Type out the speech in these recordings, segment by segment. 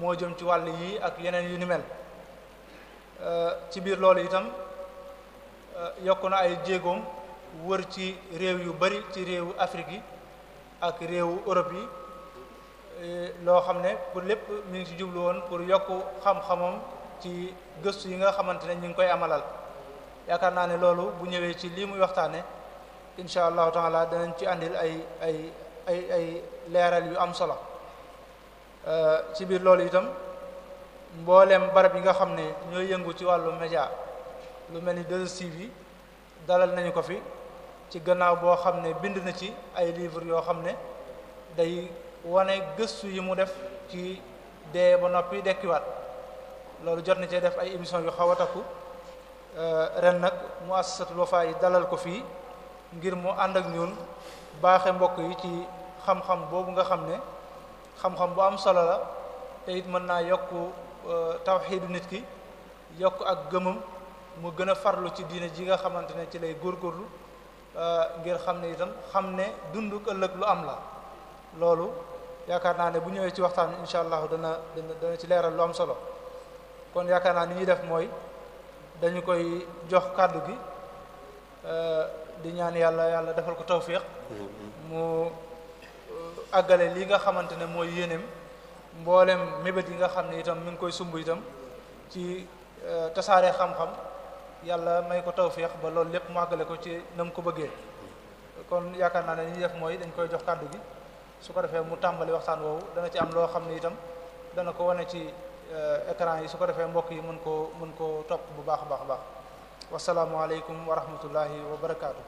moo jëm ci wàll yii ak yeneen yu ni mel euh, ci biir loolu itam euh, yokk na ay jéegoom wër ci réew yu bari ci réewu Afrique yi ak réewu Europe yi euh, loo xam ne pour lépp mi ngi ci jublu woon pour yokk xam-xamam ci gëstu yi nga xamante ne ñu ngi koy amalal yaakaar naa ne loolu bu ñëwee ci lii muy waxtaane incha allahu taala danañ ci àndil ay ay ay ay leeral yu am solo ci biir loolu itam mboolem barab yi nga xam ne ñooy yëngu ci wàllu média lu mel ni 2STV yi dalal nañu ko fi ci gannaaw boo xam ne bind na ci ay livre yoo xam ne day wane gëstu yi mu def ci dee ba noppi dekkiwaat loolu jot na cee def ay émission yu xaw a takku euh, ren nag mu assasatul Wafa yi dalal ko fii ngir mu ànd ak ñun baaxe mbokk yi ci xam-xam boobu nga xam ne xam-xam bu am solo la te mën naa yokk euh, tawxiidu nit ki yokk ak gëmam mu gën a farlu ci diine ji nga xamante ne ci lay góor góorgóorlu euh, ngir xam ne itam xam ne dundu ëllëg lu am la loolu yaakaar naa ne bu ñëwee ci waxtaan bi incha allahu dana dana dana ci leeral lu am solo kon yaakaar naa ni ñuy def mooy dañu koy jox kàddu gi euh, di ñaan yàlla yàlla defal ko tawfiq mm-hmm. mu àggale li nga xamante ne mooy yéeneem mboolem mébét yi nga xam ne itam mi ngi koy sumb itam ci euh, tasaare xam-xam yàlla may ko tawféex ba loolu lépp mu àggale ko ci na mu ko bëggee kon yaakaar naa ne ni ñuy def mooy dañ koy jox kàddu gi su ko defee mu tàmbali waxtaan woowu dana ci am loo xam ne itam dana ko wane ci euh, écran yi su ko defee mbokk yi mën koo mën koo topp bu baax a baax a baax wasalaamualeykum wa rahmatullahi wa barakaatu.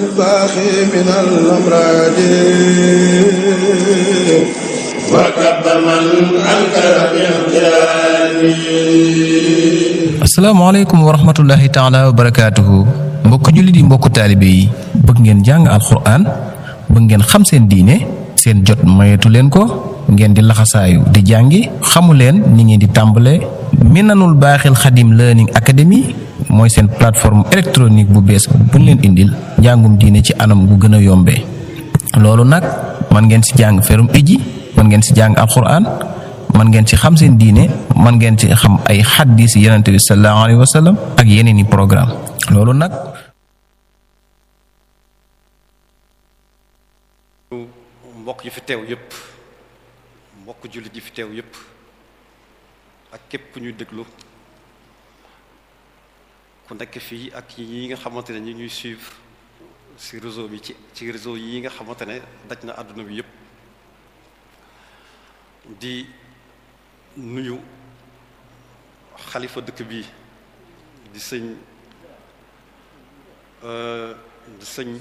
الباقي من الأمراض وكب من أنكر wa rahmatullahi taala wa barakaatuhu mbokk jullit yi mbokk bëgg ngeen jàng alxuraan bëgg ngeen xam seen diine seen jot mayetu leen ko ngeen di laxasaayu di jàngi xamu leen ni ngeen di tàmbale minanul baaxil xadim learning academy mooy seen plateforme électronique bu bees buñ leen indil njàngum diine ci anam gu gën a yombee loolu nag man ngeen si jàng ferum iji man ngeen si jàng alquran man ngeen ci xam seen diine man ngeen ci xam ay xaddis yenente bi sallallahu alayhi wa sallam ak yeneen i programme loolu nag mbokk yi fi teew yëpp mbokk jullit yi fi teew yëpp ak képp ku ñuy déglu ku nekk fii ak yi nga xamante ne ñi ñuy suivre si réseau bi ci ci réseau yi nga xamante ne daj na àdduna bi yépp di nuyu xalifa dëkk bi di sëñ euh, di sëñ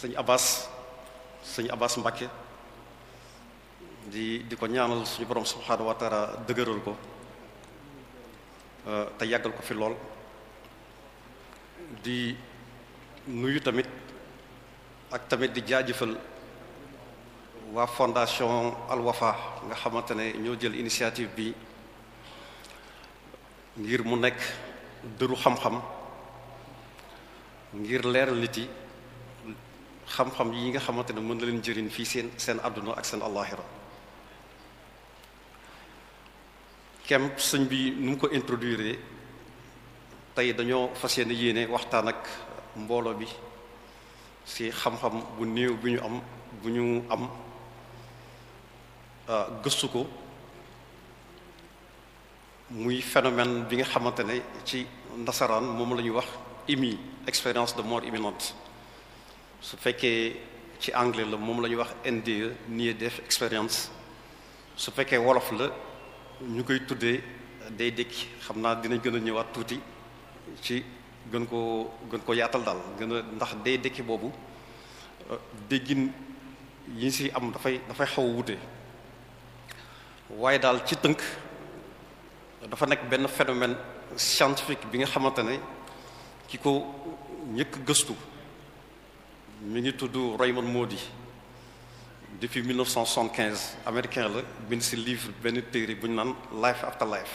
sëñ Abbas sëñ Abbas Mbàkke di di ko ñaanal suñu borom subhaanahu wa taala dëgëral ko euh, te yàggal ko fi lool di nuyu tamit ak tamit di jaajëfal waa fondation Al Wafa nga xamante ne ñoo jël initiative bi ngir mu nekk dëru xam-xam ngir leeral nit yi xam-xam yi nga xamante ne mën na leen jëriñ fii seen seen àdduna ak seen allahira kem sëñ bi nu mu ko introduire tey dañoo fas yéene yéene waxtaan ak mbooloo bi ci xam-xam bu néew bi ñu am bu ñu am euh, gëstu ko muy phénomène bi nga xamante ne ci nasaraan moom la ñuy wax IMI expérience de mort imminente su fekkee ci anglais la moom la ñuy wax NDE near def experience su fekkee wolof la ñu koy tuddee day dëkk xam naa dinañ gën a ñëwaat tuuti. ci gën koo gën koo yaatal daal gëna ndax dee dëkki boobu euh, déggin yi si am dafay dafay xaw a wute waaye daal ci tënk dafa nekk benn phénomène scientifique bi nga xamante ne ki ko ñëkk gëstu mi ngi tudd Raymond Moody depuis 1975 américain la bind si livre benn téere bu ñu naan Life After Life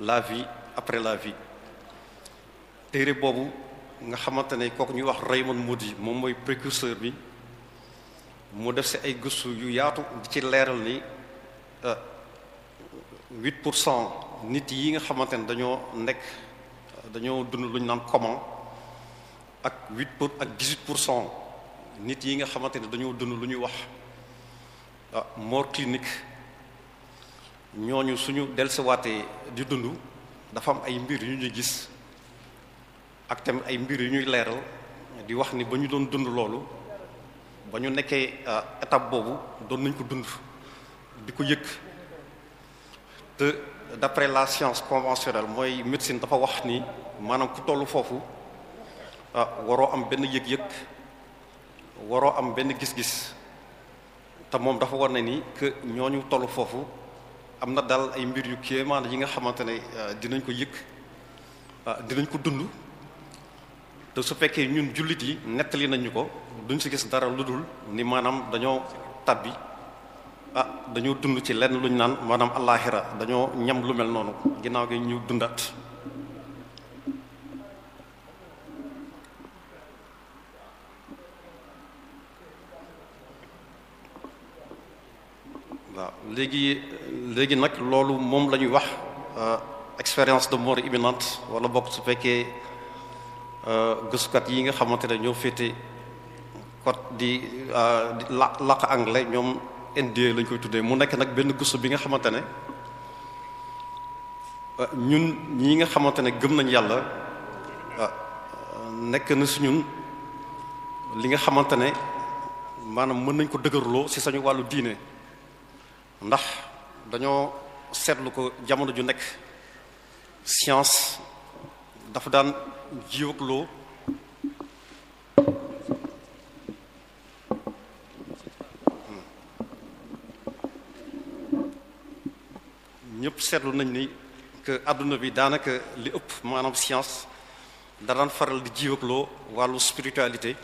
la vie après la vie téere boobu nga xamante ne kooku ñuy wax Raymond Moody moom mooy précurseur bi mu def si ay gëstu yu yaatu di ci leeral ni euh, huit pour cent nit yi nga xamante ne dañoo nekk dañoo dund lu ñu naan comment ak huit pour ak dix-huit pour cent nit yi nga xamante ne dañoo dund lu ñuy wax ah mort clinique ñooñu suñu dell dellusiwaatee di dund dafa am ay mbir yu ñu gis ak tamit ay mbir yu ñuy leeral di wax ni ba ñu doon dund loolu ba ñu nekkee euh, étape boobu doon nañ ko dund di ko yëg te d'après la science conventionnelle mooy médecine dafa wax ni maanaam ku tollu foofu euh, waroo am benn yëg-yëg waroo am benn gis-gis te moom dafa war na ni que ñooñu tollu foofu am na daal ay mbir yu kéemaan yi nga xamante ne euh, dinañ ko yëg dinañ ko dund te su fekkee ñun jullit yi nettali nañu ko duñ si gis dara lu dul ni maanaam dañoo tabbi ah dañoo dund ci lenn luñ naan maanaam allaaxira dañoo ñam lu mel noonu ginnaaw gi ñu dundaat waaw léegi léegi nag loolu moom la ñuy wax euh, expérience de mort imminente wala bokk su fekkee Euh, gëstukat yi nga xamante ne ñoo féete côté euh, di la làq anglais ñoom NDA lañ koy tuddee mu nekk nag benn gëstu bi nga xamante ne euh, ñun ñi nga xamante ne gëm nañ yàlla nekk na si ñun li nga xamante ne maanaam mën nañ ko dëgërloo si sañu wàllu diine ndax dañoo seetlu ko jamono ju nekk science dafa daan jiw ñëpp seetlu nañ ni que adduna bi daanaka li ëpp maanaam science da daan faral di jiw ak loo wàllu spiritualité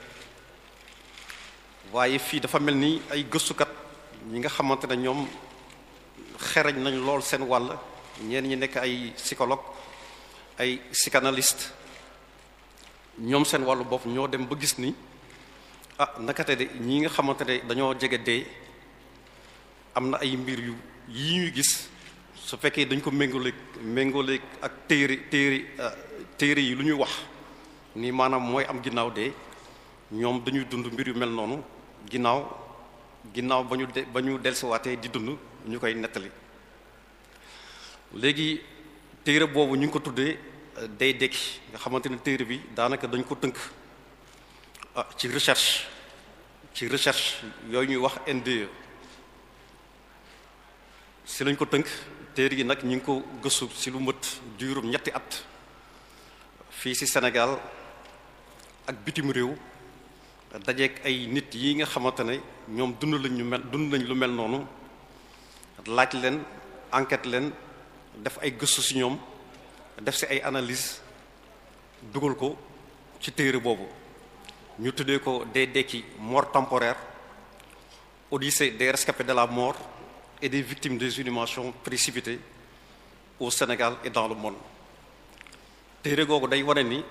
waaye fii dafa mel ni ay gëstukat ñi nga xamante ne ñoom xereñ nañ lool seen wàll ñeen ñi nekk ay psychologue ay psychanalyste ñoom seen wàllu bopp ñoo dem ba gis ni ah nakate de ñii nga xamante ne dañoo jege dee am na ay mbir yu yi ñuy gis su fekkee dañ ko méngaleeg méngaleeg ak téere téere ah, téere yi lu ñuy wax ni maanaam mooy am ginnaaw de ñoom dañuy dund mbir yu mel noonu ginnaaw ginnaaw ba ñu de ba ñu delsiwaatee di dund ñu koy nettali léegi téere boobu ñu ngi ko tuddee day dekki nga xamante ne téere bi daanaka dañ ko tënk ah, ci recherche ci recherche yooyu ñuy wax NDE si lañ ko tënk téere gi nag ñu ngi ko gëstu si lu mët diirum ñetti at fii si senegal ak bitim réew dajeek ay nit yi nga xamante ne ñoom dund lañ ñu mel dund lañ lu mel noonu laaj leen enquête leen def ay gëstu si ñoom def si ay analyse dugal ko ci téere boobu ñu tuddee ko des décès morts temporaires odyssée des rescapés de la mort et des victime des inhumations précipitées au Sénégal et dans le monde téere googu day wane ni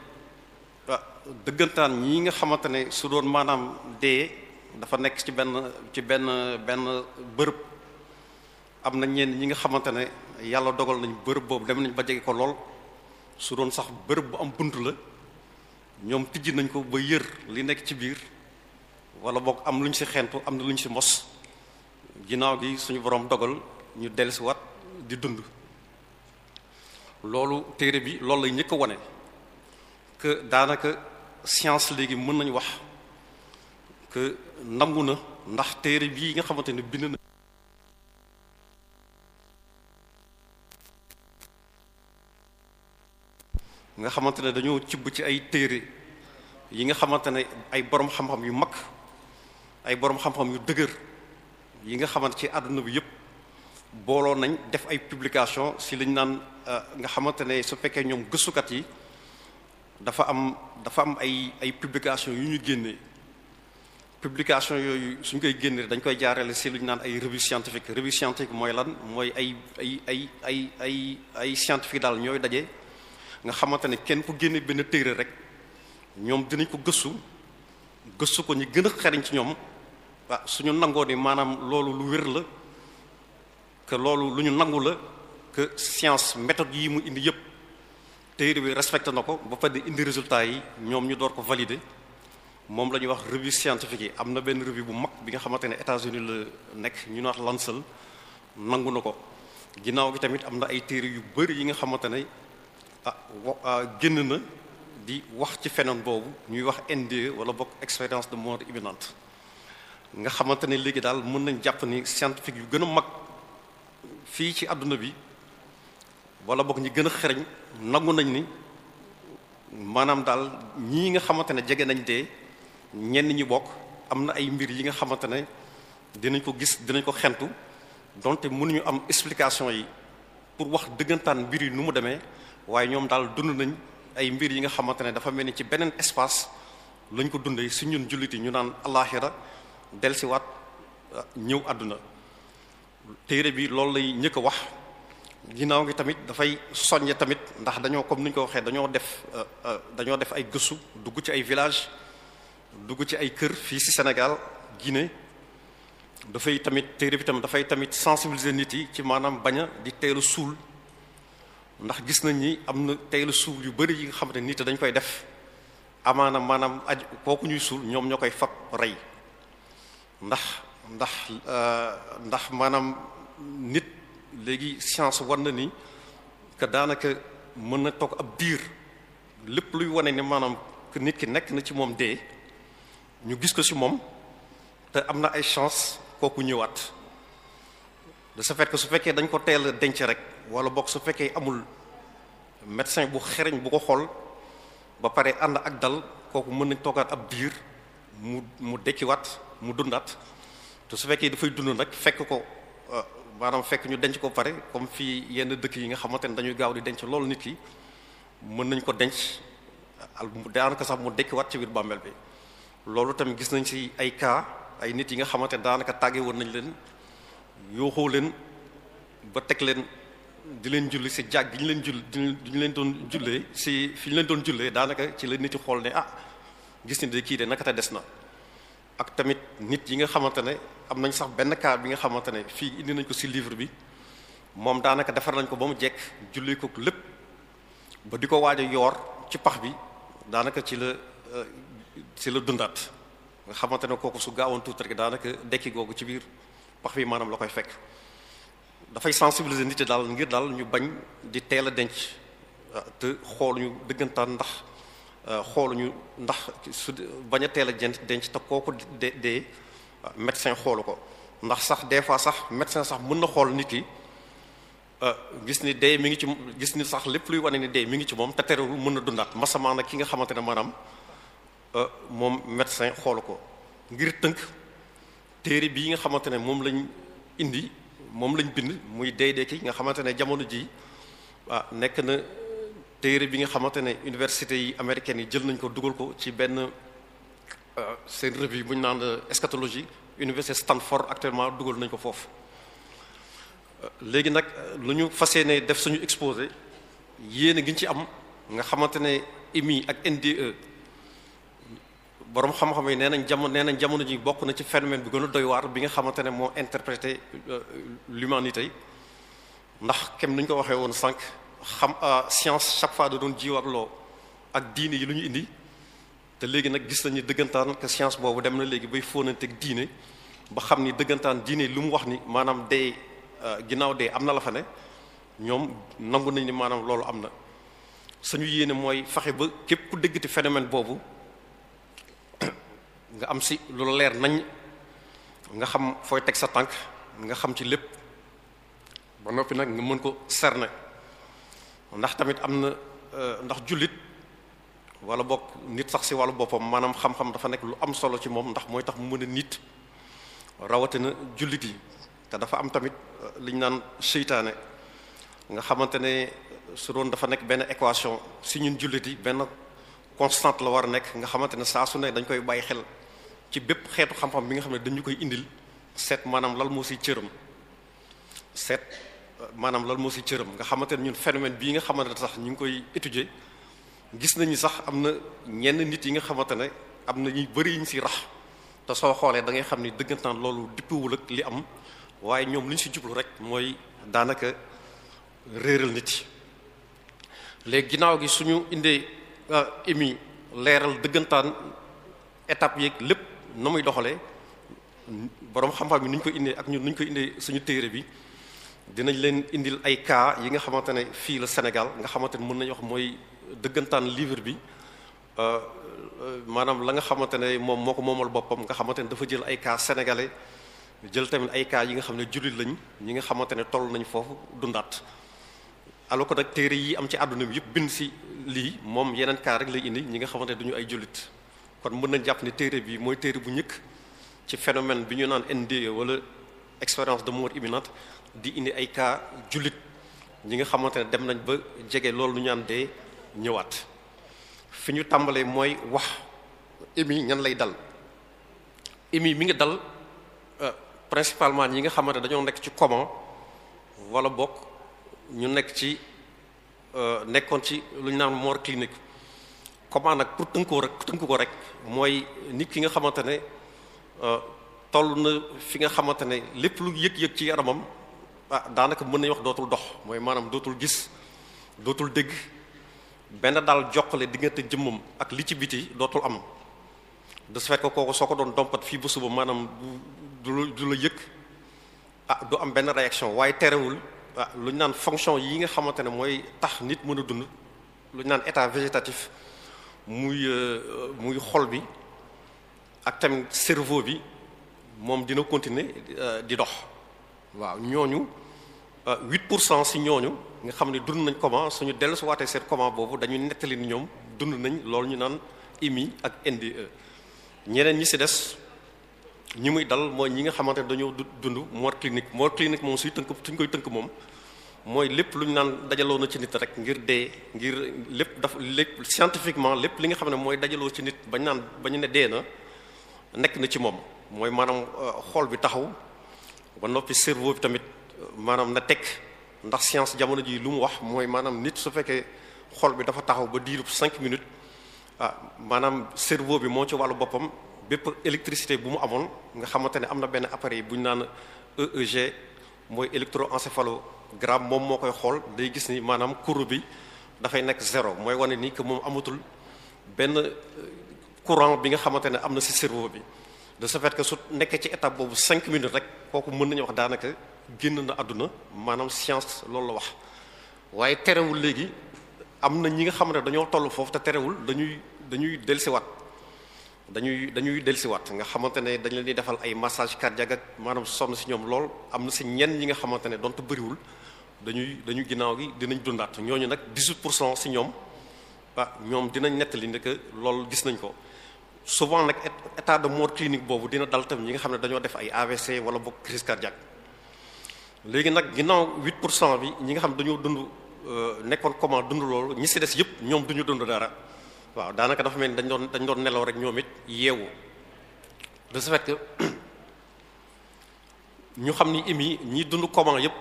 ah, dëggantaan ñi nga xamante ne su doon maanaam dee dafa nekk ci benn ci benn benn bërëb am na ñeen ñi nga xamante ne yàlla dogal nañ bërëb boobu dem nañ ba jege ko lool su doon sax bërëb bu am bunt la ñoom tijji nañ ko ba yër li nekk ci biir wala boog am lu ñu si xentu am na lu ñu si mos ginnaaw gi suñu borom dogal ñu dellusiwaat di dund loolu téere bi loolu lay njëkk a wane que daanaka science léegi mën nañu wax que nangu na ndax téere bii nga xamante ne bind na nga xamante ne dañoo cibb ci ay téere yi nga xamante ne ay borom xam-xam yu mag ay boroom xam-xam yu dëgër yi nga xamante ci àdduna bi yëpp booloo nañ def ay publication si liñ naan euh, nga xamante ne su fekkee ñoom gëstukat yi dafa am dafa am ay ay publication yu ñu génnee publication yooyu suñ koy génnee dañ koy jaarale si lu ñu naan ay revue scientifique revue scientifique mooy lan mooy ay ay ay ay ay ay scientifique daal ñooy daje. nga xamante ne kenn ku génne benn téere rek ñoom dinañ ko gëstu gëstu ko ñi gën xerañ ci ñoom waa suñu nangoo ni maanaam loolu lu wér la que loolu lu ñu nangu la que science méthode yi mu indi yëpp téere bi respecté na ko ba pare indi résultat yi ñoom ñu door ko valider moom la ñuy wax revue scientifique yi am na benn revue bu mag bi nga xamante ne États-Unis la nekk ñu wax Lancet nangu na ko ginnaaw gi tamit am na ay téere yu bëri yi nga xamante ne Ah, ah génn na di wax ci phénomène boobu ñuy wax NDE wala bokk expérience de mort imminente nga xamante ne léegi daal mën nañ jàpp ni scientifique yu gën a mag fii ci àdduna bi wala bokk ñi gën a xereñ nangu nañ ni maanaam daal ñii nga xamante ne jege nañ dee ñenn ñi bokk am na ay mbir yi nga xamante ne dinañ ko gis dinañ ko xentu donte mënuñu am explication yi pour wax dëggantaan mbir yi nu mu demee waaye ñoom daal dund nañ ay mbir yi nga xamante ne dafa mel ni ci beneen espace lañ ko dundee su ñun jullit yi ñu naan alaxira delsiwaat uh, ñëw àdduna téere bi loolu lay ñëkk a wax ginnaaw gi tamit dafay soññe tamit ndax dañoo comme ni ñu ko waxee dañoo def uh, uh, dañoo def ay gëstu dugg ci ay village dugg ci ay kër fii ci Sénégal Guinée dafay tamit téere bi tamit dafay tamit sensibiliser nit yi ci maanaam bañ a di teelu suul ndax gis nañ ni am na tey la suul yu bari yi nga xamante ni te dañ koy def amaana maanaam aj kooku ñuy suul ñoom ñoo koy fab rey ndax ndax euh, ndax maanaam nit léegi science war na ni que daanaka mën na toog ab biir lépp luy wane ni maanaam que nit ki nekk na ci moom dee ñu gis ko ci moom te am na ay chance kooku ñëwaat de ce fait su fekkee dañ ko teel a denc rek wala boog su fekkee amul médecin bu xereñ bu ko xool ba pare ànd ak dal kooku mën nañ toogaat ab diir mu mu dekkiwaat mu dundaat te su fekkee dafay dund nag fekk ko euh, maanaam fekk ñu denc ko pare comme fii yenn dëkk yi nga xamante ne dañuy gaaw di denc loolu nit ki mën nañ ko denc al daanaka sax mu dekkiwaat ci biir bàmmeel bi loolu tamit gis nañ ci ay cas ay nit yi nga xamante ne daanaka tàggee woon nañ leen yuuxoo leen ba teg leen di leen julli si jàgg gi ñu leen jull di ñu leen doon jullee si fi ñu leen doon jullee daanaka ci la nit xool ne ah gis ni de kii de naka des na ak tamit nit yi nga xamante ne am nañ sax benn cas bi nga xamante ne fii indi nañ ko si livre bi moom daanaka defar nañ ko ba mu jekk julli ko lépp ba di ko waaj a yoor ci pax bi daanaka ci la euh, ci la dundaat nga xamante ne kooku su gaawoon tuuti rek daanaka dekki googu ci biir wax fii maanaam la koy fekk dafay sensibilisé nit yi daal ngir daal ñu bañ di teel a denc ah, te xooluñu dëggantaan ndax ah, xooluñu ndax su bañ a teel a denc te kooku de de ah, médecin xoolu ko ndax sax des fois sax médecin sax mun na xool nit ki gis ni dee mi ngi ci gis ni sax lépp luy wane ni dee mi ngi ci moom te terewul mën na dundaat masamaa nag ki nga xamante ne maanaam moom médecin xoolu ko ngir tënk. téere bi yi nga xamante ne moom lañ indi moom lañ bind muy dey ki nga xamante ne jamono ji ah nekk na téere bi nga xamante ne université yi américaines yi jël nañ ko dugal ko ci benn ah, seen revue bu ñu naan eschatologie université Stanford actuellement dugal nañ ko foofu léegi nag lu ñu fas ne def suñu exposé yéen a ngi ci am nga xamante ne EMI ak NDE borom xam-xam yi nee nañ jamono nee nañ jamono ji bokk na ci phénomène bi gën a doy waar bi nga xamante ne moo interprété euh, l'humanité ndax kem ni ñu ko waxee woon sànq xam euh, science chaque fois da doon jiwarloo ak diine yi lu ñu indi te léegi nag gis nañu dëggantaan que science boobu dem na léegi bay fóonanteeg diine ba xam ni dëggantaan diine lu mu wax ni maanaam dee euh, ginnaaw dee am na la fa ne ñoom nangu nañ ni maanaam loolu am na suñu yéene mooy fexe ba képp ku déggati phénomène boobu. nga am si lu la leer nañ nga xam fooy teg sa tànk nga xam ci lépp ba noppi nag nga mën ko cerner ndax tamit am na euh, ndax jullit wala bokk nit sax si wàllu boppam maanaam xam-xam dafa nekk lu am solo ci moom ndax mooy tax mu mën a nit rawatina jullit yi te dafa am tamit euh, li ñu naan seytaane nga xamante ne su doon dafa nekk benn équation si ñun jullit yi benn constante la war a nekk nga xamante ne saa su ne dañ koy bàyyi xel ci bépp xeetu xam-xam bi nga xam ne dañu koy indil seet maanaam lal moo si cëram seet euh, maanaam lal moo siy cëram nga xamante ne ñun phénomène bii nga xamante ne sax ñu ngi koy étudier gis nañu sax am na ñenn nit yi nga xamante ne am na ñuy bëri ñu si rax te soo xoolee da ngay xam ni dëggantaan loolu dippiwul ak li am waaye ñoom li ñu si jublu rek mooy daanaka réeral nit yi léegi ginnaaw gi suñu indee émi euh, leeral dëggantaan étape yeeg lépp na muy doxalee borom xam-xam yi ni ñu ko indee ak ñun ni ko indee suñu téere bi dinañ leen indil ay kaa yi nga xamante ne fii la Sénégal nga xamante ne mën nañu mooy dëggantaan livre bi euh, euh, maanaam la nga xamante ne moom moo ko moomal boppam nga xamante ne dafa jël ay cas sénégalais jël tamit ay kaa yi nga xam ne jullit lañ ñi nga xamante ne toll nañu foofu dundaat alors que nag téere yi am ci àdduna bi yëpp bind si lii moom yeneen cas rek lay indi ñi nga xamante ne duñu ay jullit kon mën nañ jàpp ne téere bi mooy téere bu njëkk ci phénomène bi ñu naan NDE wala expérience de mort imminente di indi ay cas jullit ñi nga xamante ne dem nañ ba jege loolu ñu naan dee ñëwaat fi ñu tàmbalee mooy wax émi ñan lay dal émi mi nga dal euh, principalement ñi nga xamante dañoo nekk ci comment wala bokk ñu nekk ci euh, nekkoon ci lu ñu naan mort clinique comment nag pour tënk ko rek tënk ko rek mooy nit ki nga xamante ne euh, toll na fi nga xamante ne lépp lu yëg-yëg ci yaramam ah, daanaka mën nañu wax dootul dox mooy maanaam dootul gis dootul dégg benn daal joxale diggante jëmmam ak li ci biti dootul am de ce fait kooku soo ko doon dompat fii ba suba maanaam du du la yëg ah du am benn réaction waaye terewul ah lu ñu naan fonction yi nga xamante ne mooy tax nit mën a dund lu ñu naan état végétatif muy euh, muy xol bi ak tamit cerveau bi moom dina continuer euh, di dox waaw ñooñu 8 euh, pour cent si ñooñu nga xam ne dund nañ comment suñu dellu si waatee seen comment boobu dañuy nettali ñoom dund nañ loolu ñu naan IMI ak NDE ñeneen ñi si des ñi muy dal mooy ñi nga xamante ne dañoo dund mort clinique mort clinique moom suy tënk suñ koy tënk moom mooy lépp lu ñu naan dajaloo na ci nit rek ngir dee ngir lépp daf lépp scientifiquement lépp li nga xam ne mooy dajaloo ci nit bañ naan ba ñu ne dee na nekk na ci moom mooy maanaam euh, xool bi taxaw ba noppi cerveau bi tamit euh, maanaam na tek ndax science jamono ji lu mu wax mooy maanaam nit su fekkee xol bi dafa taxaw ba diirub cinq minutes ah maanaam cerveau bi moo ci wàllu boppam bépp électricité bu mu amoon nga xamante ne am na benn appareil bu ñu naan EEG mooy électroencéphalo gramme moom moo koy xool day gis ni maanaam courbe bi dafay nekk zéro mooy wane ni que moom amatul benn euh, courant bi nga xamante ne am na si cerveau bi de ce fait que su nekkee ci étape boobu cinq minutes rek kooku mën nañu wax daanaka génn na àdduna maanaam science loolu la wax waaye terewul léegi am na ñi nga xam ne dañoo toll foofu te terewul dañuy dañuy dellusiwaat dañuy dañuy dellusiwaat nga xamante ne dañ leen di defal ay massage cardiaque ak maanaam sonn ci ñoom lool am na ci ñenn ñi nga xamante ne donte bëriwul dañuy dañu ginnaaw gi dinañ dundaat ñooñu nag 18 pour cent si ñoom ah ñoom dinañ nettali ne que loolu gis nañ ko souvent nag état de mort clinique boobu dina dal tam ñi nga xam ne dañoo def ay AVC wala boog crise cardiaque léegi nag ginnaaw 8 pour cent bi ñi nga xam dañoo dund euh, nekkoon comment dund loolu ñi si des yëpp ñoom duñu dund dara waaw daanaka dafa mel ni dañu doon dañ doon nelaw rek ñoom it yeewu da ce fait que ñu xam ni imi ñi dund comment yëpp.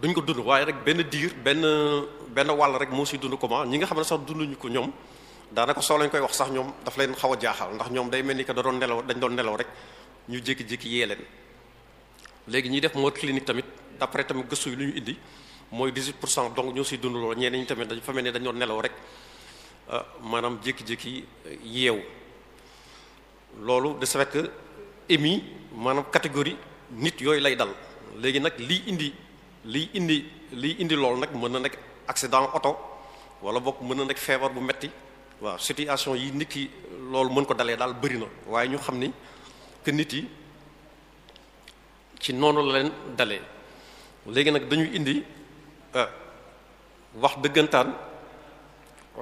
duñ ko dund waaye rek benn diir benn benn wàll rek moo siy dund comment ñi nga xam ne sax dund dunduñu ko ñoom daanaka soo lañ koy wax sax ñoom daf leen xaw a jaaxal ndax ñoom day mel ni que da doon nelaw dañ doon nelaw rek ñu jékki-jékki yee leen léegi ñiy def mode clinique tamit d'après tamit gëstu yi lu ñu indi mooy 18 pour cent donc ñoo siy dund lool ñenn ñi tamit dañ fa mel ni dañ nelaw rek euh, jékki-jékki yeewu loolu de ce fait que émi maanaam catégorie nit yooyu lay dal léegi nag lii indi. liy indi liy indi loolu nag mën na nekk accident oto wala bokk mën na nekk feebar bu metti waaw situation yi nit ki loolu mën ko dalee daal bëri waaye ñu xam ni que nit yi ci noonu la leen dalee léegi nag dañuy indi euh, wax dëggantaan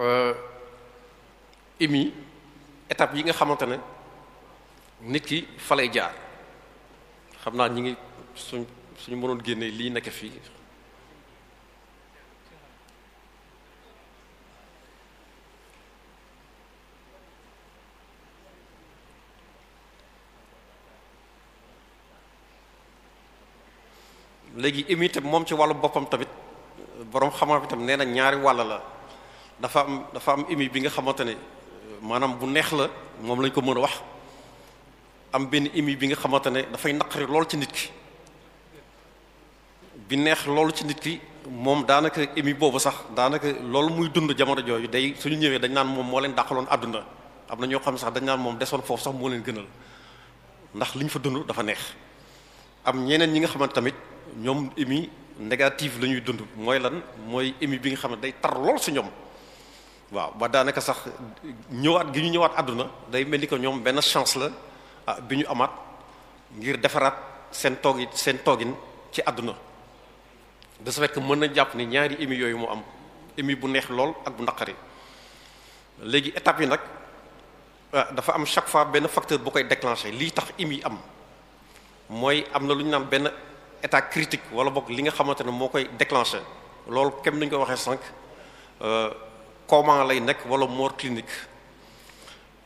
euh, imi étape yi nga xamante ne nit ki fa jaar xam naa ñi ngi suñ suñu mënoon génnee lii nekk fii léegi imité moom ci wàllu boppam tamit boroom xam-xam nee na ñaari wàll la dafa am dafa am imi bi nga xamante ne maanaam bu neex la moom lañ ko mën a wax am benn imi bi nga xamante ne dafay naqari lool ci nit ki bi neex loolu ci nit ki moom daanaka émi boobu sax daanaka loolu muy dund jamono jooju day suñu ñëwee dañ naan moom moo leen dàqaloon àdduna am na ñoo xam ne sax dañ naan moom desoon foofu sax moo leen gënal ndax li ñu fa dund dafa neex am ñeneen ñi nga xamante tamit ñoom émi négative la ñuy dund mooy lan mooy émi bi nga xam ne day tar lool si ñoom waaw ba daanaka sax ñëwaat gi ñu ñëwaat àdduna day mel ni que ñoom benn chance la ah bi ñu amaat ngir defaraat seen toog seen toogin ci àdduna de ce fait que mën na jàpp ni ñaari émi yooyu moo am émi bu neex lool ak bu naqari léegi étape yi nag euh, dafa am chaque fois benn facteur bu koy déclenché lii tax émi am mooy am na lu ñu naan benn état critique wala boog li nga xamante ne moo koy déclanché loolu kem ni ñu ko waxee sànq euh, comment lay nekk wala mort clinique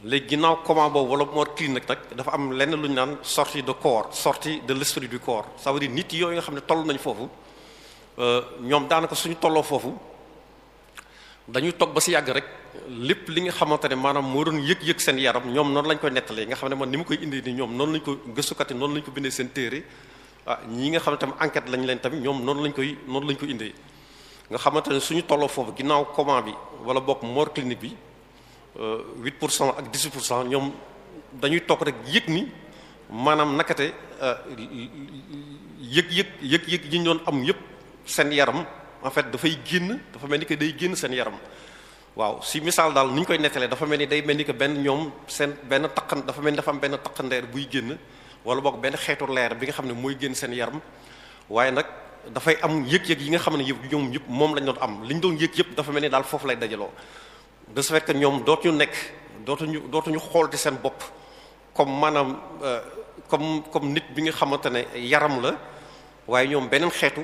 léegi ginnaaw comment boobu wala mort clinique nag dafa am lenn lu ñu naan sortie de corps sortie de l'esprit du corps ça veut dire yooyu nga xam ne toll nañ foofu Euh, ñoom daanaka suñu tolloo foofu dañuy toog ba si yàgg rek lépp li nga xamante ne maanaam moo doon yëg-yëg seen yaram ñoom noonu lañ koy nettalee nga xam ne man ni mu koy indee nii ñoom noonu lañ ko gëstukat yi noonu ko bindee seen téere ah xam ne tamit enquête lañ leen tamit ñoom noonu lañ koy noonu lañ ko indee nga xamante ne suñu tolloo foofu ginnaaw coma bi wala bokk mort clinique bi euh, huit pour cent ak 18 pour cent ñoom dañuy toog rek yëg ni maanaam nakate euh, yëg-yëg yëg-yëg yi ñu doon am yëpp seen yaram en fait dafay génn dafa mel ni que day génn seen yaram waaw si misaal daal ni ñu koy nettalee dafa mel ni day mel ni que benn ñoom seen benn taqan dafa mel ni dafa am benn taqandeer buy génn wala boog benn xeetu leer bi nga xam ne mooy génn seen yaram waaye nag dafay am yëg-yëg yi nga xam ne yëpp ñoom moom lañ doon am li ñu doon yëg yëpp dafa mel ni daal foofu lay dajaloo de ce fait ñoom dootuñu nekk dootuñu dootuñu xool ci seen bopp comme maanaam euh, comme comme nit bi nga xamante ne yaram la waaye ñoom beneen xeetu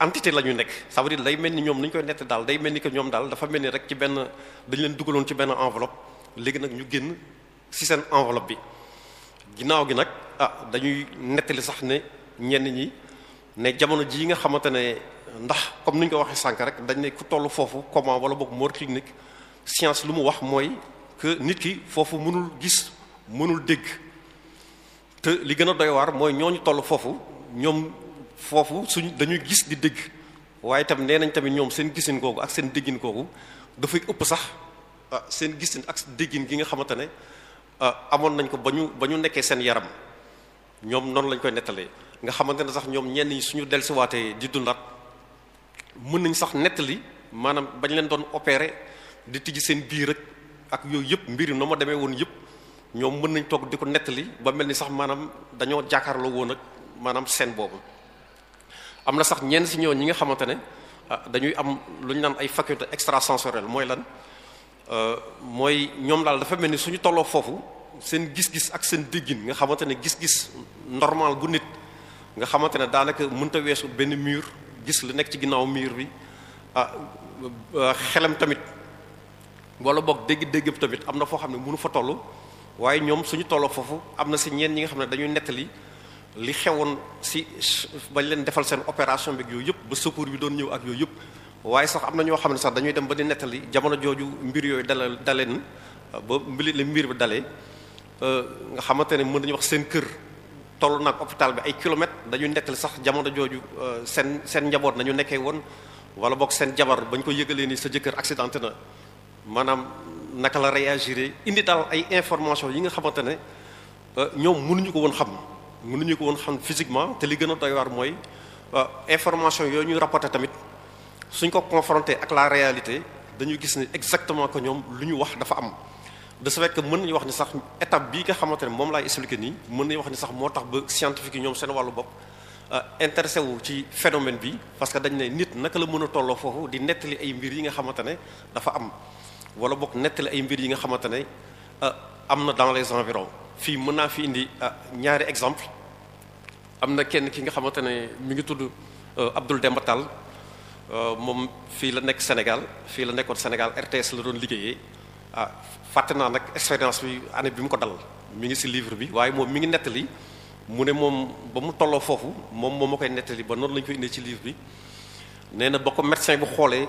entité la ñu nekk ça veut day mel ni ñoom ni ñu koy nett daal day mel ni que ñoom daal dafa mel ni rek ci benn dañ leen dugaloon ci benn enveloppe léegi nag ñu génn ci seen enveloppe bi ginnaaw gi nag a ah, dañuy nettali sax ne ñenn ñi ne jamono jii nga xamante ne ndax comme ni ñu ko waxee sànq rek dañ ne ku toll foofu comment wala boog mort clinique science lu mu wax mooy que nit ki foofu mënul gis mënul dégg te li gën a doy war mooy ñooñu toll foofu ñoom. foofu suñ dañuy gis di dégg waaye itam nee nañ tamit ñoom seen gisin googu ak seen déggin googu dafay ëpp sax ah, seen gisin ak déggin gi nga xamante ne ah, amoon nañ ko ba ñu ba ñu nekkee seen yaram ñoom noonu lañ koy nettalee nga xamante ne sax ñoom ñenn ñi suñu dellusiwaatee di dundaat mën nañ sax nettali maanaam bañ leen doon opeere di tijji seen biir rek ak yooyu yëpp mbir yi noo ma demee woon yëpp ñoom mën nañ toog di ko nettali ba mel ni sax maanaam dañoo jàkkaarloo woon ak maanaam seen boobu. am na sax ñenn si ñoo ñi nga xamante ne ah, dañuy am lu ñu naan ay faculté extrasensorielle mooy lan euh, mooy ñoom daal dafa mel ni suñu tolloo foofu seen gis-gis ak seen déggin nga xamante ne gis-gis normal gu nit nga xamante ne daanaka mënta weesu benn mur gis lu nekk ci ginnaaw mur bi ah euh, xelam tamit wala boog dégg-dégg tamit am na foo xam ne munu fa toll waaye ñoom suñu tolloo foofu am na si ñeen ñi nga xam ne dañuy nettali li xewoon si bañ leen defal seen opération bi yooyu yëpp ba secours bi doon ñëw ak yooyu yëpp waaye sax am na ñoo xam ne sax dañuy dem ba di nettali jamono jooju mbir yooyu dale daleen ba mbili la mbir bi dalee euh, nga xamante ne mën nañu wax seen kër toll nag hôpital bi ay kilomètres dañu nettali sax jamono jooju euh, seen seen njaboot nañu nekkee woon wala bokk seen jabar bañ ko yëgalee ni sa jëkkër accidenté na maanaam naka la réagir indi daal ay information yi nga xamante ne euh, ñoom mënuñu ko woon xam mënuñu ko woon xam physiquement te li gën a doy mooy euh, information yooyu ñuy rapporté tamit suñ ko confronté ak la réalité dañu gis ni exactement que ñoom lu ñu wax dafa am de fekk mën nañu wax ni sax état bii nga xamante ne moom laay expliqué nii mën nañu wax ni sax moo tax ba scientifique yi ñoom seen wàllu bokk euh, intéressé wu ci phénomène bi parce que dañ ne nit naka la mën a tolloo foofu di nettali ay mbir yi nga xamante ne dafa am wala bokk nettali ay mbir yi nga xamante ne euh, am na dans les environs fii mën naa fi indi ah, ñaari exemple am na kenn ki nga xamante ne mi ngi tudd euh, Abdoul Demba Tall euh, moom fii la nekk Sénégal fii la nekkoon Sénégal RTS la doon liggéeyee ah fàtte naa nag expérience bi année bi mu ko dalal mi ngi ci livre bi waaye moom mi ngi nettali mu ne moom ba mu tolloo foofu moom moom ma koy nettali ba noonu la ñu koy indee ci livre bi nee na ba ko médecin bu xoolee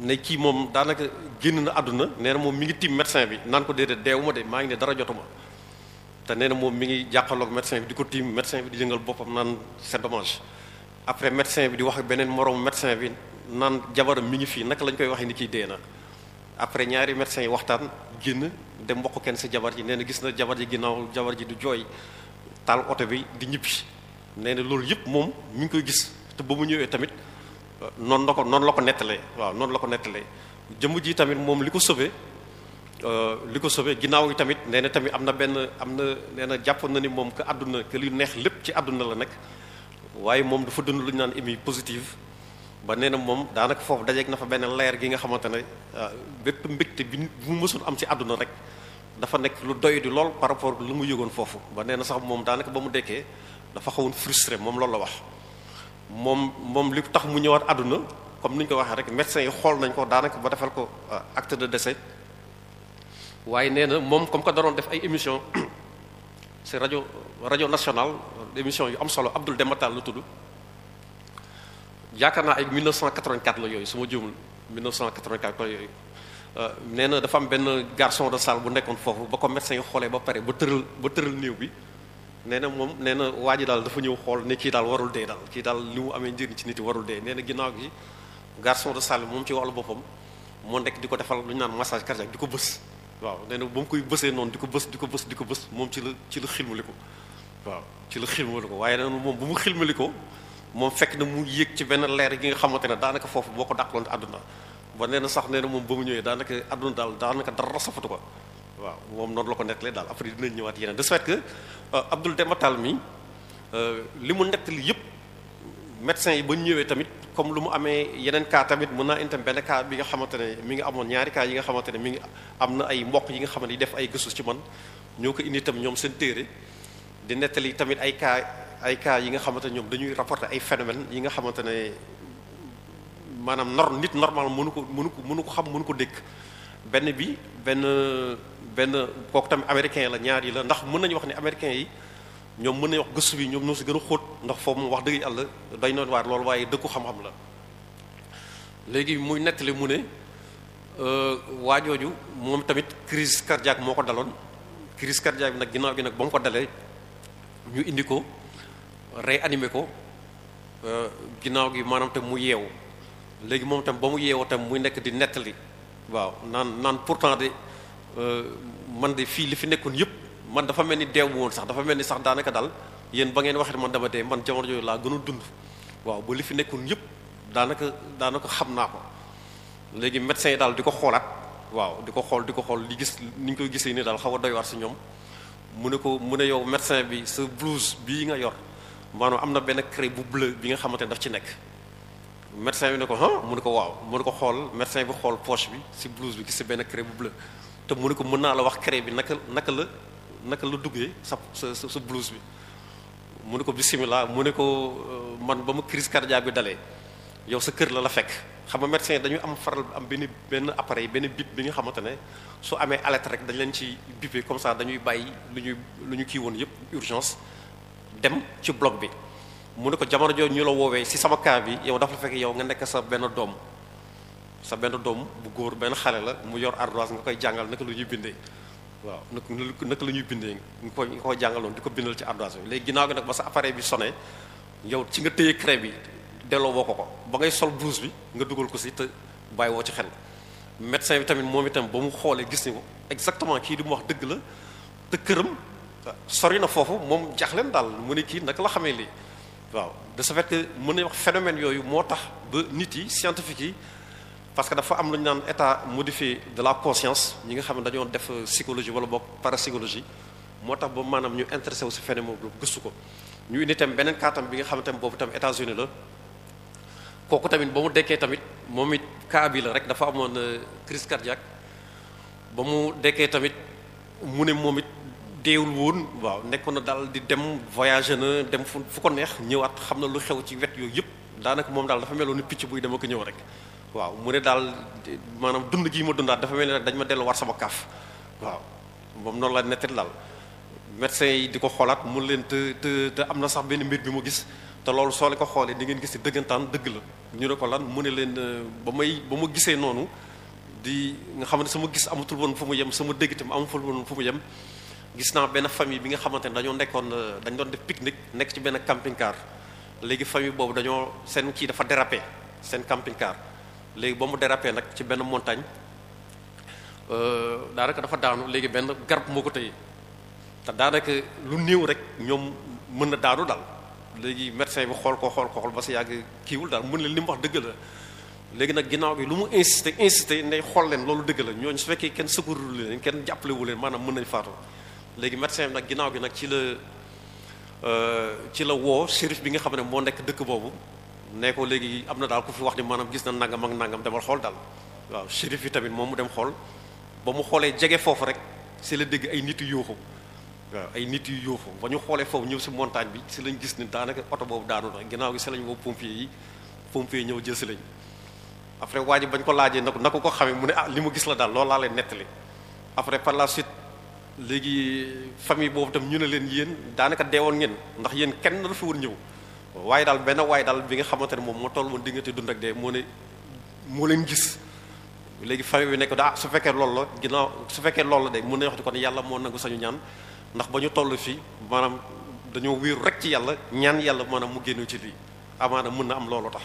ne kii moom daanaka génn na àdduna nee na moom mi ngi tiim médecin bi naan ko déedéet deewuma maa ngi ne dara jotuma te na moom mi ngi jàqaloog médecin bi di ko tiim médecin bi di yëngal boppam naan c'est dommage après médecin bi di wax ak beneen moroom médecin bi naan jabaram mi ngi fii naka lañ koy waxee ni kiy dee na après ñaari médecins yi waxtaan génn de mboq kenn sa jabar ji nee na gis na jabar ji ginnaaw jabar ji du jooy taal oto bi di ñibbi nee na loolu yëpp moom mi ngi koy gis te ba mu ñëwee tamit noonu la ko noonu la ko nettalee waaw noonu la ko nettalee jëmm ji tamit moom li ko sauvé Euh, li ko sauvé ginnaaw yi tamit nee na tamit am na benn am na nee na jàppoon na ni moom que àdduna que li neex lépp ci àdduna la nekk waaye moom dafa dund lu ñu naan émi positive ba nee na moom daanaka foofu dajeeg na fa benn leer gi nga xamante ne euh, bépp mbégte bi mu mësul am ci àdduna rek dafa nekk lu doy di lool par rapport lu mu yëgoon foofu ba nee na sax moom daanaka ba mu dekkee dafa xawoon frustré moom loolu la wax moom moom li tax mu ñëwaat àdduna comme ni ñu ko waxee rek médecin yi xool nañ ko daanaka ba defal ko euh, acte de décès waaye nee na moom comme que daroon def ay émission ci rajo rajo national émission yu am solo Abdoul Dematal lu tudd yaakaar naa ay 1984 la yooyu su ma juumul 1984 ko yooyu euh, nee na dafa am benn garçon de salle bu nekkoon foofu ba ko médecin yi xoolee ba pare ba tëral ba tëral néew bi nee na moom nee na waa ji daal dafa ñëw xool ne kii daal warul dee daal kii daal li mu amee njëriñ ci nit warul dee nee na ginnaaw gi garçon de salle moom ci wàllu boppam moo nekk di ko defal lu ñu naan massage cardiaque di ko bës waaw nee na ba mu koy bësee noonu di ko bës di ko bës di ko bës moom ci la ci la xilmali ko waaw ci la xilmali ko waaye nag moom bu mu xilmali ko moom fekk na mu yéeg ci benn leer gi nga xamante ne daanaka foofu boo ko dàqaloon àdduna ba nee na sax nee na moom ba mu ñëwee daanaka àdduna daal daanaka dara safatu ko waaw moom noonu la ko nettalee daal après dinañ ñëwaat yeneen de ce fait que euh, Abdoul Demba Tall mi euh, li mu nettali yëpp. médecins yi ba ñu ñëwee tamit comme lu mu amee yeneen cas tamit mën naa itam benn cas bi nga xamante ne mi ngi amoon ñaari cas yi nga xamante ne mi ngi am na ay mboq yi nga xam ne def ay gëstu ci man ñoo ko indi itam ñoom seen téere di nettali tamit ay cas ay cas yi nga xamante ne ñoom dañuy rapporter ay phénomènes yi nga xamante ne maanaam nor nit normal mënu ko mënu ko munu ko xam munu ko dégg benn bi benn benn kooku tamit américain la ñaari yi la ndax mën nañu wax ne américain yi. ñoom mën nañ wax gëstu bi ñoom ñoo si gën a xóot ndax foofu mu wax dëgg yàlla day noon waar loolu waaye dëkku xam-xam la léegi muy nettali mu ne euh, waajooju moom tamit crise cardiaque moo ko daloon crise cardiaque bi nag ginnaaw gi nag ba mu ko dalee ñu indi ko rey réanimé ko euh, ginnaaw gi maanaam tam mu yeewu léegi moom tam ba mu yeewu tam muy nekk di nettali waaw naan naan pourtant de euh, man de fii li fi nekkoon yëpp man dafa mel ni deew woon sax dafa mel ni sax daanaka daal yéen ba ngeen waxee man dama dee man jamono jooju laa gën a dund waaw ba li fi nekkoon yëpp daanaka daanaka xam naa ko léegi médecin yi daal di ko xoolaat waaw di ko xool di ko xool di gis ni ñu koy gisee nii daal xaw a doy waat si ñoom mu ne ko mu ne yow médecin bi sa blouse bii nga yor maanaam am na benn cré bu bleu bi nga xamante ne daf ci nekk médecin bi ne ko ah mu ne ko waaw mu ne ko xool médecin bi xool poche bi si blouse bi gis si benn cré bu bleu te mu ne ko mën naa la wax cré bi naka naka la naka la duggee sa sa sa blouse bi mu ne ko bisimilah mu ne ko euh, man ba ma crise cardiaque bi dalee yow sa kër la la fekk xam nga médecin dañuy am faral am benn benn appareil benn bip bi ñu xamante ne su amee alerte rek dañ leen ci bipé comme ça dañuy bàyyi lu ñuy lu ñu kii woon yépp urgence dem ci bloc bi mu ne ko jamono jooju ñu la woowee si sama cas bi yow dafa la fekk yow nga nekk sa benn doom sa benn doom bu góor benn xale la mu yor ardoise nga koy jàngal naka lu ñuy bindee waaw nak naka la ñuy bindee ñu ko ñu ko jàngaloon di ko bindal ci ardoise bi léegi ginnaaw gi nag ba sa appareil bi sonné yow ci nga téye craie bi delloo woo ko ko ba ngay sol blouse bi nga dugal ko si te bàyyi woo ci xel médecin bi tamit moom itam ba mu xoolee gis ni exactement kii di mu wax dëgg la te këram sori na foofu moom jax leen daal mu ne kii naka la xamee lii waaw da sa fait mën nañu wax phénomène yooyu moo tax ba nit yi scientifique yi parce que dafa am lu ñu naan état modifié de la conscience ñi nga xam ne dañoo def psychologie wala boog parapsychologie moo tax ba maanaam ñu intéressé wu si phénomène boobu gëstu ko ñu indi tam beneen kaatam bi nga xam ne boobu tam États-Unis la tamit ba mu dekkee tamit moom it cas bi rek dafa amoon euh, crise cardiaque ba mu dekkee tamit mu ne moom it deewul woon waaw nekkoon na daal di dem voyager na dem fu fu ko neex ñëwaat xam na lu xew ci wet yooyu yëpp daanaka moom daal dafa meloon ni picc buy dem ak ñëw rek waaw mu ne daal maanaam dund gii ma dundaat dafa mel na nag dañ ma dellu war sama kaaf waaw moom noonu la nettet laal médecin yi di ko xoolaat mun leen te te am na sax benn mbir bi mu gis te loolu soo leen ko xoolee di ngeen gis ci dëggantaan dëgg la ñu ko lan mu ne leen ba may ba ma gisee noonu di nga xam sama gis amatul woon fu mu yem sama dégg itam amatul woon fu mu yem gis naa benn famille bi nga xamante ne dañoo nekkoon dañ doon def pique nekk ci benn camping car léegi famille boobu dañoo seen kii dafa dérapé seen camping car léegi ba mu dérapé nag ci benn montagne euh, daanaka dafa daanu léegi benn garab moo ko téye te daanaka lu néew rek ñoom mën na daanu daal léegi médecin bi xool ko xool ko xool ba si yàgg kiiwul daal mën leen li mu wax dëgg la léegi nag ginnaaw bi lu mu insisté insisté ndey xool leen loolu dëgg la ñooñu su fekkee kenn secouru leen kenn jàppalewu leen maanaam mën nañ faatu léegi médecin bi nag ginnaaw gi nag ci la euh, ci la woo shérif bi nga xam ne moo nekk dëkk boobu ne ko léegi am na daal ku fi wax ni maanaam gis na nangam ak nangam demal xool daal waaw shérif yi tamit moom mu dem xool ba mu xoolee jege foofu rek si la dégg ay nit yu yuuxu waaw ay nit yu yuuxu ba ñu xoolee foofu ñëw si montagne bi si lañ gis ni daanaka oto boobu daanu na ginnaaw gi si lañ woo pompier yi pompier ñëw jël si lañ après waa ji bañ ko laajee na na ko ko xamee mu ne ah li ma gis la daal loolu laa leen nettali après par suite léegi famille boobu tam ñu ne leen yéen daanaka deewoon ngeen ndax yéen kenn du fi ñëw. waaye daal benn waaye daal bi nga xamante ne moom moo toll woon diggante dund ak dee moo ne moo leen gis léegi famille bi nekk daa ah, su fekkee loolu la ginnaaw su fekkee la de mën nañu wax ni kon yàlla moo nangu sañu ñaan ndax ba ñu toll fii maanaam dañoo wéeru rek ci yàlla ñaan yàlla maanaam mu génn ci lii amaana mën na am loolu tax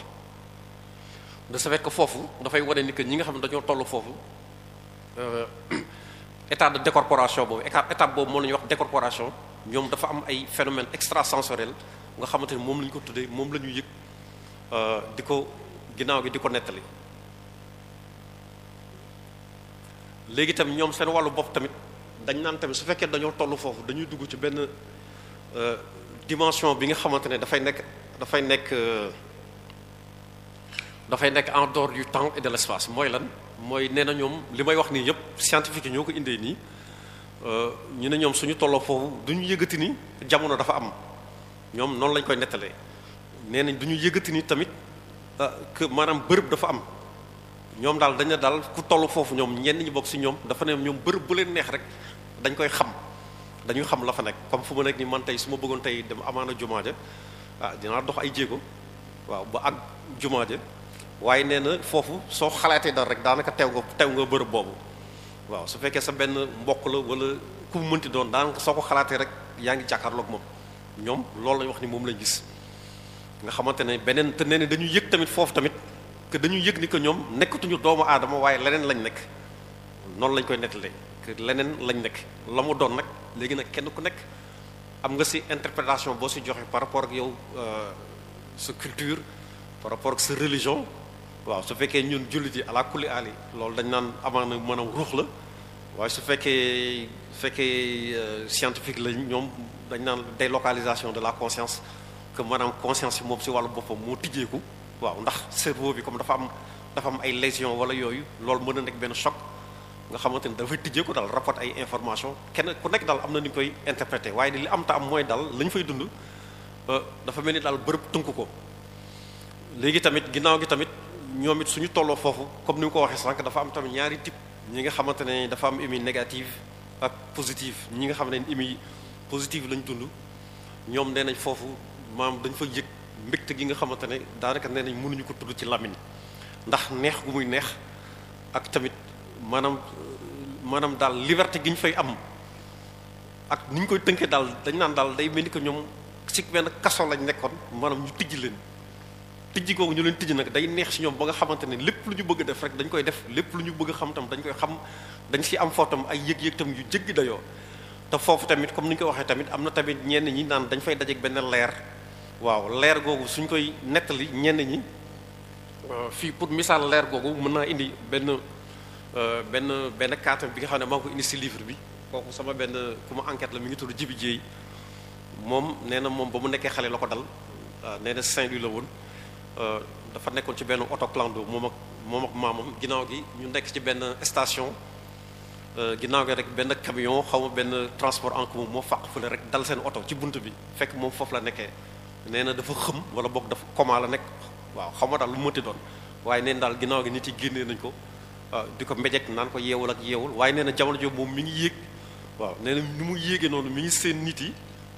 de fekk foofu dafay wane ni que ñi nga xam ne dañoo toll foofu euh, état de décorporation boobu étape boobu moo la ñuy wax décorporation ñoom dafa am ay phénomènes extrasensoriels nga xamante ni moom la ko tuddee moom la ñu yëg euh, di ko ginnaaw gi di ko nettali léegi tam ñoom seen wàllu bopp tamit dañ naan tamit su fekkee dañoo toll foofu dañuy dugg ci benn euh, dimension bi nga xamante ne dafay nekk dafay nekk euh, dafay nekk en dehors du temps et de l'espace mooy lan mooy nee na ñoom li may wax nii yépp scientifique yi ñoo ko indee nii ñu ne ñoom suñu tolloo foofu duñu yëgati ni jamono dafa am ñoom noonu lañ koy nettalee nee nañ du ñu yëgati nii tamit ah, que maanaam bërëb dafa am ñoom daal dañ daal ku toll foofu ñoom ñenn ñi bokk si ñoom dafa ne ñoom bërëb bu leen neex rek dañ koy xam dañuy xam la fa nekk comme fu ma nekk ni man tey su ma bëggoon tey dem amaana jumaa ja ah dinaa dox ay jéego waaw ba ak jumaa waaye nee na foofu soo xalaatee dal rek daanaka tew nga tew nga bërëb boobu waaw su fekkee sa benn mbokk la wala ku mu mënti doon daanaka soo ko xalaatee rek yaa ngi jàkkaarloog moom ñoom loolu lañ wax ni moom lañ gis nga xamante ne beneen te nee ne dañu yëg tamit foofu tamit que dañu yëg ni que ñoom nekkatuñu doomu aadama waaye leneen lañ nekk noonu lañ koy nettalee que leneen lañ nekk la mu doon nag léegi nag kenn ku nekk am nga ci interprétation boo ci joxe par rapport ak yow euh, sa culture par rapport ak sa religion waaw su fekkee ñun jullit yi ala kulli aali loolu dañ naan mën maanaam ruux la waaye su fekkee su fekkee euh, scientifique la ñoom dañ naan localisation de la conscience que maanaam conscience bi moom si wàllu boppam moo tijjeeku waaw ndax cerveau bi comme dafa am dafa am ay lésions wala yooyu loolu mën na nekk benn choc nga xamante ni dafay tijjeeku daal rapport ay information kenn ku nekk daal am na ni ñu koy interpréter waaye li am ta am mooy dal lañu fay dund euh, dafa mel ni daal bërëb tunk ko léegi tamit ginnaaw gi tamit ñoom it suñu tolloo foofu comme ni mu ko waxee sànq dafa am ñaari type ñi nga xamante ne dafa am émi négative ak positif ñi nga xam ne émi positive lañ dund ñoom nee nañ foofu maam dañ fa yëg mbégte gi nga xamante ne daanaka nee nañ mënuñu ko tudd ci làmmiñ ndax neex gu muy neex ak tamit maanaam maanaam daal liberté gi ñu fay am ak ni ñu koy tënkee daal dañ naan daal day mel ni que ñoom si benn kaso lañ nekkoon maanaam ñu tijji leen tijji googu ñu leen tijji nag day neex si ñoom ba nga xamante ne lépp lu ñu bëgg def rek dañ koy def lépp lu ñu bëgg xam tam dañ koy xam dañ si am footam ay yëg-yëg tam yu jéggi dayoo te foofu tamit comme ni ñu ko waxee tamit am na tamit ñenn ñi naan dañ fay dajeeg benn leer waaw leer googu suñ koy nettali ñenn ñi euh, fii pour misaal leer googu mën naa indi benn euh, benn benn kaatam bi nga xam ne maa ngi ko indi si livre bi kooku sama benn ku ma la mi ngi tudd Jibi Jéey moom nee na moom ba mu nekkee xale la ko dal euh, nee na Euh, dafa nekkoon ci benn autoclando moom ak moom ak maamam ginnaaw gi ñu nekk ci benn station euh, ginnaaw gi rek benn camion xaw ma benn transport en commun moo fàq fële rek dal seen oto ci bunt bi fekk moom foofu la nekkee nee na dafa xëm wala boog dafa coma la nekk waaw xaw ma daal lu mënti doon waaye neen daal ginnaaw gi nit yi génnee nañ ko euh, di ko mbéjek naan ko yeewul ak yeewul waaye nee na jamono jooju moom mi ngi yéeg waaw nee na mu yéegee noonu mi seen nit yi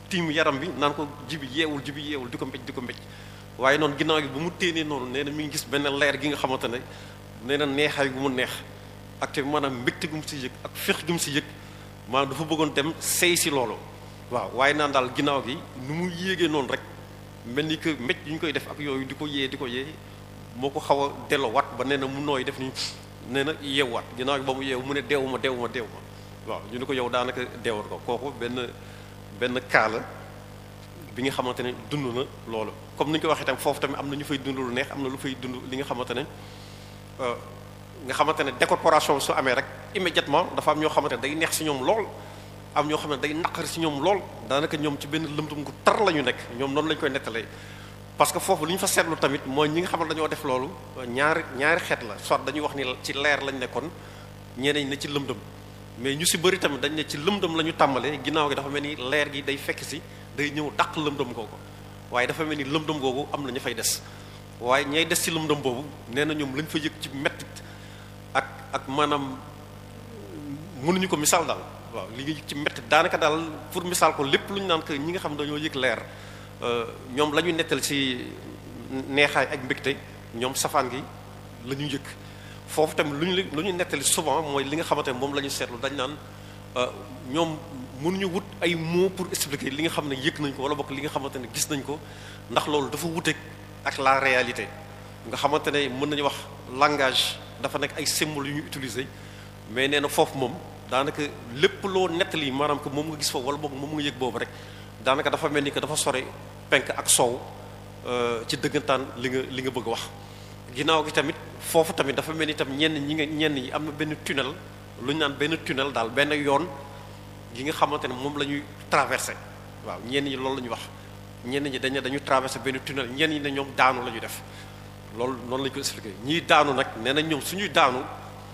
tiim yaram bi naan ko jibi yeewul jibi yeewul di ko mbéj di ko mbéj waaye noonu ginnaaw gi bu mu téenee noonu nee na mi ngi gis benn leer gi nga xamante ne nee na neexaay gu mu neex ak te maanaam mbégte gu mu si yëg ak féex gu mu si yëg maanaam dafa bëggoon dem sey si loolu waaw waaye naan daal ginnaaw gi nu mu yéegee noonu rek mel ni que mécc yu ñu koy def ak yooyu di ko yee di ko yee moo ko xaw a dellowaat ba nee na mu nooy def ni nee na yeewwaat ginnaaw gi ba mu yeew mu ne deewuma deewuma deewuma waaw ñu ne ko yow daanaka deewal ko kooku benn kaala bi nga xamante ne dund na loolu comme ni ñu ko waxee tam foofu tamit am na ñu fay dund lu am na lu fay dund li nga xamante ne euh, nga xamante ne décorporation su amee rek immédiatement dafa am ñoo xamante ne day neex si ñoom lool am ñoo xam ne day naqar si ñoom lool daanaka ñoom ci benn lëmtum ko tar la ñu nekk ñoom noonu la ñu koy nettalee parce que foofu li ñu fa seetlu tamit mooy ñi nga xam ne dañoo def loolu ñaari xeet la soit dañuy wax ni ci leer lañ nekkoon ñeneen ne ci lëmdëm mais ñu si bëri tamit dañu ne ci lëmdëm la ñu tàmbalee ginnaaw gi dafa mel ni leer gi day fekk si day ñëw dàq lëmdëm kooku waaye dafa mel ni lëndëm boobu am na ñu fay des waaye ñay des ci lëndëm boobu nee na ñoom lañu fa yëg ci mettit ak ak maanaam mënuñu ko missal daal waaw li nga yëg ci mettit daanaka daal pour missal ko lépp lu ñu naan que ñi nga xam dañoo yëg leer euh, ñoom la ñuy nettal ci neexaay ak mbégte ñoom safaan gi la ñuy yëg foofu tamit lu ñu lu ñu nettali souvent mooy li nga xamante ne moom la ñu seetlu dañ naan euh, ñoom mënuñu wut ay moo pour expliquer li nga xam ne yëg nañ ko wala bokk li nga xamante ne gis nañ ko ndax loolu dafa wuteeg ak la réalité nga xamante ne mën nañu wax langage dafa nekk ay symbole yu ñu utiliser mais nee na foofu moom daanaka lépp loo nettali maanaam ko moom nga gis foofu wala boog moom nga yëg boobu rek daanaka dafa mel ni que dafa sore penk ak soow euh, ci dëggantaan li nga li nga bëgg wax ginnaaw gi tamit foofu tamit dafa mel ni tam ñenn ñi nga ñenn ñi am na benn tunnel lu ñu naan benn daal benn yoon gi nga xamante ne moom la ñuy traversé waaw ñenn ñi loolu la ñu wax ñenn ñi dañ dañuy dañu traversé benn tunnel ñeen ñi ne ñoom daanu la ñu def loolu noonu la ñu ko expliqué ñiy daanu nag nee na ñoom suñuy daanu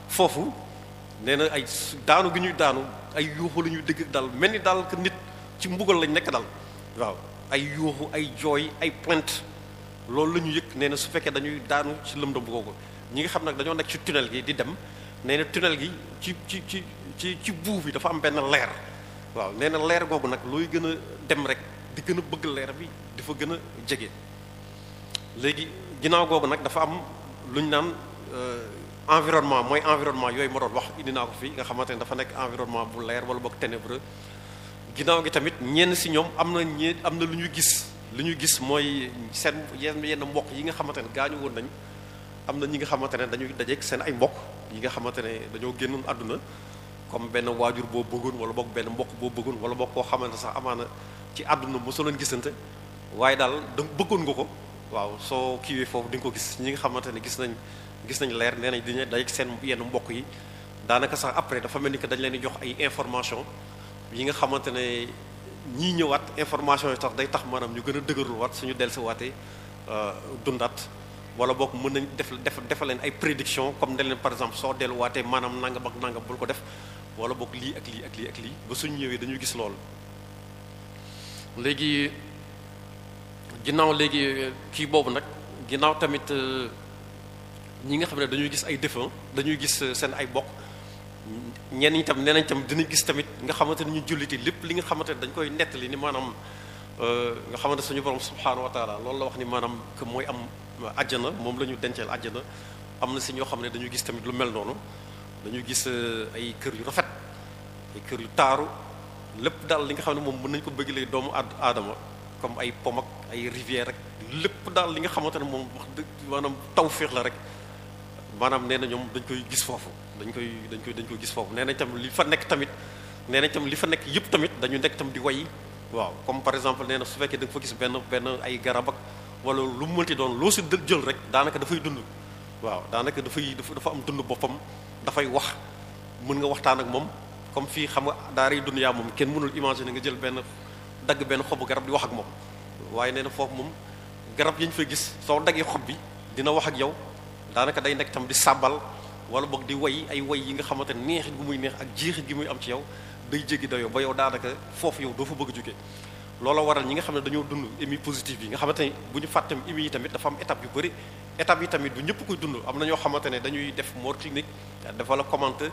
foofu nee na ay daanu bi ñuy daanu ay yuuxu la ñuy dégg dal mel ni daal que nit ci mbugal lañ nekk dal waaw ay yuuxu ay jooy ay plainte loolu la ñu yëg nee na su fekkee dañuy daanu ci lëndëm googu ñi nga xam nag dañoo nekk ci tunnel gi di dem nee na tunnel gi ci ci ci ci ci buuf bi dafa am benn leer waaw nee na leer googu nag looy gën a dem rek di gën a bëgg leer bi dafa gën a jege léegi ginnaaw googu nag dafa am lu ñu naan euh, environnement mooy environnement yooyu ma wax indi naa ko fii nga xamante ne dafa nekk environnement bu leer wala boog ténébreux ginnaaw gi tamit ñenn si ñoom am na ñee am na lu ñu gis lu ñu gis mooy seen yenn yenn mbokk yi nga xamante ne gaañu woon nañ am na ñi nga xamante ne dañuy dajeeg seen ay mbokk yi nga xamante ne dañoo génnoon àdduna comme benn waajur boo bëggoon wala boog benn mbokk boo bëggoon wala boog koo xamante sax amaana ci àdduna mosoo leen gisante waaye daal da bëggoon nga ko waaw soo kiiwee foofu di ko gis ñi nga xamante ne gis nañ gis nañ leer nee nañ dañuy dajeeg seen yenn mbokk yi daanaka sax après dafa mel ni que dañ leen di jox ay information yi nga xamante ne ñii ñëwaat information yi tax day tax maanaam ñu gën a dëgërul waat suñu dellusiwaatee euh, dundaat wala boog mën nañ def def defal leen ay prédiction comme ne leen par exemple soo delluwaatee maanaam nangam ak nangam bul ko def wala boog lii ak lii ak lii ak lii ba suñ ñëwee dañuy gis lool. léegi ginnaaw léegi kii boobu nag ginnaaw tamit euh, ñi nga xam ne dañuy gis ay défunt dañuy gis euh, seen ay bokk ñenn ñi tam nee nañ tam dinañ gis tamit nga xamante ni ñu julliti lépp li nga xamante ne dañ koy nettali ni maanaam euh, nga xamante suñu borom subhaanahu wa taala loolu la wax ni maanaam que mooy am. àjjana moom la ñu denceel àjjana am na si ñoo xam ne dañu gis tamit lu mel noonu dañu gis eh, ay kër yu rafet ay kër yu taaru lépp daal li nga xam ne moom mën nañu ko bëggalee doomu aadama comme ay pom ak ay rivière rek lépp daal li nga xamante ne moom wax dëgg maanaam tawféex la rek maanaam nee na ñoom dañ koy gis foofu dañ koy dañ koy dañ koy gis foofu nee nañ tam li fa nekk nee nañ tam li fa nekk yëpp tamit dañu nekk tam di way waaw comme par exemple nee na su fekkee da nga fa gis benn benn ay garab wala lu mu mënti doon loo si jël rek daanaka dafay dund waaw daanaka dafay dafa am dund boppam dafay wax mën nga waxtaan ak moom comme fii xam nga daaray dunyaa moom kenn mënul imaginer nga jël benn dagg benn xobu garab di wax ak moom waaye nee na foofu moom garab yañ fay gis soo daggee xob bi dina wax ak yow daanaka day nekk tam di sàbbal wala boog di way ay way yi nga xamante neex gu muy neex ak jeexi gi muy am ci yow day jéggi dayoo ba yow daanaka foofu yow doo fa bëgg jóge loola waral ñi nga xam ne dañoo dund émi positif yi nga xamante ni bu ñu fàtte émi yi tamit dafa am étape yu bëri étape yi tamit du ñëpp koy dund am na ñoo xamante ne dañuy def moor clinique dafa la commenter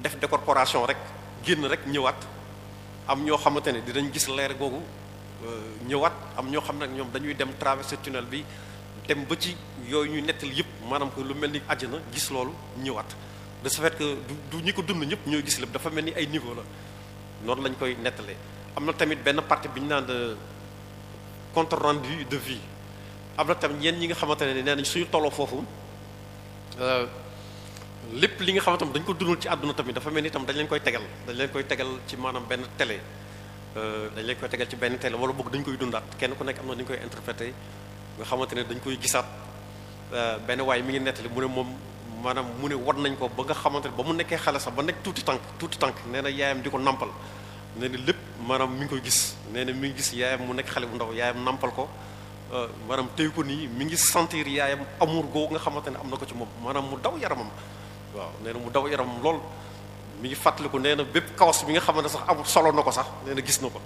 def décorporation rek génn rek ñëwaat am ñoo xamante ne dinañ gis leer googu euh, ñëwaat am ñoo xam ne ñoom dañuy dem traverser tunnel bi dem ba ci yooyu ñuy nettali yëpp maanaam que lu mel ni àjjana gis loolu ñëwaat de ce fait que du ñu ko dund ñëpp ñoo gis lépp dafa mel ni ay niveau la noonu lañ koy nettalee am na tamit benn partie bi ñu naan de compte rendu de vie am na tamit ñenn ñi nga xamante ne nee nañ suñu tolloo foofu euh, lépp li nga xamante ne dañ ko dundul ci àdduna tamit dafa mel ni tam dañ koy tegal dañ leen koy tegal ci maanaam benn télé euh, dañ leen koy tegal ci benn wala boog dañ koy dundaat kenn ku nekk am na dañ koy interprété nga xamante ne dañ koy gisaat euh, benn waaye mi ngi nettali mu ne moom maanaam mu ne war nañ ko ba nga xamante ne ba mu nekkee xale sax ba nekk tuuti tànk tuuti tànk nee na yaayam di ko nampal. nee lépp maanaam mi ngi koy gis nee na mi ngi gis yaayam mu nekk xale bu ndaw yaayam nampal ko euh, maanaam téy ko nii mi ngi sentir yaayam amur googu nga xamante ne am na ko ci moom maanaam mu daw yaramam waaw nee na mu daw yaramam lool mi ngi fàttaliku nee na bépp kawas bi nga xamante sax amul solo na ko sax nee na gis na ko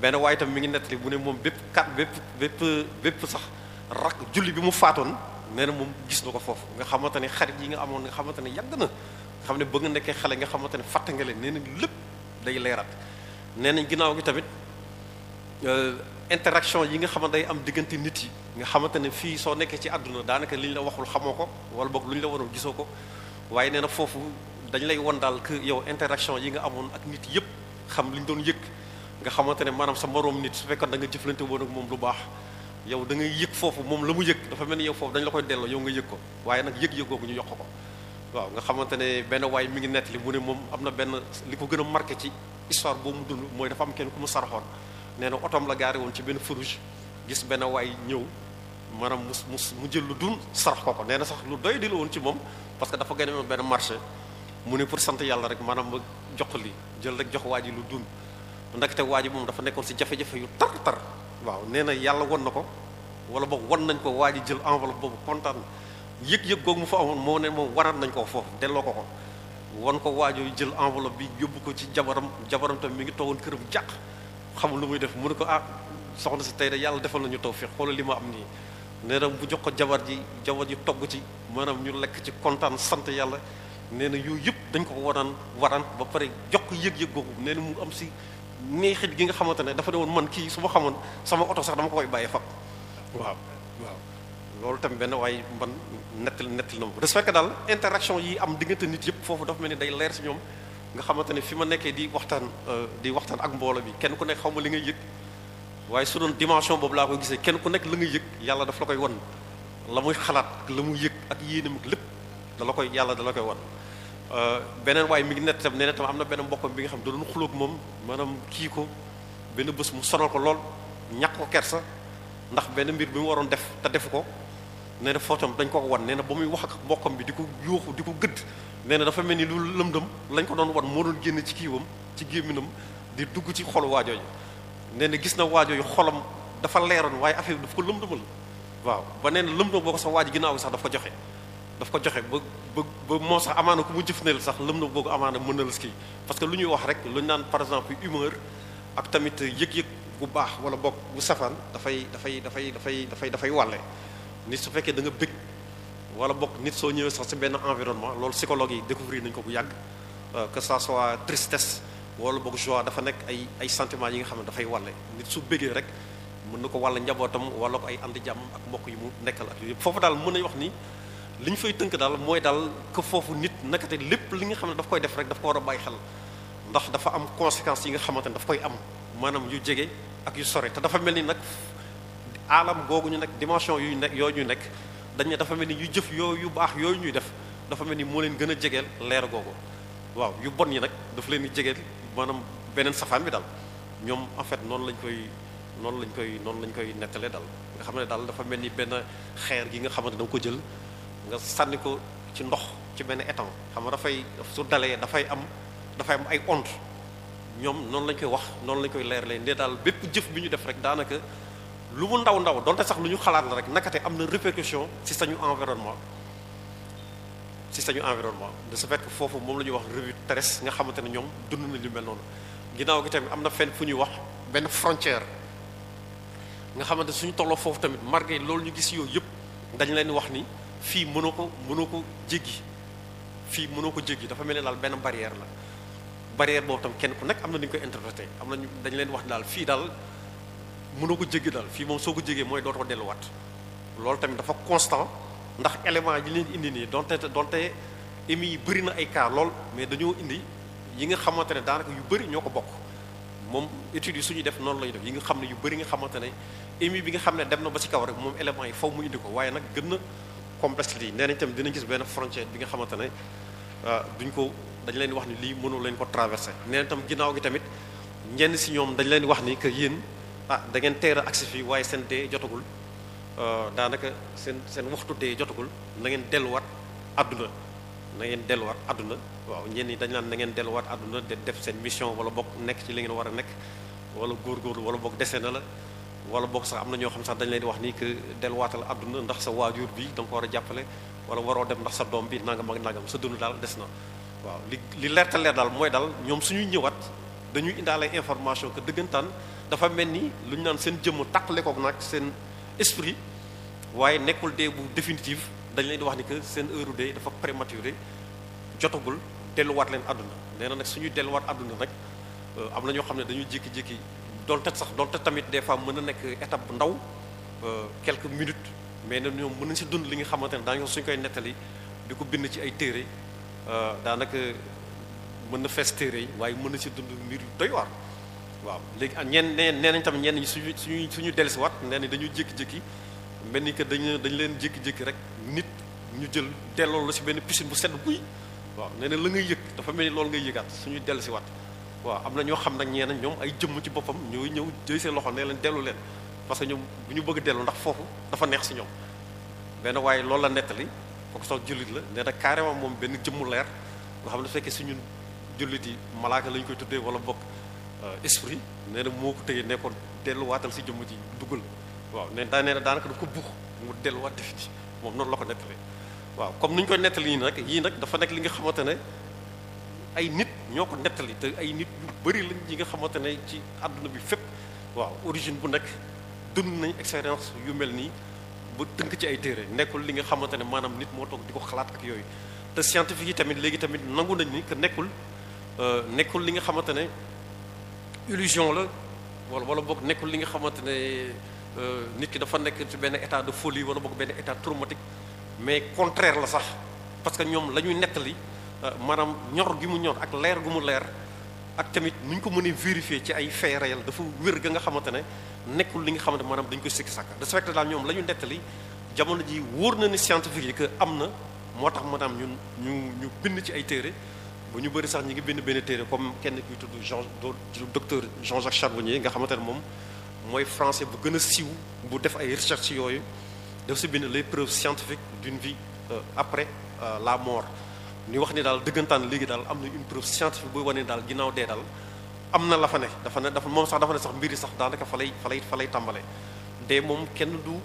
benn waaye mi ngi nettali bu ne moom bépp kat bépp bépp bépp sax rak julli bi mu faatoon nee na moom gis na ko foofu nga xamante ne xarit yi nga amoon nga xamante ne yàgg na xam ne ba nga nekkee xale nga xamante ne fàtte nga leen nee na lépp day leeraat nee nañ ginnaaw gi tamit euh, interaction yi nga xamante day am diggante nit yi nga xamante ne fii soo nekkee ci àdduna daanaka liñ la waxul xamoo ko wala boog ñu la waroon gisoo ko waaye nee na foofu dañ lay won daal yow interaction yi nga amoon ak nit yëpp xam liñ doon yëg nga xamante ne sa moroom nit su fekkoon da nga jëflante woon moom lu baax yow da ngay foofu moom la mu yëg dafa mel ni yow foofu dañ la koy delloo yow nga yëg ko waaye nag yëg yëgoogu ñu yokk ko waaw nga xamante ne benn waay mi ngi nettali mu ne moom am na benn li ko gën a marqué ci histoire boobu mu dund mooy dafa am kenn ku mu saraxoon nee na otoom la gaare woon ci benn furuge gis benn waay ñëw maanaam mu mu mu jël lu dul sarax ko ko nee na sax lu doy di la woon ci moom parce que dafa gane woon benn marché mu ne pour sant yàlla rek maanaam ma jox li jël rek jox waa ji lu dund ndaxte waa ji moom dafa nekkoon si jafe-jafe yu tar tar waaw nee na yàlla won na ko wala boog won nañ ko waa ji jël enveloppe boobu kontaan yëg-yëg googu mu fa amoon moo ne moom waraat nañ koo foofu delloo ko ko wan ko waajooyu jël enveloppe bi yóbbu ko ci jabaram jabaram tam mi ngi toogoon bu jàq xamul lu muy def mu ne ko ah soxna si tey de yàlla defal nañu tawfiq xoolal li ma am nii nee na bu jox ko jabar ji jabar ji togg ci maanaam ñu lekk ci kontaan sant yàlla nee na yooyu yëpp dañ ko waraan waraan ba pare jox ko yëg-yëg googu nee na mu am si neexit gi nga xamante ne dafa ne woon man kii su ma xamoon sama oto sax dama ko koy bàyyi fab waaw waaw loolu tam benn waaye man nettali nettali na ma respecté daal interaction yi am diggante nit yëpp foofu dafa mel ni day leer si ñoom nga xamante ne fi ma nekkee di waxtaan euh, di waxtaan ak mbooloo bi kenn ku nekk xaw ma li ngay yëg waaye su doon dimension boobu laa koy gisee kenn ku nekk la ngay yëg yàlla daf la koy won la muy xalaat la mu yëg ak yéenam ak lépp da koy yàlla dala koy wan euh, beneen waaye mi ngi nett tam ne tam am na benn mbokkam bi nga xam da doon xulóog moom maanaam kii ko benn bës mu sonal ko lool ñàkk ko kersa ndax benn mbir bi mu waroon def te defu ko nee na fotom dañ ko wan nee na ba muy wax ak bokkam bi di ko yuuxu di ko gëdd nee na dafa mel ni lu lëmdëm lañ ko doon wan moo doon génn ci kiiwam ci gémminam di dugg ci xolu waajooju nee na gis na waajooju xolam dafa leeroon waaye affaire bi daf ko lëmdëmal waaw ba nee na lëmdëm boo ko sax waaj ginnaaw gi sax daf ko joxe daf ko joxe ba ba ba moo sax amaana ku mu jëf jëfandikoo sax lëm na boogu amaana mën na la parce que lu ñuy wax rek lu ñu naan par exemple humeur ak tamit yëg-yëg bu baax wala boog bu safaan dafay dafay dafay dafay dafay dafay wàlle nit su fekkee da nga bëgg wala bokk nit soo ñëwee sax ci benn environnement loolu psychologue yi découvrir nañu ko bu yàgg euh, que ça soit tristesse wala boog joie dafa nekk ay ay sentiments yi nga xam ne dafay wàlle nit su bëggee rek mën na ko wàll njabootam wala ko ay andi jàmm ak mbokk yi mu nekkal ak yooyu foofu daal mën a wax nii li ñu fay tënk daal mooy daal que foofu nit nakate lépp li nga xam ne daf koy def rek daf ko war a bàyyi xel ndax dafa am conséquences yi nga xamante ne daf koy am maanaam yu jege ak yu sore te dafa mel ni nag aalam googu ñu nekk dimension yu nekk yooyu ñu nekk dañ dafa mel ni yu jëf yooyu yu baax yooyu ñuy def dafa mel ni moo leen gën a jegeel leer googu waaw yu bon yi nag dafa leen di jegeel maanaam beneen safaan bi daal ñoom en fait noonu lañ koy noonu lañ koy noonu lañ koy nettalee daal nga xam ne daal dafa mel ni benn xeer gi nga xamante da nga ko jël nga sànni ko ci ndox ci benn étang xam nga dafay su dalee dafay am dafay am ay onde ñoom noonu lañ koy wax noonu lañ koy leer leen daal bépp jëf bi ñu def rek daanaka lu mu ndaw ndaw donte sax lu ñu xalaat la rek nakate am na répercussion ci sañu environnement ci sañu environnement da ce fait que foofu moom la ñuy wax revue terrestre nga xamante ne ñoom dund na lu mel noonu ginnaaw gi tamit am na fenn fu ñuy wax benn frontière nga xamante suñu tolloo foofu tamit marqué loolu ñu gis yooyu yëpp dañ leen wax ni fii mënoo ko mënoo ko jéggi fii mënoo ko jéggi dafa mel ne daal benn barrière la barrière boobu tam kenn ku nekk am na ni ñu koy interprété am nañu dañ leen wax daal fii daal mënoo ko jéggi daal fii moom soo ko jégee mooy dootoo delluwaat loolu tamit dafa constant ndax élément yi leen indi nii donte donte émi yi bëri na ay cas lool mais dañoo indi yi nga xamante ne daanaka yu bëri ñoo ko bokk moom études su ñu def noonu la ñu def yi nga xam ne yu bëri nga xamante ne émi bi nga xam ne dem na ba ci kaw rek moom élément yi faw mu indi ko waaye nag gën na complexe lii nee nañ tamit dina gis benn frontière bi nga xamante ne euh, duñ ko dañ leen wax ni lii mënu leen ko traversé nee nañ tam ginnaaw gi tamit ñenn si ñoom dañ leen wax ni que yéen ah da ngeen teel a agsi fii waaye seen dee jotagul euh, daanaka seen seen waxtu dee jotagul na ngeen delluwaat àdduna na ngeen delluwaat àdduna waaw ñenn yi dañ naan na ngeen delluwaat àdduna de def seen mission wala bokk nekk ci li ngeen war a nekk wala góorgóorlu wala bokk dese na la wala bokk sax am na ñoo xam sax dañ leen di wax nii que delluwaatal àdduna ndax sa waajur bi da ko war a jàppale wala waroo dem ndax sa doom bi nangam ak nangam sa dund daal des na waaw li li leerta leer daal mooy daal ñoom suñuy ñëwaat dañuy indaale information que dëggantaan dafa mel ni lu ñu naan seen jëmm tàqale kook nag seen esprit waaye nekkul dee bu définitive dañ leen di wax ni que seen heure de dafa prématuré jotagul delluwaat leen àdduna nee na nag suñuy delluwaat àdduna nag euh, am na ñoo xam ne dañuy jékki-jékki donte sax donte tamit des fois mën na nekk étape bu ndaw euh, quelque minutes mais nag ñoom mën nañ si dund li nga xamante ne daañu suñ koy nettali di ko bind ci ay téere euh, daanaka mën na fees téere waaye mën na si dund mbir yu doy waar waaw léegi ak ah, ñenn nee nañ tamit ñenn ñi suñu suñu suñu dellusiwaat nee nañ dañu jékki-jékki mel ni que dañu dañu leen jékki-jékki rek nit ñu jël delloo la si benn piscine bu sedd guy waaw nee na la ngay yëg dafa mel ni loolu ngay yëgaat suñuy dellusiwaat waaw am na ñoo xam nag ñeneen ñoom ay jëmm ci boppam ñooy ñëw jëy seen loxo nee leen dellu leen parce que ñoom bu ñu bëgg dellu ndax foofu dafa neex si ñoom benn waaye loolu la nettali kooku sax jullit la nee na carrément moom benn jëmmu leer nga xam ne fekkee si ñun jullit yi malaaka lañ koy tuddee wala bokk Euh, esprit nee na moo ko tëye ne ko delluwaatal si jëmm ji duggal waaw ne daa nee na daanaka daf ko buux mu delluwaat def ci moom noonu la ko nettalee waaw comme ni ñu koy nettali nii nag yii nag dafa nekk li nga xamante ne ay nit ñoo ko nettali te ay nit bëri lañ yi nga xamante ne ci àdduna bi fépp waaw origine bu nekk dund nañ expérience yu mel nii ba tënk ci ay téere nekkul li nga xamante ne maanaam nit moo toog di ko xalaat ak yooyu te scientifique yi tamit léegi tamit nangu nañ ni que nekkul euh, nekkul li nga xamante ne illusion la wala wala boog nekkul li nga xamante ne euh, nit ki dafa nekk ci benn état de folie wala boog benn état traumatique mais contraire la sax parce que ñoom la ñuy nettali euh, maanaam ñor gi mu ñor ak leer gu mu leer ak tamit nu ñu ko mënee vérifier ci ay faits réels dafa wér ga nga xamante ne nekkul li nga xamante maanaam dañ ko sikki sàkka de ce daal ñoom la ñu nettali jamono ji wóor na ni scientifique yi que am na moo tax maanaam ñu ñu ñu bind ci ay téere bu ñu bëri sax ñi ngi bind benn téere comme kenn kuy tudd Jean docteur Jean-Jacques Charbonnier nga xamante ne moom mooy français bu gën a siiw bu def ay recherche yooyu def si bind les preuves scientifiques d'une vie euh, après euh, la mort ni wax ni daal dëggantaan léegi daal am na une preuve scientifique buy daal ginnaaw dee daal am na la fa ne dafa ne dafa moom sax dafa ne sax mbir sax daanaka fa lay fa lay tàmbale dee moom kenn du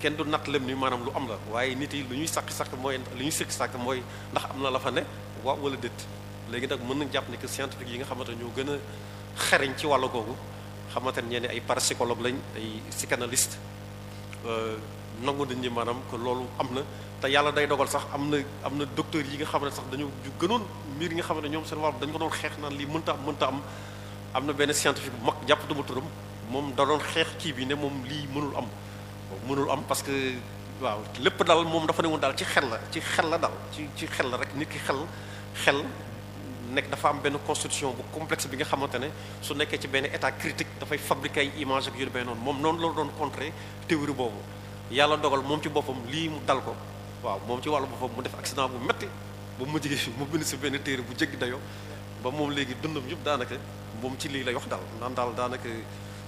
kenn du natt lem ni maanaam lu am la waaye nit yi lu ñuy sàkk sàkk mooy lu ñuy sëkk sàkk mooy ndax am na la fa ne waaw wala déet léegi nag mën nañ jàpp ne que scientifique yi nga xamante ñoo gën a xereñ ci wàllu googu xamante ne ay parapsychologue lañ ay psychanalyste euh, nangu dañ ni maanaam que loolu am na te yàlla day dogal sax am na am na docteurs yi nga xam ne sax dañu gënoon mbir yi nga xam ne ñoom seen wàll dañ ko doon xeex naan lii mënta am mënta am am na benn scientifique bu mag jàppatuma turam moom da doon xeex kii bii ne moom lii mënul am mënul am parce que waaw lépp daal moom dafa ne daal ci xel la ci xel la daal ci ci la rek nit ki xel xel nekk dafa am benn constitution bu complexe bi nga xamante ne su nekkee ci benn état critique dafay fabriquer ay image ak yu demee noonu moom noonu la doon contrer théorie boobu yàlla dogal moom ci boppam lii mu dal ko waaw moom ci wàllu boppam mu def accident bu métti ba mu jigee mu bind si benn téere bu jéggi dayoo ba moom léegi dundam yëpp daanaka moom ci lii lay wax daal naan daal daanaka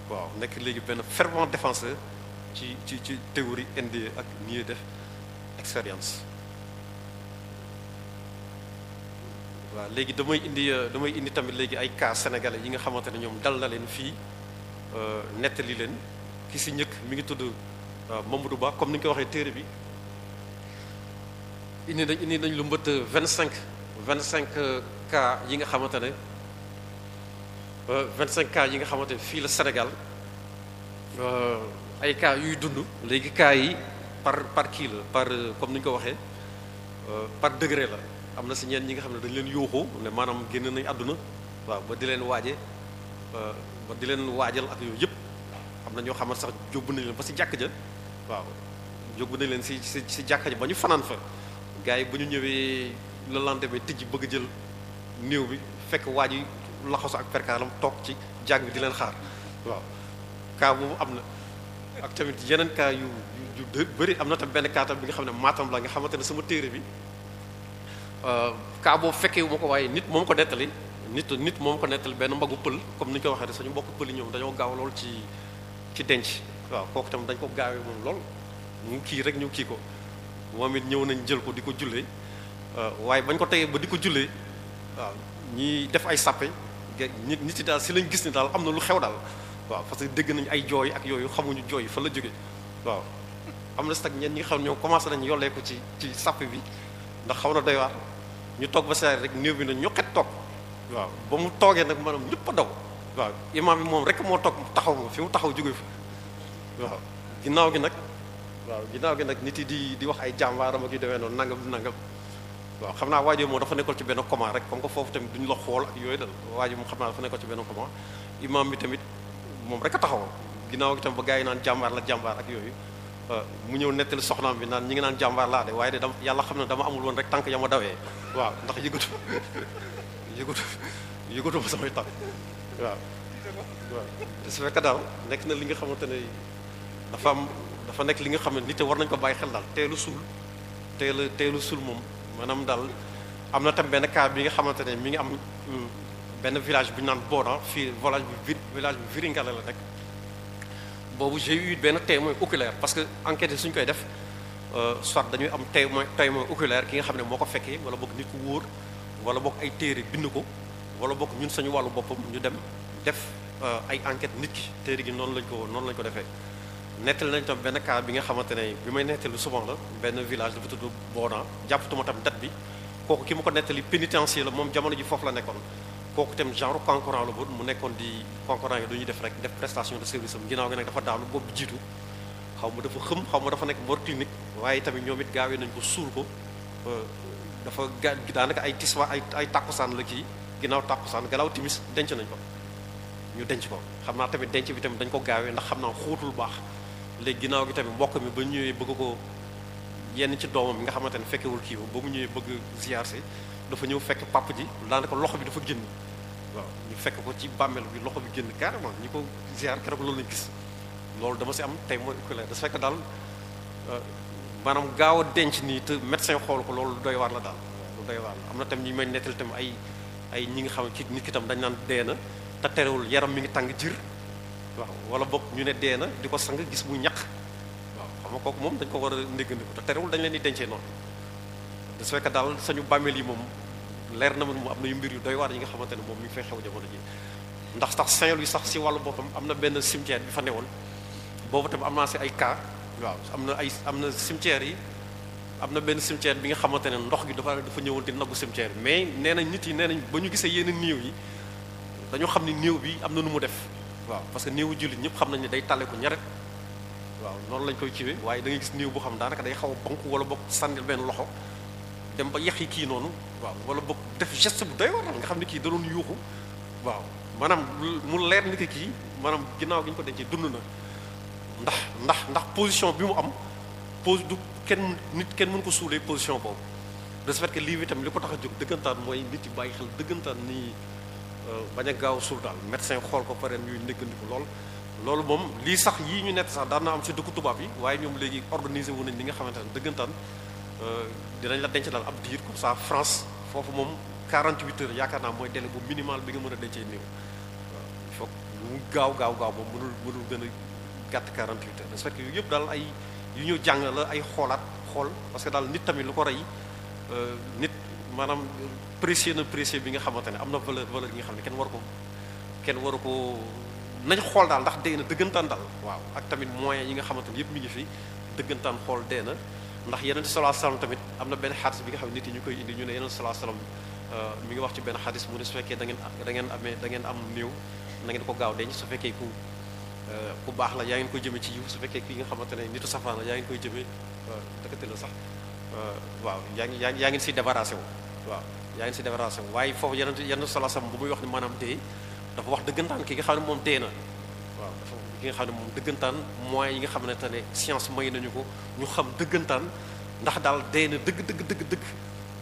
waaw nekk léegi benn fervent défenseur ci ci ci théorie NDA ak nier def expérience waaw léegi damay indi euh, damay indi tamit léegi ay cas sénégalais yi nga xamante ne ñoom dal na leen fii euh, nettali leen ki si njëkk mi ngi tudd euh, du baax comme ni nga ko waxee téere bi indi nañ indi nañ lu mbët vingt cinq vingt cinq cas yi nga xamante ne vingt cinq cas yi nga xamante ne fii la Sénégal ay cas yuy dund léegi cas yi par kii la par comme ni ñu ko waxee par degré la am na si ñeen ñi nga xam ne dañ leen yóoxoo ne maanaam génn nañ àdduna waaw ba di leen waaje ba di leen waajal ak yooyu yëpp am na ñoo xam ne sax jóbbu nañ leen ba si jàkk ja waaw jóbbu leen si si si jàkk ja ba ñu fanaan fa gars yi ba ñu ñëwee le lendemain tijji bëgg jël néew bi fekk waaj yi laxasu ak perkaalam toog ci jàng bi di leen xaar waaw cas am na ak tamit yeneen cas yu yu bëri am na tam benn cas bi nga xam ne maatam laa nga xamante ne sama téere bi kaa euh, boobu fekkee wu ma ko waaye nit moom ko nettali nit nit moom ko nettali benn mbagu pël comme ni ñu ko waxee rek ñu mbokk pël yi ñoom dañoo gaaw lool ci ci denc waaw kooku tam dañ ko gaawee moom lool mu kii rek ñu kii ko moom it ñëw nañ jël ko di ko jullee euh, waaye bañ ko tegee ba di ko jullee waaw ñi def ay sàppe nit nit yi daal si lañ gis ni daal am na lu xew daal waaw parce que dégg nañ ay jooy ak yooyu xamuñu jooy fa la jóge waaw am na sax ñenn ñi nga xam commencé nañ yollee ko ci ci sàpp bi ndax xaw na doy waar ñu toog ba saa rek néew bi na ñoqet toog waaw ba mu toogee nag maanaam ñëpp a daw waaw imaam bi moom rek moo toog taxaw ma fi mu taxaw jóge fa waaw ginnaaw gi nag waaw ginnaaw gi nag nit yi di di wax ay jàmbaaram ak yu demee noonu nangam nangam waaw xam naa waajo moom dafa nekkoon ci benn coma rek comme que foofu tamit duñu la xool ak yooyu dal waajo moom xam naa dafa nekkoon ci benn coma imaam bi tamit moom rek a taxaw ginnaaw gi tamit ba gars yi naan jàmbaar la jàmbaar ak yooyu Euh, mu ñëw nettali soxnaam bi naan ñi ngi naan jàmbaar laa de waaye de dama yàlla xam ne dama amul woon rek tànk ya ma dawee waaw ndax yëgatu yëgatu yëgatu ma samay tànk waaw waaw te su fekkee daal nekk na li nga xamante ne dafa am dafa nekk li nga xam ne te war nañ ko bàyyi xel daal teelu suul teelu teelu suul moom maanaam daal am na tam benn kaar bi nga xamante ne mi ngi am mm, benn village bu ñu naan Boona fii village bu village bu Viringale la nekk boobu j'ai eu benn témoin oculaire parce que enquête yi suñ koy def euh, soit dañuy am témoin témoin oculaire ki nga xam ne moo ko fekkee wala bokk nit ku wóor wala bokk ay téere bind ko wala boog suñu wàllu boppam ñu dem def euh, ay enquête nit ki téere gi noonu lañ ko noonu lañ ko defee nettali nañ tam benn cas bi nga xamante ne bi may nettali souvent la benn village dafa tudd Boona jàppatuma tam date bi kooku ki ma ko nettali pénitencier la moom jamono ji foofu la nekkoon kooku itam genre concurrent la woon mu nekkoon di concurrent yi du ñuy def rek def prestation de service am ginnaaw gi nag dafa daanu boobu jiitu xaw ma dafa xëm xaw ma dafa nekk mort clinique waaye tamit ñoom it gaawee nañ ko suul ko dafa ga daanaka ay tiswa ay ay tàkkusaan la kii ginnaaw tàkkusaan galaaw timis denc nañ ko ñu denc ko xam naa tamit denc bi tamit dañ ko gaawee ndax xam naa xóotul baax léegi ginnaaw gi tamit mbokk mi ba ñëwee bëgg ko yenn ci doomam yi nga xamante ne fekkewul kii ba mu ñëwee bëgg ziar dafa ñëw fekk papa ji daanaka loxo bi dafa génn waaw ñu fekk ko ci bàmmeel bi loxo bi génn carrément ñi ko ziar keroog loolu na gis loolu dama si am tey mooy école da fekk daal euh, maanaam gaaw a denc nii te médecin xool ko loolu doy waar la daal lu doy waar la am na tam ñi may nettali tam ay ay ñi ngi xam ci nit ki tam dañ naan dee na te terewul yaram mi ngi tàng jir waaw wala boog ñu ne dee na di ko sang gis mu ñaq waaw xam nga kooku moom dañ ko war a ndéggandiku te terewul dañ leen di dencee noonu de ce fait daal sañu bàmmeel yi moom leer na man moom am na yu mbir yu doy waar yi nga xamante ne moom mi ngi fay xew jamono ji ndax sax saint yi sax si wàllu boppam am na benn cimetière bi fa newoon boobu tam am naa si ay cas waaw am na ay am na cimetière yi am na benn cimetière bi nga xamante ne ndox gi dafa dafa ñëwoon di nagu cimetière bi mais nee nañ nit yi nee nañ ba ñu gisee yenn néew yi dañoo xam ni néew bi am na nu mu def waaw parce que néewu jullit ñëpp xam nañ ne day tàlle ko ñaret waaw noonu lañ koy ciwee waaye da ngay gis boo xam daanaka day xaw a bonk wala bokk sànnil benn loxo dem ba yàq yi kii noonu waaw wala boog def geste bu doy war nga xam ne kii da doon yuuxu waaw maanaam mu leer ni kii maanaam ginnaaw gi ñu ko dencee dund na ndax ndax ndax position bi mu am pose du kenn nit kenn mën ko suulee position boobu de ce que lii bi li ko tax a jóg dëggantaan mooy nit yi bàyyi xel dëggantaan nii euh, bañ a gaaw suul daal médecin xool ko pare ñuy néggandiku lool loolu moom lii sax yii ñu nett sax daan na am si dëkku tubaab yi waaye ñoom léegi organisé wu nañ li nga xamante ne dëggantaan Euh, dinañ la dencalal ab diir comme ça France foofu moom 48 heures yaakaar naa mooy délai bu minimal bi nga mën a dencee néew waaw il faut mu gaaw gaaw gaaw moom mënul mënul gën a gàtt 48 heures de ce que yooyu yëpp daal ay yu ñu jàng la ay xoolaat xool parce que daal nit tamit lu ko rey euh, nit maanaam précieux na précieux bi nga xamante ne am na valeur valeur yi nga xam ne kenn waru ko kenn waru ko nañ xool daal ndax dee na dëggantaan daal waaw ak tamit moyens yi nga xamante ne yëpp mi ngi fi dëggantaan xool dee na ndax yeneen sallallahu alayhi wasallam tamit am na benn xadis bi nga xam ne nit yi ñu koy indi ñu ne yeneen sallallahu alayhi wasallam euh, ngi wax ci benn xadis mu ne su fekkee da ngeen da ngeen amee da ngeen am néew na ngeen ko gaaw denc su fekkee ku euh, ku baax la yaa ngeen koy jëmee ci yiw su fekkee kii nga xamante ne nitu safaan la yaa ngeen koy jëmee euh, dëkkate la sax waaw yaa ngi yaa ngi yaa ngeen si débarrassé wu waaw yaa ngeen si débarrassé waaye foofu yeneen yeneen sallallahu alayhi bu muy wax ne maanaam dee dafa wax dëggantaan ki nga xam ne moom dee na waaw dafa yi nga xam ne moom dëggantaan moyens yi nga xam ne te ne science may nañu ko ñu xam dëggantaan ndax daal dee na dëgg dëgg dëgg dëgg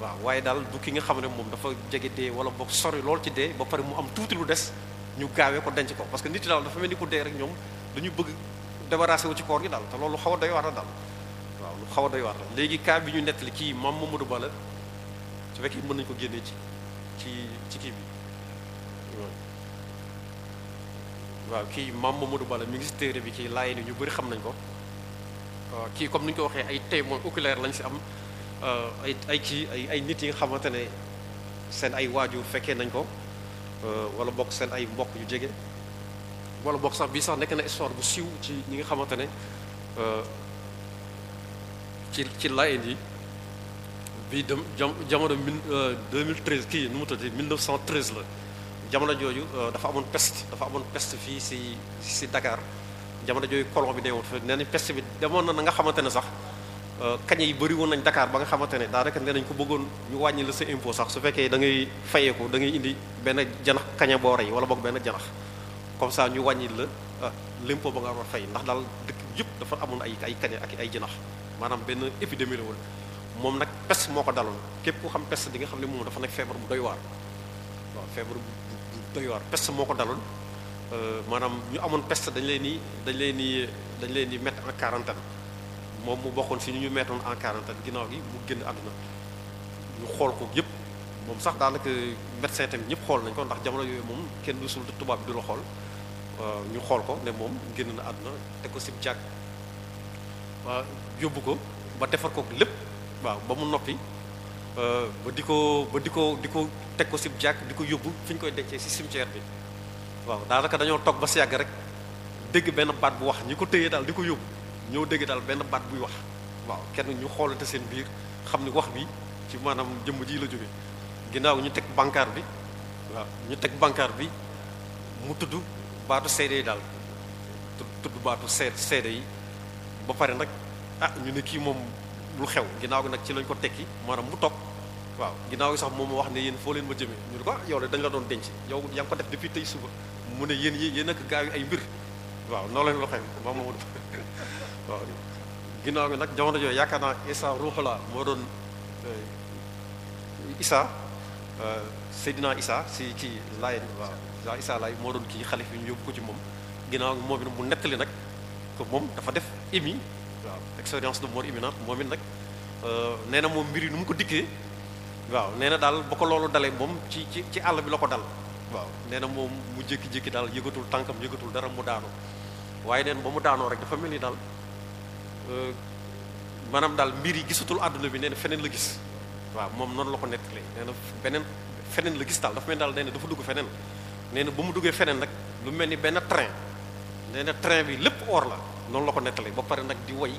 waaw waaye daal du ki nga xam ne moom dafa jege dee wala boog sori lool ci dee ba pare mu am tuuti lu des ñu gaawee ko denc ko parce que nit yi daal dafa mel ni ku dee rek ñoom dañu bëgg débarrassé wu ci koor gi daal te loolu xaw a doy waar la daal waaw lu xaw a doy waar la léegi cas bi ñu nettali kii maam Mamadou Ba la su fekkee mën nañu ko génnee ci ci ci kii bi waaw kii maam Mamadou Bala mi ngi si téere bi kii laay ni ñu bëri xam nañ ko kii comme ni ko waxee ay témoin oculaire lañ si am ay ay kii ay ay nit yi nga xamante ne seen ay waajur fekkee nañ ko wala bokk seen ay mbokk yu jege wala bokk sax bii sax nekk na histoire bu siiw ci ñi nga xamante ne ci ci laayeen yi bii dem jamono 2013 euh, kii nu mu tuddati 1913 la jamono jooju euh, dafa amoon peste dafa amoon pest fii si si Dakar jamono jooju colon bi deewut fa nee nañ peste bi demoon na na nga xamante ne sax euh, kañe yi bëri woon nañ Dakar ba nga xamante ne daanaka nee nañ ko bëggoon ñu wàññi la sa impôt sax su fekkee da ngay da ngay indi benn janax kañe boo rey wala boog benn janax comme ça ñu wàññi la euh, l'impôt ba nga war a fay ndax daal dëkk yëpp dafa amoon ay ay kañe ak ay janax maanaam benn épidémie la woon moom nag peste moo ko daloon képp ku xam peste di nga xam ne moom dafa nekk feebar bu doy waar waaw feebar doy waar peste moo ko daloon euh, maanaam ñu amoon peste dañu leen ni dañ leen ni dañ leen ni mettre en quarantaine moom mu bokkoon si ñu mettoon en quarantaine ginnaaw gi mu génn àdduna ñu xool ko yëpp moom sax daanaka médecin tamit ñëpp xool nañ ko ndax jamono yooyu moom kenn du sul tubaab bi du la xool euh, ñu xool ko ne moom génn na àdduna teg ko si jàkk waaw yóbbu ko ba defar ko lépp waaw ba mu noppi Euh, ba di ko ba di ko di ko teg ko si jàkk di ko yóbbu fi ñu koy dencee si cimetière bi waaw daanaka dañoo toog ba si yàgg rek dégg benn baat bu wax ñi ko téye daal di ko yóbbu ñoo dégg daal benn baat buy wax waaw kenn ñu xoolante seen biir xam ni wax bi ci maanaam jëmm ji la jóge ginnaaw ñu teg bànkaar bi waaw ñu teg bànkaar bi mu tudd baatu seede yi daal tudd baatu see seede yi ba pare nag ah ñu ne kii moom lu xew ginnaaw gi nag ci lañ ko tekki maanaam mu toog waaw ginnaaw gi sax moom wax ne yéen foo leen ma jëmee ñu ne ko ah yow de da doon denc yow yaa ngi ko def depuis tey suba mu ne yéen yéen gaa yu ay mbir waaw noo leen loxee moom moom waaw ginnaaw nag jamono jooju yaakaar naa Isa Ruuxula moo doon eh, Isa eh, Seydina Isa si kii Laay waaw waaw Isa Laay moo doon kii xalif bi ñu yóbbu ko ci moom ginnaaw gi moom it mu nettali nag que moom dafa def émi waaw expérience de mort imminente moom it nag eh, nee na moom mbir yi nu mu ko dikkee waaw nee na daal ba ko loolu dalee moom ci ci ci àll bi la ko dal waaw nee na moom mu jékki-jékki daal yëgatul tànkam yëgatul dara mu daanu waaye neen ba mu daanoo rek dafa mel ni daal euh, maanaam daal mbir yi gisatul àdduna bi nee feneen la gis waaw noonu la ko nettalee nee na beneen feneen la gis daal dafa mel ni daal nee na dafa dugg feneen nee na ba mu duggee feneen nag lu mel ni benn train nee na train bi lépp oor la noonu la ko nettalee ba pare nag di woy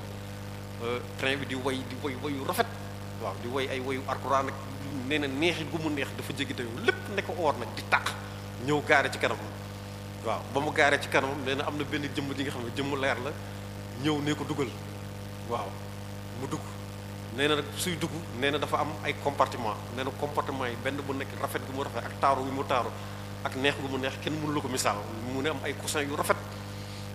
euh, train bi di woy di woy woyu rafet waaw di woy ay woyu alxuraan ak nee na neexit gu mu neex dafa jéggi dayoo lépp ne ko oor nag di tàq ñëw gaare ci kanam waaw ba mu gaaree ci kanamam nee na am na benn jëmm ji nga xam ne jëmm leer la ñëw ne ko dugal waaw mu dugg nee na nag suy dugg nee na dafa am ay comportement nee na comportement yi benn bu nekk rafet gu mu rafet ak taaru gu mu taaru ak neex gu mu neex kenn mënu la ko misaal mu ne am ay coussin yu rafet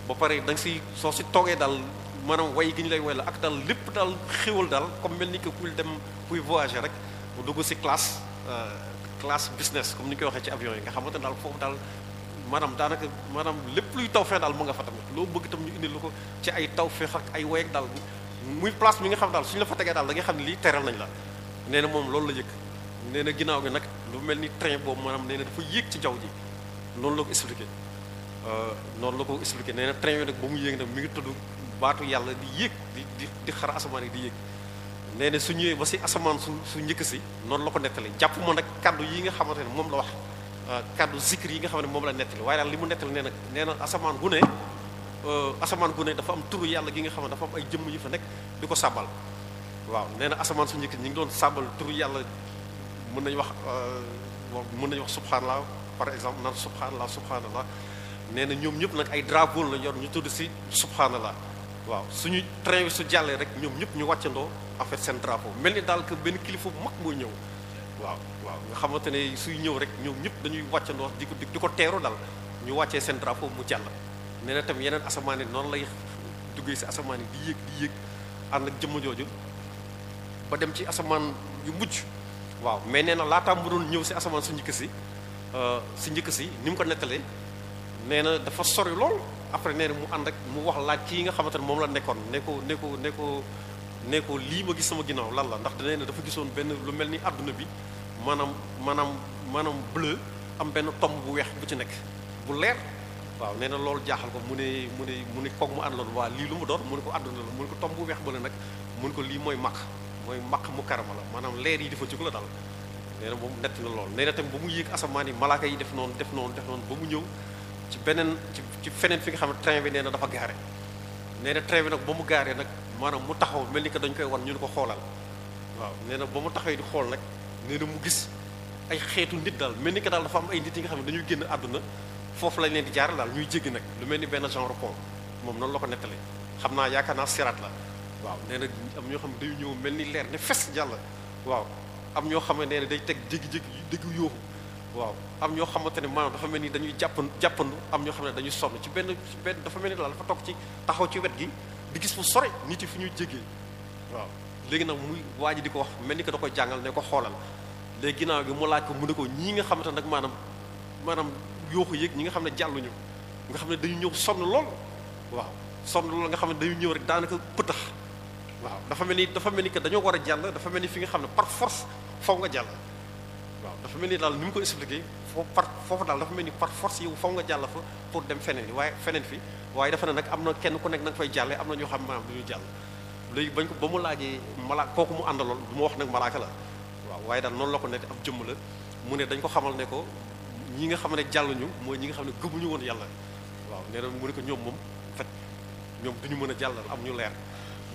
ba pare da nga si soo si toogee daal maanaam way gi ñu lay way la ak daal lépp daal xéwal comme mel ni que kuy dem kuy voyager rek mu dugg si classe euh, classe business comme ni koy waxee ci avion yi nga xamante ne daal foofu daal maanaam daanaka maanaam lépp luy tawfeex daal mu nga fa tamit loo bëgg tam ñu indi lu ko ci ay tawfeex ak ay woy ak daal muy place bi nga xam daal suñu la fa tegee daal da nga xam ne lii teral nañ la nee na moom loolu la yëg nee na ginnaaw gi nag lu mel ni train boobu maanaam nee na dafa yéeg ci jaww ji noonu la ko expliqué euh, noonu la ko expliqué nee na train yooyu nag ba mu yéeg nag mi ngi tudd baatu yàlla di yéeg di di di xar asamaan yi di yéeg nee na su ñëwee ba si asamaan su su njëkk si noonu la ko nettali jàpp ma nag kaddu yi nga xamante ne moom la wax euh, kàddu zikr yi nga xam ne moom la nettali waaye daal li mu nettali nee na asamaan gu ne euh, asamaan gu dafa am turu yàlla gi nga xam ne dafa am ay jëm yu fa nekk di ko sàbbal waaw nee na asamaan su njëkk ñi ngi doon sàbbal turu yàlla mën nañu wax euh, mën nañu wax subhanallah par exemple naan subhanallah subhanallah nee na ñoom ñëpp nag ay drago la yor ñu tudd si subhanallah waaw suñu train bi su jàllee rek ñoom ñëpp ñu wàccandoo en fait seen drapeau mel ni daal que benn kilifa bu mag mooy ñëw waaw waaw nga xamante ne suy ñëw rek ñoom ñëpp dañuy wàccandoo di ko di ko teeru dal ñu wàccee seen drapeau mu jàll nee na tam yeneen asamaan yi noonu lay duggee si asamaan yi di yéeg di yéeg ànd ak jëmm jooju ba dem ci asamaan yu mujj waaw mais nee na laataa mu doon ñëw si asamaan su njëkk si euh, si njëkk si ni mu ko nettalee nee na dafa sori lool après nee na mu ànd ak mu wax laaj kii nga xamante ne moom la nekkoon ne ko ne ko ne ko ne lii ma gis sama ginnaaw lan la ndax nee na dafa gisoon benn lu mel ni àdduna bi maanaam maanaam maanaam bleu am benn tomb bu weex bu ci nekk bu leer waaw nee na loolu jaaxal ko mu ne mu ne mu ne koog mu waa lii lu mu doon mu ne ko àdduna la mu ne ko tomb bu weex ba la nag mu ne ko lii mooy maq mooy maq mu karama la maanaam leer yi dafa jóg la daal nee na moom nett na lool nee na tamit ba mu yéeg asamaan yi malaaka yi def noonu def noonu def ba mu ñëw ci beneen ci ci feneen fi nga xam ne train bi nee na dafa gaare nee na train bi nag ba mu gaaree nag maanaam mu taxaw mel ni que dañ koy wan ñu ne ko xoolal waaw nee na ba mu taxawee di xool nag nee mu gis ay xeetu nit daal mel ni que daal dafa am ay nit yi nga xam ne dañuy génn àdduna foofu lañ leen di jaar daal ñuy jéggi nag lu mel ni benn genre pont moom noonu la ko nettalee xam naa yaakaar naa siraat la waaw nee na am ñoo xam ne day ñëw mel ni leer ne fes jàll waaw am ñoo xam ne nee day teg jéggi-jéggi dégg yooxu waaw am ñoo xamante ne maanaam dafa mel ni dañuy jàpp jàppandu am ñoo xam ne dañuy sonn ci benn ci dafa mel ni daal dafa toog ci taxaw ci wet gi di gis fu sore nit yi fi ñuy jégee waaw léegi nag muy waa ji di ko wax mel ni que da koy jàngal ne ko xoolal léegi ginnaaw gi mu laaj ko mu ne ko ñii nga xamante nag maanaam maanaam yooxu yéeg ñi nga xam ne jàlluñu nga xam ne dañu ñëw sonn lool waaw sonn lool nga xam ne dañu ñëw rek daanaka pëtax waaw dafa mel ni dafa mel ni que dañoo war a jàll dafa mel ni fi nga xam ne par force faw nga jàll waaw dafa mel ni daal ni mu ko expliqué foofu par foofu daal dafa mel ni par force yow faw nga jàll fa pour dem feneen yi waaye feneen fi waaye dafa ne nag am na kenn ku nekk na nga fay jàlle am na ñoo xam ne du ñu léegi bañ ko ba mu laajee malaaka kooku mu àndaloon du wax nag malaaka la waaw waaye daal noonu la ko nekk ab jëmm la mu ne dañ ko xamal ne ko ñi nga xam ne jàlluñu mooy ñi nga xam ne gëmuñu woon yàlla waaw nee na mu ne ko ñoom moom en fait ñoom duñu mën a jàllal am ñu leer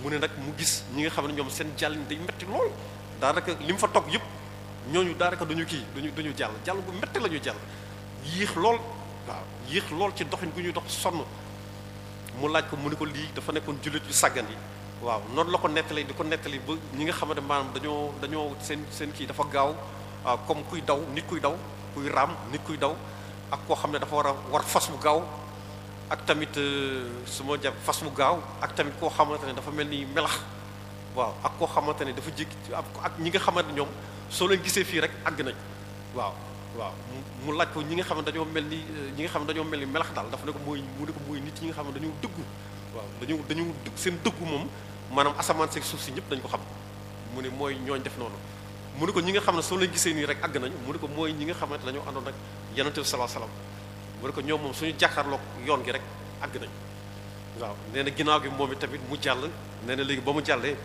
mu ne nag mu gis ñi nga xam ne ñoom seen jàllin day metti lool daanaka li mu fa toog yëpp ñooñu daanaka duñu kii duñu duñu jàll jàll bu métti lañu ñuy jàll yéex lool waaw yéex lool ci doxin gu ñuy dox sonn mu laaj ko mu ne ko lii dafa nekkoon jullit yu sàggan yi waaw noonu la ko nettali di ko nettali ba ñi nga xamante maanaam dañoo dañoo seen seen kii dafa gaaw comme kuy daw nit kuy daw kuy raam nit kuy daw ak koo xam ne dafa war a war fas bu gaaw ak tamit euh, su ma jàpp fas bu gaaw ak tamit koo xamante ne dafa mel ni melax waaw ak koo xamante ne dafa jékki ak ñi nga xamante ñoom soo leen gisee fii rek àgg nañ waaw waaw mu laaj ko ñi nga xam ne dañoo mel ni euh, ñi nga xam dañoo mel ni melax daal dafa ne ko mooy mu ne ko mooy nit ñi nga xam ne dañoo dëggu waaw dañu dañu seen dëggu moom maanaam asamaan seeg suuf si ñëpp dañ ko xam mu ne mooy ñooñ def noonu mu ne ko ñi nga xam ne soo leen gisee nii rek àgg nañ mu ne ko mooy ñi nga xam ne dañoo àndoon rek yonent bi sallallahu mu ne ko ñoom moom suñu jàkkaarloog yoon gi rek àgg nañ waaw nee na ginnaaw gi moom it tamit mu jàll nee na léegi ba mu jàllee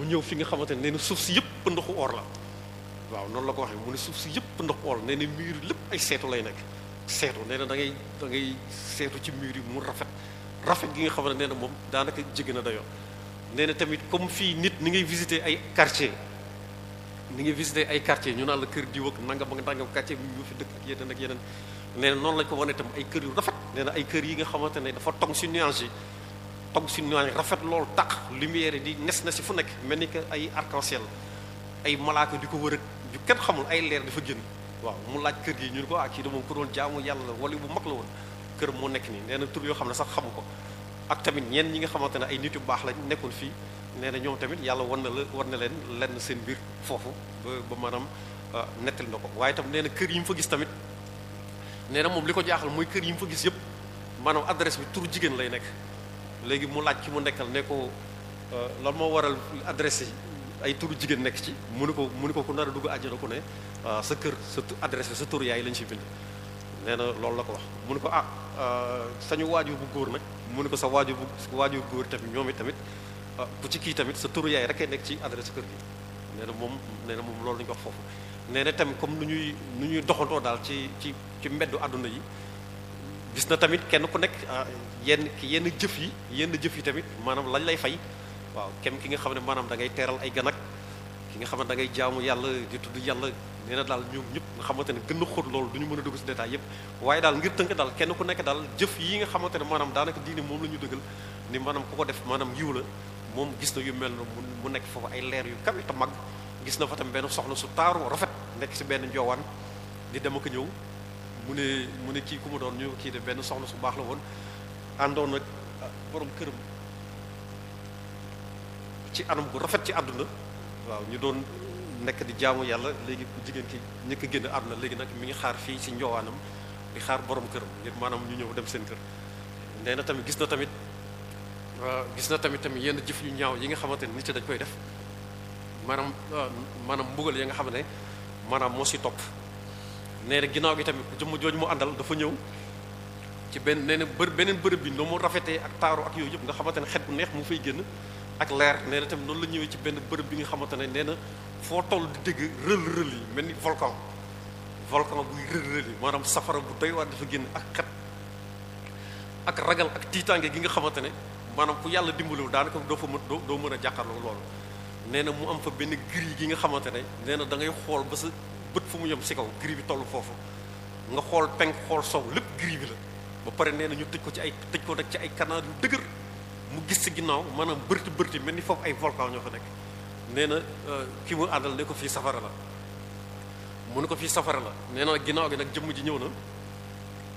mu ñëw fi nga xamante ne nee na suuf si yëpp ndoxu or la waaw noonu la ko waxee mu ne suuf si yëpp ndoxu or nee na mur lépp ay seetu lay nekk seetu nee na da ngay da ngay ci mur yi mu rafet rafet gi nga xamante ne nee na moom daanaka jege na dayoo nee na tamit comme fii nit ni ngay visité ay quartier ni ngay visité ay quartier ñu naan la kër diw ak nangam ak nangam quartier bi ñu fi dëkk ak yeneen ak yeneen nee noonu lañ ko wane itam ay kër yu rafet nee na ay kër yi nga xamante ne dafa tong si nuances yi togg si nuages rafet loolu tax lumière di nes na si fu nekk mel ni que ay arc en ay malaaka di ko wër ak yu xamul ay leer dafa génn waaw mu laaj kër gi ñun ko ak ah, kii de moom ku doon jaamu yàlla la wala bu mag la woon kër moo nekk nii nee na tur yoo xam ne sax xamu ko ak tamit ñenn ñi nga xamante ne ay nit yu baax lañ nekkoon fii nee na ñoom tamit yàlla war na la war na leen lenn seen mbir foofu ba ba maanaam ah, nettali na ko waaye tam nee na kër yi mu fa gis tamit nee na moom li ko jaaxal mooy kër yi mu fa gis yëpp maanaam adresse bi tur jigéen lay nekk léegi mu laaj ci mu nekkal ne ko euh, lan moo waral adresse yi ay turu jigéen nekk ci mu ni ko mu ni ko ku nar a dugg àjjana ku ne euh, sa kër sa adresse sa turu yaay lañ ci bind nee na loolu la ko wax mu ni ko ah euh, sañu waajur bu góor nag mu ni ko sa waajur bu waajur góor tamit ñoom it tamit ku ci kii tamit sa turu yaay rek nekk ci adresse kër gi nee na moom nee na moom loolu la ñu wax foofu nee na tamit comme nu ñuy nu ñuy doxantoo daal ci ci ci mbeddu àdduna yi gis na tamit kenn ku nekk ah, yenn yenn jëf yi yenn jëf yi tamit maanaam lañ lay fay waaw kem ki nga xam ne maanaam da ngay teeral ay ganak ki nga xam ne da ngay jaamu yàlla di tudd yàlla nee na daal ñoom ñëpp nga xamante ne gën a xóot loolu du ñu mën a dugg si détail yëpp waaye daal ngir tënk daal kenn ku nekk daal jëf yi nga xamante ne maanaam daanaka diine moom la ñu dëggal ni maanaam ku ko def maanaam yiw la moom gis na yu mel na mu nekk foofu ay leer yu kawe mag gis na fa benn soxna su taaru rafet nekk si benn njoowaan di dem ak ñëw mu ne mu ne kii ku ma doon ñu kii de benn soxna su baax la woon àndoon nag ah, borom këram ci anam ku rafet ci àdduna waaw ñu doon nekk di jaamu yàlla léegi ku jigéen ki ñëkk a génn àdduna léegi nag mi ngi xaar fii ci njowaanam di xaar borom këram ngir maanaam ñu ñëw dem seen kër nee na tamit gis na tamit ah, gis na tamit tamit yenn jëf yu ñaaw yi nga xamante ne nit yi dañ koy def maanaam ah, maanaam mbugal ya nga xam ne maanaam moo si topp nee na ginnaaw gi tamit jëmm jooju mu àndal dafa ñëw ci benn nee na bër beneen bërëb bi nu mu rafetee ak taaru ak yooyu yëpp nga xamante ne xet bu neex mu fay génn ak leer nee na tamit noonu la ñëwee ci benn bërëb bi nga xamante ne nee foo toll di dégg mel ni volcan volcan maanaam safara bu doy waar dafa génn ak xet ak ragal ak gi nga xamante ne maanaam ku yàlla dimbaliwul daanaka doo fa mën doo mën a jàkkaarloo loolu nee na mu am fa benn gris gi nga xamante ne nee na da ngay xool ba sa bët fu mu yem si kaw gris bi toll foofu nga xool penk xool soow lépp gris bi la ba pare nee na ñu tëj ko ci ay tëj ko nag ci ay canard yu dëgër mu gis si ginnaaw maanaam bërti bërti mel ni foofu ay volcan ñoo fa nekk nee na euh, ki mu àndal ne ko fii safara la mu ne ko fii safara la nee na ginnaaw gi nag jëmm ji ñëw na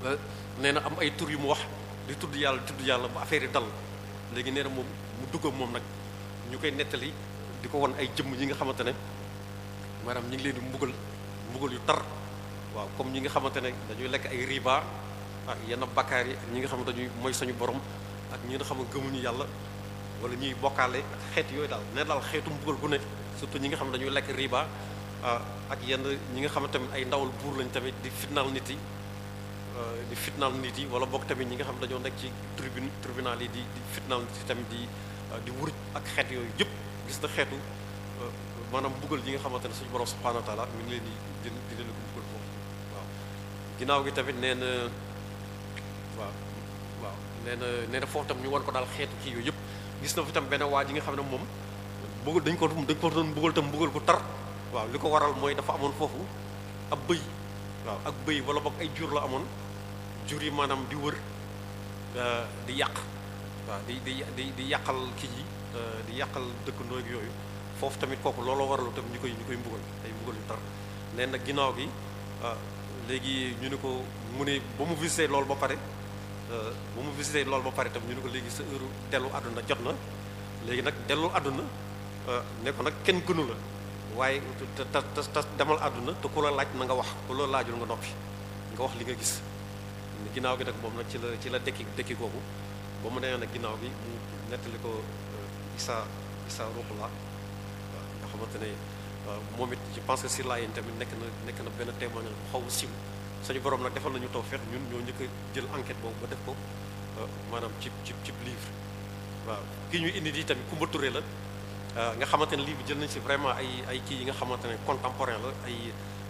euh, nee na am ay tur yu mu wax di tudd yàlla di tudd yàlla ba affaire yi dal léegi nee na moom mu dugg moom nag ñu koy nettali di ko won ay jëmm yi nga xamante ne maanaam ñu ngi leen di mbugal mbugal yu tar waaw comme ñi nga xamante ne dañuy lekk ay riba ak yenn bakkaar yi ñi nga xam dañuy mooy suñu borom ak ñi nga xam ne gëmuñu yàlla wala ñuy bokkaale xeet yooyu daal ne daal xeetu mbugal gu ne surtout ñi nga xam dañuy lekk riba ah, ak yenn ñi nga xam tamit ay ndawal buur lañ tamit di fitnaal nit yi ah, di fitnaal nit yi wala bokk tamit ñi nga xam dañoo nekk ci tribune tribunal yi di di fitnaal nit yi tamit di ah, di wuruj ak xeet yooyu yëpp gis na xeetu maanaam buggal yi nga xamante ne suñu borom subhanahu wa taala mi ngi leen di di leen ko buggal foofu waaw ginnaaw gi tamit nee na waaw waaw nee na nee na foofu tam ñu wan ko daal xeetu kii yooyu yëpp gis na fi tam benn waa ji nga xam ne moom buggal dañ ko dañ ko doon buggal tam buggal bu tar waaw li ko waral mooy dafa amoon foofu ab bëy waaw ak bëy wala boog ay jur la amoon jur yi maanaam di wër euh, di yàq waaw di di di di yàqal kii yi euh, di yàqal dëkkandoo ak yooyu foofu tamit kooku looloo waraloo tamit ñu koy ñu koy mbugal ay mbugal yu tar nee na ginnaaw gi ah, léegi ñu ne ko mu ne ba mu visité lool ba pare ah, ba mu visité loolu ba pare tam ñu ne ko léegi sa dellu àdduna jot na léegi nag dellu àdduna ah, ne nag kenn gënu la waaye te demal àdduna te ku la laaj na nga wax ku la laajul nga noppi nga wax li nga gis ginnaaw gi nag moom nag ci la ci la dekki dekki googu ba mu nee nag ginnaaw gi mu nettali ko sa Isa Ruxula xamante ne euh, moom it je pense que si laayeen tamit nekk na nekk na benn témoignage bu xaw a sim suñu borom nag defal nañu taw feex ñun ñoo njëkk a jël enquête boobu ba def ko euh, maanaam ci ci ci livre waaw kii ñuy indi di tamit Coumba Touré la euh, nga xamante ne livre jël nañ si vraiment ay ay kii yi nga xamante ne contemporain la ay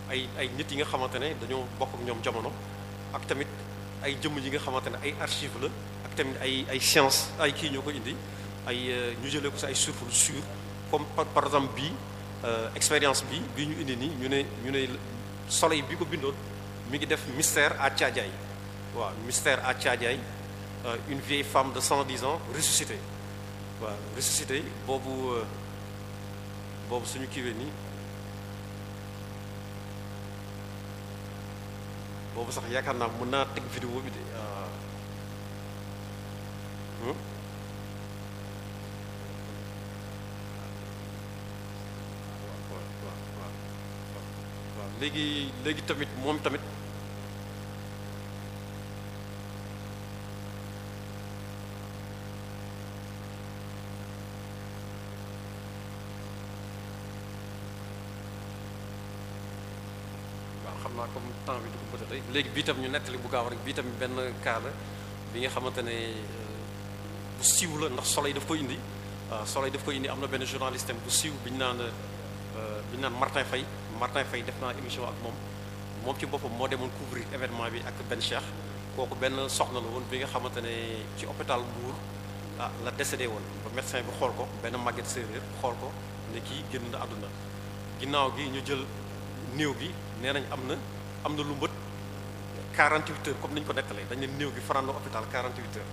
ay ay nit yi nga xamante ne dañoo bokk ak ñoom jamono ak tamit ay jëmm yi nga xamante ne ay archive la ak tamit ay ay science ay kii ñoo ko indi ay ñu jëlee ko si ay sources sûres comme par par exemple bii euh, expérience bi bi ñu indi nii ñu ne ñu ne soleil bi ko bindoon mi ngi def mystère à Thiadiaye waaw mystère à Thiadiaye euh, une vieille femme de cent dix ans ressuscitée waaw boobu euh, boobu suñu kiiwee nii boobu sax yaakaar naa mën naa teg vidéo bi de hmm? léegi léegi tamit moom tamit waaw xam naa comme temps bi du ko bëta léegi bii tam ñu nettali bu gaaw rek bii tam benn kaala la bi nga xamante ne euh, bu siiw la ndax soleil daf ko indi waaw soleil daf ko indi am na benn journaliste bu siiw bi ñu naan euh, bi ñu naan Martin Faye Martin Faye def naa émission ak moom moom ci boppam moo demoon couvrir événement bi ak benn cheikh kooku benn soxna la woon bi nga xamante ne ci hôpital Mbour ah la décédé woon ba médecin bi xool ko benn màgget séeréer xool ko ne kii génn na àdduna ginnaaw gi ñu jël néew gi nee nañ am na am na lu mbët 48 heures comme ni ñu ko nettalee dañ ne néew gi fanaan na hôpital 48 heures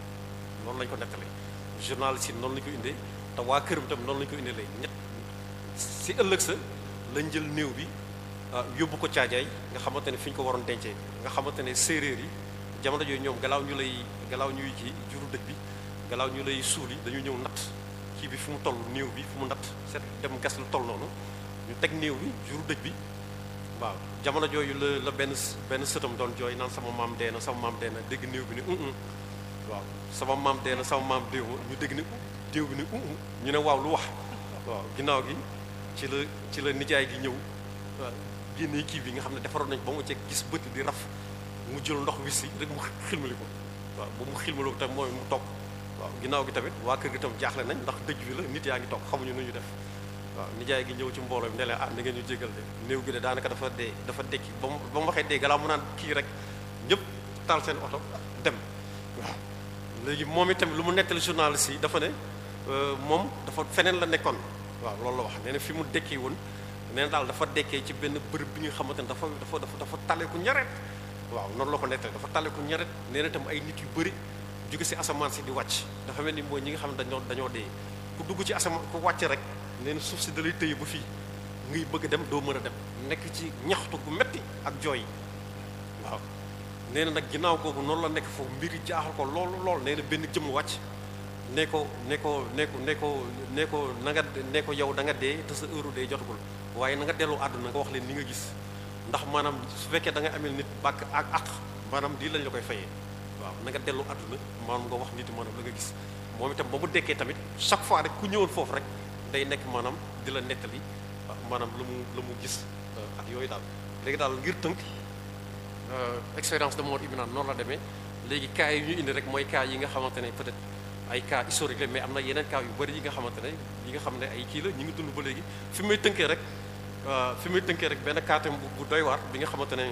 noonu lañ ko nettalee journaliste yi noonu lañ ko indee te waa këram tam noonu lañ ko indee léegi ñett si ëllëg sa lañ jël néew bi ah, yóbbu ko caajaay nga xamante ne fi ñu ko waroon dencee nga xamante ne séeréer yi jamono yooyu ñoom galaaw ñu lay galaaw ñuy ci juru bi galaaw ñu lay suul yi dañu ñëw natt kii bi fu mu toll néew bi fu mu natt dem gas lu toll noonu ñu teg néew bi juru dëj bi waaw jamono jooyu la la benn benn sëtam doon jooy naan sama maam dee na sama maam dee na dégg néew bi ni un uh-uh. waaw sama maam dee na sama ñu dégg ni uh-uh. bi ni uh-uh. ñu ne waaw lu wax waaw ginnaaw gi ci la ci la nijaay gi ñëw génne kii bi nga xam ne defaroon nañ ba mu jekk gis bët di raf mu jël ndox wi si rek mu xilmali ko waaw bu mu xilmaloo tamit mooy mu toog waaw ginnaaw gi tamit waa kër jaaxle nañ ndax dëj bi la nit yaa ngi toog xamuñu nu ñu def waaw nijaay gi ñëw ci mbooloo bi ne ah, na ngeen ñu jégal néew gi de daanaka dafa dee dafa dekki ba mu ba mu waxee dee galaa mu naan kii rek ñëpp taal seen oto dem moom itam lu mu nettali journaliste yi dafa ne euh, moom dafa feneen la nekkoon waaw loolu la wax nee na fi mu dekkee woon nee daal dafa dekkee ci benn bërëb bi nga xamante ne dafa dafa dafa dafa taleku ñaret waaw noonu la ko nettali dafa taleku ñaret nee na itam ay nit yu bëri jóge si asamaan si di wàcc dafa mel ni mooy ñi nga xam ne dañoo dañoo dee ku dugg ci asamaan ko wàcc rek nee suuf si dalay tëye bu fii ngay bëgg dem doo mën a dem nekk ci ñaxtu gu metti ak jooy waaw nee nag ginnaaw kooku noonu la nekk foofu mbir yi jaaxal ko loolu lool nee na benn jëmm wàcc ne ko ne ko ne ko ne ko ne ko nga yow da nga dee te sa heure dee jotagul waaye na nga dellu àdduna nga wax leen li nga gis ndax maanaam su fekkee da nga amel nit bàkk ak ak maanaam lii lañ la koy fayee waaw na nga dellu àdduna maanaam nga wax nit maanaam la nga gis moom itam ba mu dekkee tamit chaque fois rek ku ñëwoon foofu rek day nekk maanaam di la nettali ah, maanaam lu mu lu mu gis ah, ak yooyu daal léegi daal ngir tënk ah, expérience de mort imminente noonu la demee léegi cas yi ñu indi rek mooy cas yi nga xamante ne peut-être ay cas historique la mais am na yeneen cas yu bëri yi nga xamante ne yi nga xam ne ay kii la ñu ngi dund ba léegi fi may tënkee rek euh, fi may tënkee rek benn cas tam bu doy waar bi nga xamante ne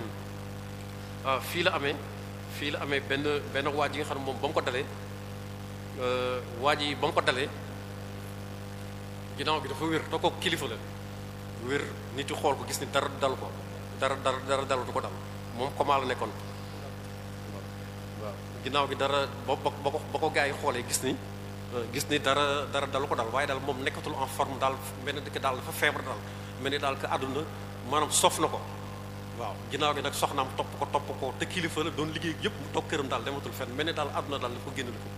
euh, fii la amee fii la amee benn benn waaj yi nga xam ne moom ba mu ko dalee euh, waaj yi ba mu ko dalee ginnaaw bi dafa wér te ko kilifa la wér nit xool ko gis ni dara dal ko dara dara dara dalu du ko dal moom comment la nekkoon ginnaaw gi dara ba ba ko ba ko gars yi xoolee gis ni euh, gis ni dara dara dalu ko daal waaye daal moom nekkatul en forme daal mel ni que daal dafa feebar daal mel ni daal que àdduna maanaam sof ko waaw ginnaaw gi nag soxnaam topp ko topp ko te kilifa la doon liggéey yëpp mu toog këram daal dematul fenn mel ni daal àdduna daal dafa génn ko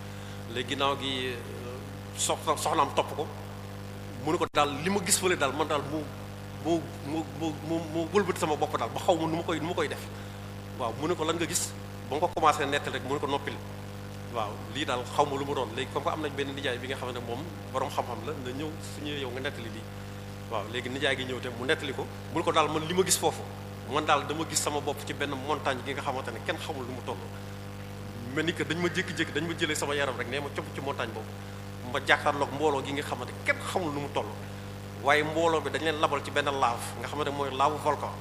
léegi ginnaaw gi euh, so soxnaam topp ko mu ne ko daal li ma gis fële daal man daal mu mu mu mu mu wëlbati sama bopp daal ba xaw ma nu ma koy nu ma koy def waaw mu ne ko lan nga gis ba mu commencé nettal rek mu ne ko noppil waaw lii daal xaw ma lu ma doon léegi comme que am nañ benn nijaay bi nga xam ne moom borom xam-xam la na ñëw su ñëwee yow nga nettali lii waaw léegi nijaay gi ñëw te mu nettali ko mu ne ko daal man li ma gis foofu man daal dama gis sama bopp ci benn montagne gi nga xamante ne kenn xamul lu mu toll mel ni que dañ ma jékki-jékki dañ ma jëlee sama yaram rek nee ma copp ci montagne boobu ma jàkkaarloog mbooloo gi nga xamante kenn xamul lu mu toll waaye mbooloo bi dañ leen labal ci benn laaf nga xamante mooy laavu volcan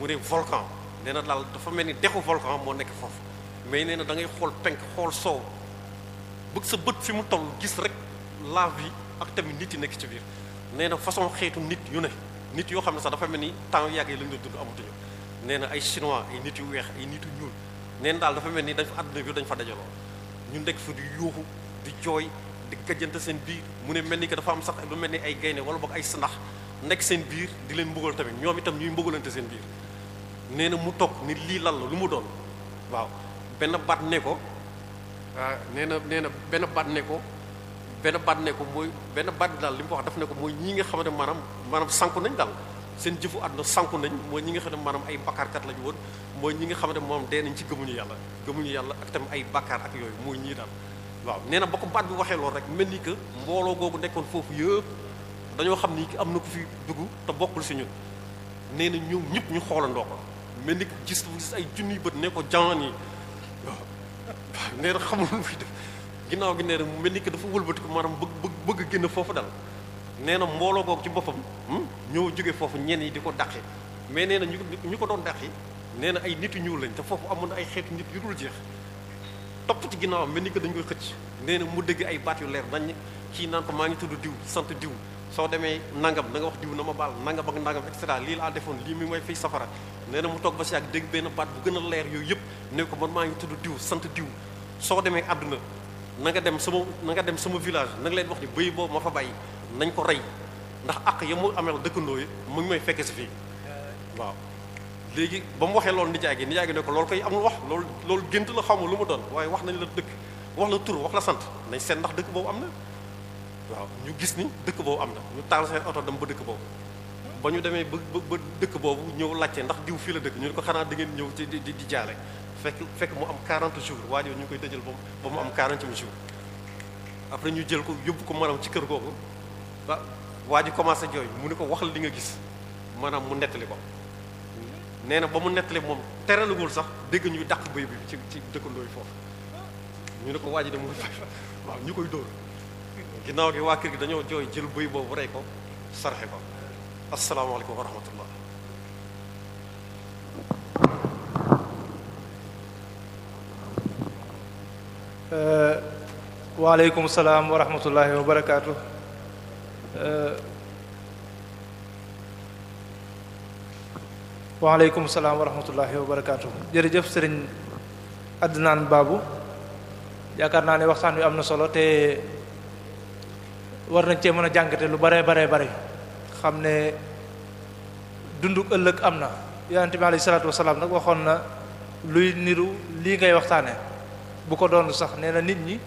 mu ne volcan nee na daal dafa mel ni dexu volcan moo nekk foofu mais nee na da ngay xool penk xool soow bëgg sa bët fi mu toll gis rek lave yi ak tamit nit yi nekk ci biir nee na façon xeetu nit yu ne nit yoo xam ne sax dafa mel ni temps yàgg yi lañ doon dund amatuñu nee ay chinois nit yu weex ay nit ñuul nee daal dafa mel ni dañ fa àdduna bi dañ fa dajaloo ñu nekk fa di yuuxu di jooy di gajjante seen biir mu ne mel ni que dafa am sax lu mel ni ay gaynde wala boog ay sandax nekk seen biir di leen mbugal tamit ñoom itam ñuy mbugalante seen biir nee na mu toog nit lii lal la lu mu doon waaw benn baat ne ko ah, nee na nee na benn baat ne ko benn baat ne ko mooy benn baat bi daal li mu wax daf ne ko mooy ñi nga xamante maanaam maanaam sanku nañ daal seen jëfu àdduna sanku nañ mooy ñi nga xam ne maanaam ay bakkaarkat lañu woon mooy ñi nga xamante moom dee nañ ci gëmuñu yàlla gëmuñu yàlla ak tamit ay bakkaar ak yooyu mooy ñii daal waaw nee na ba ko baat bi waxee loolu rek mel ni que mbooloo googu nekkoon foofu yëpp dañoo xam ni am na ko fi dugg te bokkul si ñun nee na ñoom ñëpp ñu xoolandoo ko mais nit gis gis ay junniy bët ne ko jaan yi waaw xamul lu muy def ginnaaw gi neer mel ni que dafa wëlbati ko maanaam bëgg bëgg bëgg génn foofu dal nee na mbooloo kook ci boppam hmm, ñoo jóge foofu ñenn yi di ko dàqe mais nee na ñu ñu ko doon dàqe nee na ay nit yu ñuul lañ te foofu amoon na ay xeetu nit yu dul jeex topp ci ginnaawam mel ni que dañ koy xëcc nee na mu dégg ay baat yu leer nañ kii naan ko maa ngi tudd diw sant diw soo demee nangam na nga wax diw na ma baal nangam ak nangam et cetera lii laa defoon lii mi mooy fiy safara nee na mu toog ba si ak dégg benn baat bu gën a leer yooyu yëpp ne ko man maa ngi tudd diw sant diw soo demee àdduna na nga dem sama na nga dem sama village na leen wax ni bëy boobu ma fa bàyyi nañ ko rey ndax ak ya mu ameel dëkkandoo yi mu ngi may fekke si fii waaw léegi ba mu waxee loolu nijaay gi nijaay gi ne ko loolu koy amul wax lool loolu gént la xaw ma lu ma doon waaye wax nañ la dëkk wax la tur wax la sant nañ seen ndax dëkk boobu am na waaw ñu gis ni dëkk boobu am na ñu taal seen oto dem ba dëkk boobu ba ñu demee ba ba dëkk boobu ñëw laajte ndax diw fii la dëkk ñu ne ko xanaa da ngeen ñëw ci di di jaale fekk fekk mu am 40 jours waa ñu ngi koy tëjal ba ba mu am 40 jours après ñu jël ko yóbbu ko maanaam ci kër googu ba waa ji commencé jooy mu ne ko waxal li nga gis maanaam mu nettali ko nee na ba mu nettali moom teralagul sax dëgg ñuy dàq béy bi ci ci dëkkandoo foofu ñu ne ko waa ji mu waaw ñu koy dóor. ginnaaw gi waa kër gi dañoo jooy jël buy boobu rey ko sarxe ko asalaamaaleykum wa rahmatullah waaleykum salaam wa rahmatullahi wa barakaatu waaleykum salaam wa rahmatullahi wa jërëjëf sëriñ Adnaan Baabu yaakaar naa ne waxtaan wi am na solo te war nañ cee mën a jàngate lu baree baree bare xam ne dundu ëllëg am na yonent bi alayhi nag waxoon na luy niru lii ngay waxtaane bu ko doon sax nee na nit ñi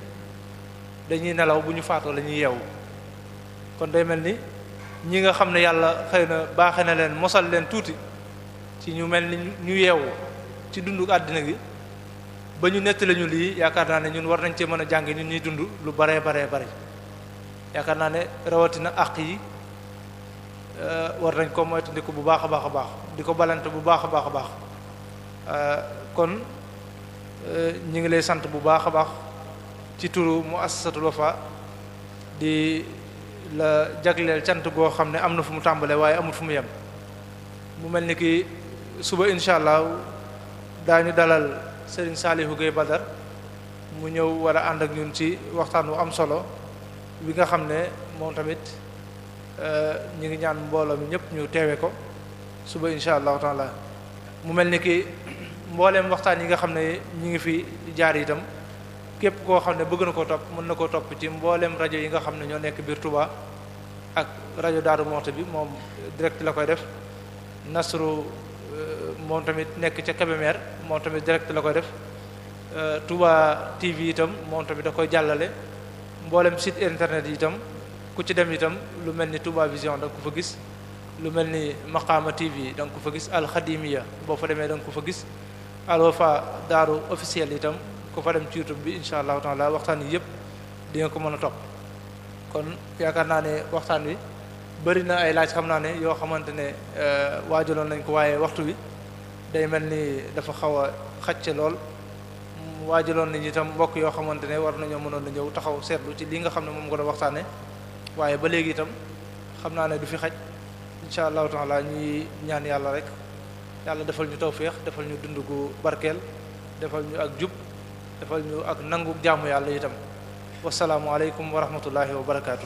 dañuy nelaw bu ñu faatoo la ñuy yeewu kon day mel ni ñi nga xam ne yàlla xëy na baaxe na leen mosal leen tuuti ci ñu mel ni ñu yeewu ci dundu àddina gi ba ñu nettali ñu naa ne ñun war nañ cee mën a jàng nit ñuy dund lu baree baree bare yaakaar naa ne rawatina àq yi euh, war nañ ko moytandiku bu baax a baax a baax di ko balante bu baax a baax a baax euh, kon euh, ñu ngi lay sant bu baax a baax ci turu muassasatul fa di la jagleel cant goo xam ne am na fu mu tàmbalee waaye amul fu mu yem mu mel ni ki suba incha allah daañu dalal Serigne Salihu Gueye Badar mu ñëw war ànd ak ñun ci waxtaan wu am solo bi nga xam ne moom tamit euh, ñu ngi ñaan mbooloo mi ñëpp ñu teewe ko suba insha allahu taala mu mel ni ki mbooleem waxtaan yi nga xam ne ñu ngi fi jaar itam képp koo xam ne bëgg na koo topp mën na koo topp ci mbooleem rajo yi nga xam ne ñoo nekk biir Touba ak rajo Daaru Muxti bi moom direct la koy def Nasru euh, moom tamit nekk ca Kébémer moom tamit direct la koy def euh, Touba TV itam moom tamit da koy jàllale mboolem site internet yi ku ci dem itam lu mel ni Touba Vision da ko fa gis lu mel ni Maqaama TV da nga ko fa gis Al Khadimiya boo fa demee da nga ko fa gis Al fa daaru officiel itam ku fa dem ci YouTube bi incha allahu taala waxtaan yi yëpp di ko mën a topp kon yaakaar naa ne waxtaan wi bëri na ay laaj xam naa ne yoo xamante ne eh, waajaloon nañ ko waaye waxtu wi day mel ni dafa xaw a xàcce lool mu waajaloon nañu itam mbokk yoo xamante ne war nañoo mënoon a ñëw taxaw seetlu ci li nga xam ne moom ko doon waxtaane waaye ba léegi itam xam naa ne du fi xaj incha allahu taala ñuy ñaan yàlla rek yàlla defal ñu tawféex defal ñu dund gu barkeel defal ñu ak jub defal ñu ak nangu jàmm yàlla itam wasalaamualeykum wa rahmatullahi wa barakaatu.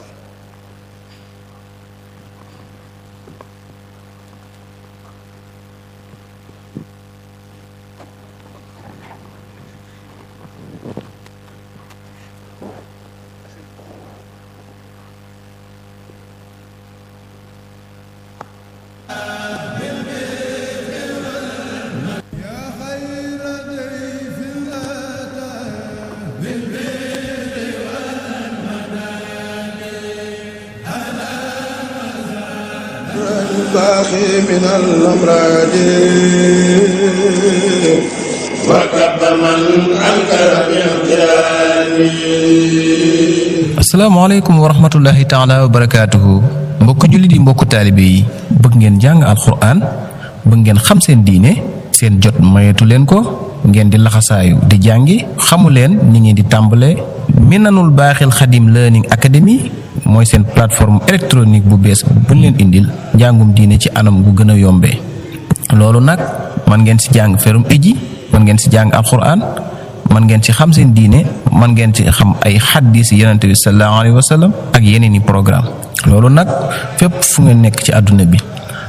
الباقي من الأمراض وكب من wa rahmatullahi mbokk jullit yi mbokk taalibe yi bëgg ngeen jàng alxuraan bëgg ngeen xam seen diine seen jot mayetu leen ko ngeen di laxasaayu di jàngi xamu leen ñi ngeen di tàmbale nanul baaxil xadim learning academy mooy seen plateforme électronique bu bees buñ leen indil njàngum diine ci anam gu gën a yombee loolu nag man ngeen si jàng ferum iji man ngeen si jàng alquran man ngeen ci xam seen diine man ngeen ci xam ay xaddis yonent bi sallallahu alayhi wa sallam ak yeneen i programme loolu nag fépp fu ngeen nekk ci àdduna bi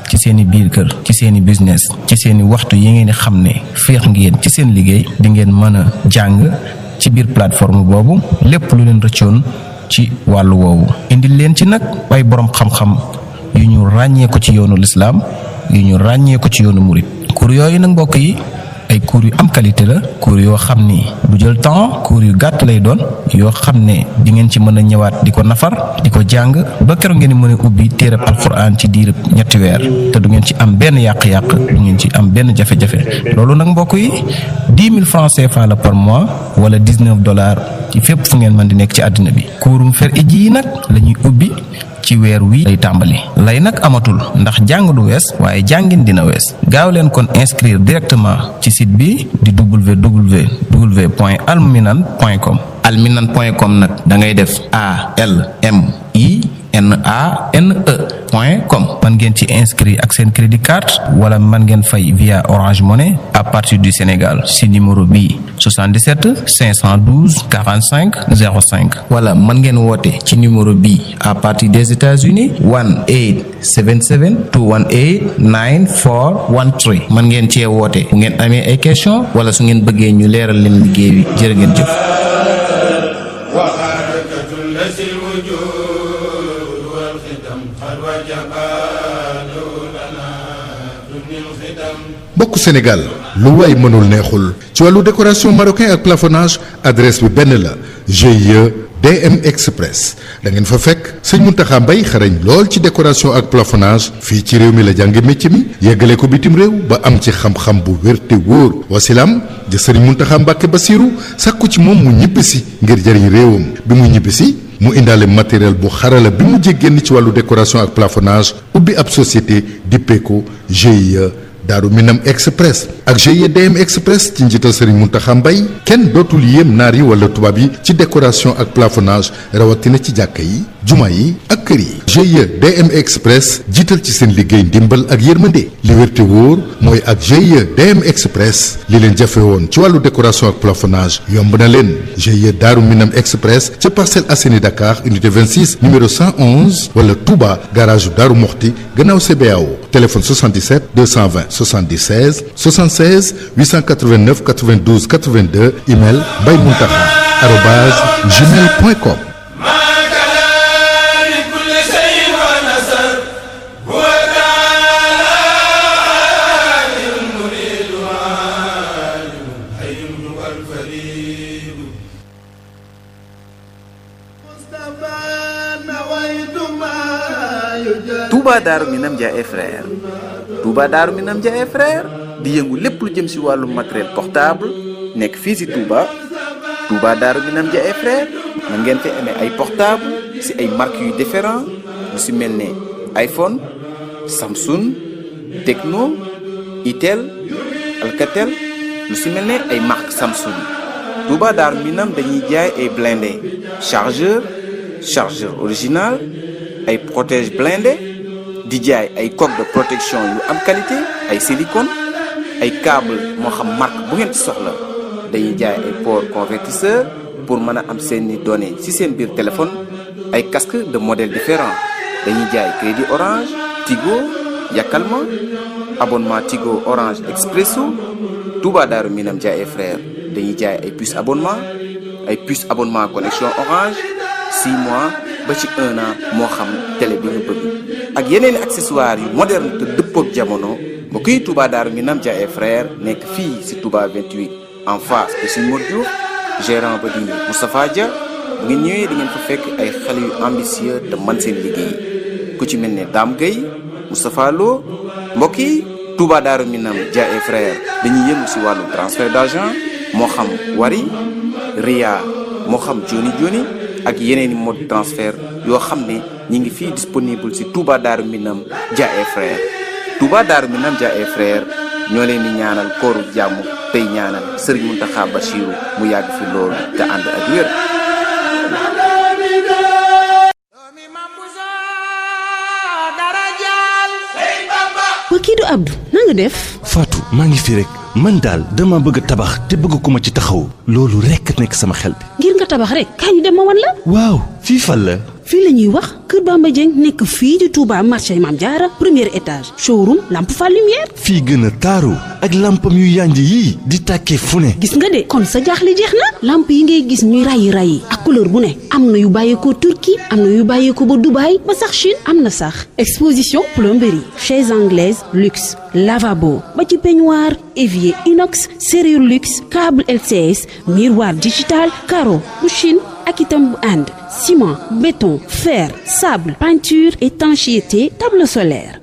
ci seen i biir kër ci seen i business ci seen i waxtu yi ngeen di xam ne féex ngeen ci seen liggéey di ngeen mën a jàng ci biir plateforme boobu lépp lu leen rëccoon ci wàllu woowu indi leen ci nag ay borom xam-xam yu ñu ràññee ko ci yoonu lislaam yu ñu ràññee ko ci yoonu murit kur yooyu nag mbokk yi ay cours yu am qualité la cours yoo xam ni bu jël temps cours yu gàtt lay doon yoo xam ne di ngeen ci mën a ñëwaat di ko nafar di ko jàng ba keroog ngeen mën a ubbi téereb alquran ci diirëb ñetti weer te du ngeen ci am benn yàq-yàq du ngeen ci am benn jafe-jafe loolu nag mbokk yi dix mille francs CFA la par mois wala dix neuf dollars ci fépp fu ngeen mën di nekk ci àddina bi. kuurum fer iji yi nag lañuy ñuy ubbi. ci weer wi lay tàmbali lay nag amatul ndax jàng du wees waaye jàngin dina wees gaaw leen kon inscrire directement ci site bi di www point alminan point com alminan point com nag da ngay def a l m i NANE point com man ngeen ci inscrit ak seen crédit card wala man ngeen fay via Orange Money à partir du Sénégal ci numéro bi 77 512 45 05 wala man ngeen woote ci numéro bi à partir des États-Unis 1877 218 9413 man ngeen cee woote bu ngeen amee ay question wala su ngeen bëggee ñu leeral leen liggéey bi jërë ngeen jëf bokk Sénégal lu waay mënul neexul ci wàllu décoration marocain ak plafonnage adresse bi benn la GIE DM Express da ngeen fa fekk sëñ Mountakha Mbaye xarañ lool ci décoration ak plafonnage fii ci réew mi la jànge métier mi yeggale ko bitim réew ba am ci xam-xam bu wér te wóor wasilaam ja sëriñ Mountakha Mbàkke Basiiru sàkku ci moom mu ñibbisi ngir jëriñ réewam bi mu ñibbisi mu indaale matériel bu xarala bi mu jéggéen ci wàllu décoration ak plafonnage ubbi ab société dippeeko Daaru Minam Express ak GIDM e Express ci njiital Serigne Mountakha Mbaye kenn dootul yéem naar yi wala tubaab yi ci décoration ak plafonage rawatina ci jàkka yi juma yi ak kër yi GIE DM Express jiital ci seen liggéey ndimbal ak yërmande li wér te mooy ak GIE DM Express li leen jafe woon ci wàllu décoration ak plafonnage yomb na leen GIE Daaru Minam Express ca Parcelles Assainies Dakar unité 26 numéro 111 wala Touba garage Daaru Moxti gannaaw CBAO téléphone 77 220 76 76 889 92 82 email mbay muntaxa arobase gmail point com Touba Daaru Minam Dia et frères Touba Daaru di yëngu lépp lu jëm ci wàllu matériel portable nekk fii si Touba Touba Daaru Minam Dia et frères mu ngeen fi amee ay portable si ay marques yu différent lu si mel ne iPhone Samsung Tecno Itel Alcatel lu si mel ne ay marque Samsung Touba Daaru Minam dañuy jaay ay blinde chargeur chargeur original ay protège blindé di jaay ay coque de protection yu am qualité ay silicone ay câble moo xam marque bu ngeen ci soxla dañuy jaay ay port convertisseur pour mën a am seeni données ci seen biir téléphone ay casque de modèles différents dañuy jaay crédit orange Tigo Yakalma abonnement Tigo Orange Expresso Touba Daaru Minam Dia et frères dañuy jaay ay puce abonnement ay puce abonnement connexion orange 6 mois ba ci 1 an moo xam télé bi bëgg ak yeneen accessoires yu moderne te dëppook jamono mbokk yi Touba Darou Minam Dia et frère nekk fii si Touba 28 en face de suñu modjo gérant ba di Moustapha Dia bu ngeen ñëwee di ngeen fa fekk ay xale yu ambitieux te man seen liggéey ku ci mel ni Dame Gueye Moustapha Lo mbokk yi Touba Darou Minam Dia et frère dañuy yëngu si wàllu transfert d'argent moo xam Wari Ria moo xam Joni Joni ak yeneen i mode yoo xam ne ñi ngi fi disponible si Touba Darou Minam Dia et Frères Touba Darou Minam Dia ñoo leen di ñaanal kooru jàmm tey ñaanal Serigne Mountakha Bachirou mu yàgg fi loolu te ànd ak wér. waa maa ngi fi rek man daal dama bëgg tabax te bëgg ku ma ci taxaw loolu rek nekk sama xel bi. ngir nga tabax rek kaay ñu dem ma wan la. waaw fii fan la. fii la ñuy wax Kër Bamba nekk fii di Touba marché Mame Diarra premier étage showroom lampe fa lumière. fii gën a taaru ak lampam yu yànj yii di tàkkee fu ne. gis nga de kon sa jaaxle jeex na lamp yi ngay gis ñuy rayi rayi ak couleur bu ne am na yu bàyyeekoo Turquie am na yu bàyyeekoo ba Dubaï ba sax Chine am na sax exposition plomberie chaise anglaise luxe lavabo ba ci peignoir évier inox serrure luxe câble LCS miroir digital carreau bu ak itam bu Inde ciment, béton, fer, sable, peinture, étanchéité, table solaire.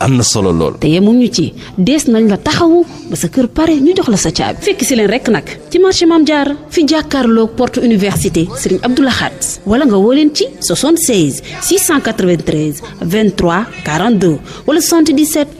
am na solo lool. te yemuñ ci dees nañ la taxawu ba sa kër pare ñu jox la sa caabi. fekk si leen rek nag ci marché Mame jaar fi jàkkaarloo porte université Serigne Abdou Lahat wala nga woo leen ci 76 693 23 42 wala 77.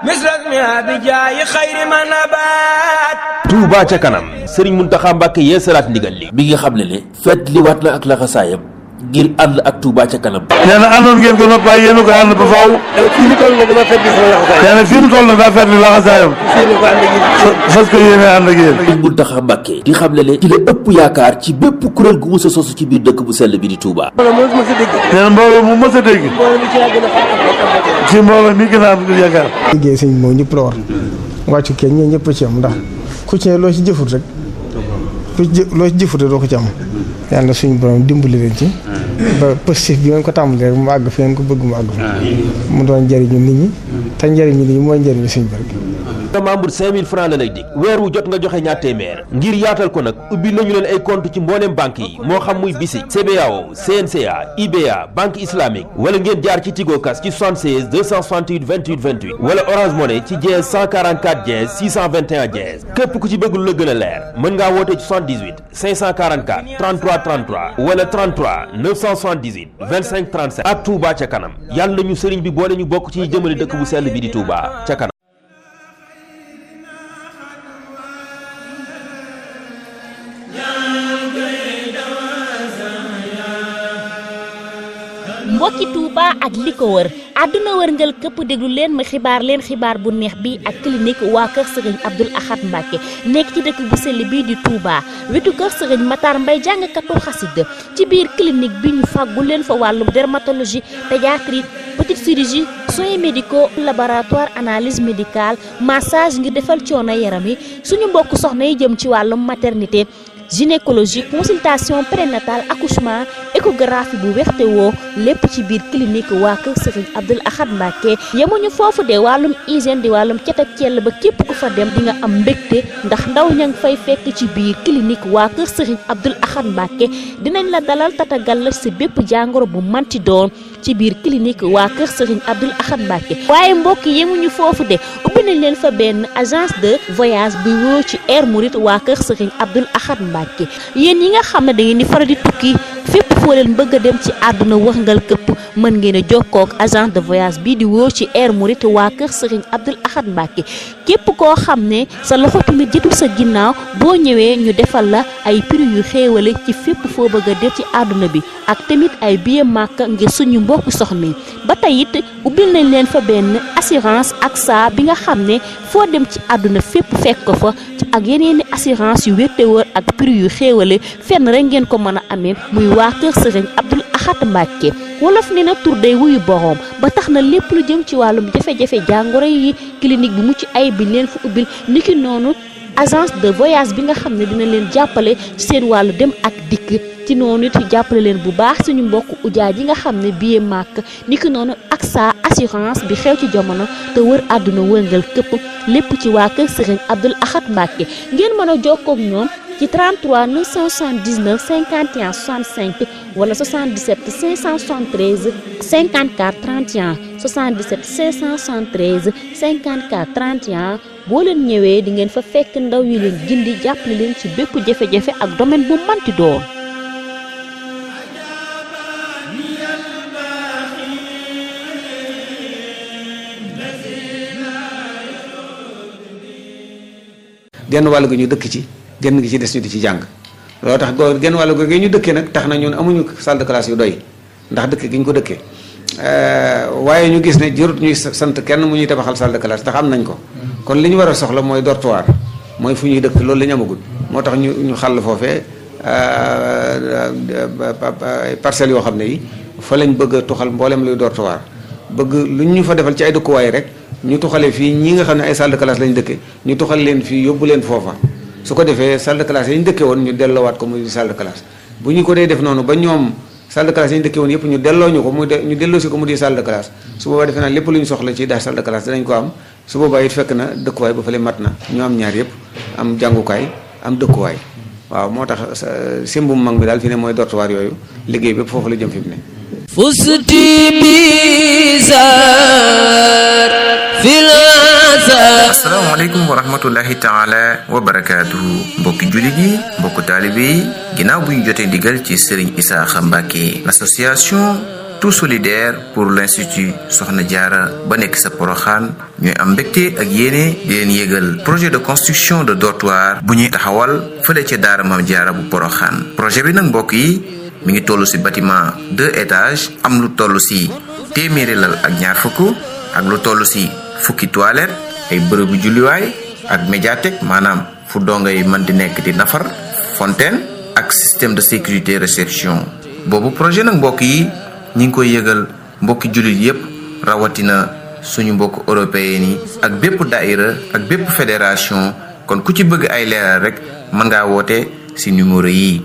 Touba ca kanam Serigne Mountakha Mbacké yee salaat ndigal li bi nga xam ne ne feet li waat na ak laxasaayam ngir ànd ak Touba ca kanam. nee na àndoon ngeen ko noppi waaye yéen a ko ànd ba faaw. Eh, fii mu toll nag dafa fekk sama laxasaayam. nee na fii mu toll nag daa fekk laxasaayam. fas ko yéene ànd ak yéen. Sëriñ Muntaxa Mbàkke di xam ne ne ci la ëpp yaakaar ci bépp kuréel gu mës a sosu ci biir dëkk bu sell bi di Touba. nee na mbooloo mu mës a dégg. ci mbooloo mi gën a am yaakaar. liggéey sëñ moom ñëpp la war wàccu kenn ñoo ñëpp ci am ndax ku ci ne loo ci jëfut rek ku ci loo ci jëfut rek doo ko ci am yàlla na suñu borom dimbali leen ci. ba positif bi ngeen ko tàmbali rek mu àgg fi ngeen ko bëgg mu àgg fa. mu doon njëriñu nit ñi. te njëriñu nit ñi mooy njëriñu suñu borom. te membre 5000 francs jot nga joxe ñaar téeméer ngir yaatal ko nag ubbi nañu leen ay compte ci mbooleem banque yi moo xam muy wala ngeen jaar ci ci 76 268 28 28 wala Orange Money ci dièse 144 dièse 621 dièse képp ku ci bëgg lu la gën a leer mën ngaa woote ci 78 544 33 33 ak Touba ca kanam yàlla ñu sëriñ bi boole ñu bokk ci jëmale dëkk bu sell bi di Touba ca kanam mbokki Touba ak li ko wër àdduna wërngal këpp déglu leen ma xibaar leen xibaar bu neex bi ak clinique waa kër sëriñ Abdoul Ahad Mbacke nekk ci dëkk bu sell bii di Touba wetu kër sëriñ Matar Mbay jàngkatu xasida ci biir clinique bi ñu fàggu leen fa wàllum dermatologie pédiatrie petite chirurgie soins médicaux laboratoire analyse médicale massage ngir defal coono yaram yi suñu mbokk soxna yi jëm ci wàllum maternité gynécologie consultation prénatale accouchement échographie bu wexte woo lépp ci biir clinique waa kër Serigne Abdoul Ahad Mbacké yemuñu foofu de wàllum hygiène di wàllum cet ak cell ba képp ku fa dem di am mbégte ndax ndaw ña ngi fay fekk ci biir clinique waa kër Serigne Abdoul Ahad Mbacké dinañ la dalal tatagal la si bépp jàngoro bu manti doon ci biir clinique waa kër Serigne Abdoul Ahad Mbacké waaye mbokk yemuñu foofu de ubbi nañ leen fa benn agence de voyage bi wóor ci Air Mouride waa kër Serigne Abdoul Ahad Mbacké yéen yi nga xam ne da ngeen di faral di tukki fépp foo leen bëgg a dem ci àdduna wërngal këpp mën ngeen a jokkoo de voyage bii di wóor ci Air Mouride waa kër Serigne képp koo xam ne sa loxo tamit jëtul sa ginnaaw boo ñëwee ñu defal la ay prix yu xéewale ci fépp foo bëgg a dem ci àdduna bi ak tamit ay billet màkk ngir suñu bopp soxna yi ba tey it ubbil nañ leen fa benn assurance ak saa bi nga xam ne foo dem ci àdduna fépp fekk ko fa ak yeneen i assurance yu wétte wër ak prix yu xéewale fenn rek ngeen ko mën a amee muy waa Kër Sëriñ Abdul Ahad Mbàkke wolof ne na tur day wuyu boroom ba tax na lépp lu jëm ci wàllum jafe-jafe jàngoro yi clinique bi mucc ay bi leen fa ubbil niki noonu agence de voyage bi nga xam ne dina leen jàppale ci seen wàllu dem ak dikk ci noonu it jàppale leen bu baax suñu mbokk ujaa ji nga xam ne billet màkk niki noonu ak sa assurance bi xew ci jamono te wër àdduna wërngël këpp lépp ci waa kër Serigne Abdoul Ahad Mbacke ngeen mën a jokkoo ak ñoom ci 33 979 51 65 wala 77 573 54 31 77 573 54 31 boo leen ñëwee di ngeen fa fekk ndaw yi leen gindi jàppale leen ci bépp jafe-jafe ak domaine bu manti doon genn wàll gi ñu dëkk ci genn gi ci des ñu di ci jàng loolu tax goo genn wàll gi ñu dëkkee nag tax na ñun amuñu salle de classe yu doy ndax dëkk gi ñu ko dëkkee euh, waaye ñu gis ne jërut ñuy sant kenn mu ñuy tabaxal salle de classe ndax am nañ ko kon li ñu war a soxla mooy dortoir mooy fu ñuy dëkk loolu la ñu moo tax ñu ñu xàll foofee euh, parcelles yoo xam ne yi fa lañ bëgg a tuxal mboolem luy dortoir bëgg lu ñu fa defal ci ay dëkkuwaay rek ñu tuxale fii ñi nga xam ne ay salle de classe lañ dëkkee ñu tuxal leen fii yóbbu leen foofa su ko defee salle de classe yañ dëkkee woon ñu delloowaat ko muy salle de classe bu ñu ko noonu ba ñoom salle de classe yañ dëkkee yëpp ñu delloo ñu ko ñu delloosi ko mu di salle de classe su boobaa defe naa lépp lu ñu soxla ci daal salle de danañ ko am su boobaa it fekk na dëkkuwaay ba fële mat na ñu am ñaar yëpp am jàngukaay am dëkkuwaay waaw moo tax simbum mag mi daal fi ne mooy dortuwaar yooyu liggéey bépp foofu la jëm fi فزت بزار في العذاب asalaamaaleykum wa rahmatullahi taala wa barakaatuhu mbokki julli gi mbokku taalibe ginnaaw bu ñu jotee ndigal ci Serigne Isaaxa Mbàkke l'association tout solidaire pour l'institut Soxna Jaara ba nekk sa poroxaan ñooy am mbégte ak yéene di leen yégal projet de construction de dortoir bu ñuy taxawal fële ca daara Maam Jaara bu poroxaan projet bi nag mbokk yi mi ngi toll si batiment deux étages am lu toll si téeméeri lal ak ñaar fukk ak lu toll si fukki toilette ay bërëbu julliwaay ak médiathèque maanaam fu dongo yi mën di nekk di nafar fontaine ak système de sécurité réception boobu projet nag mbokk yi ñu ngi koy yëgal mbokki jullit yépp rawatina suñu mbokk européen yi ak bépp daïra ak bépp fédération kon ku ci bëgg ay leeral rek mën ngaa woote si numéro yi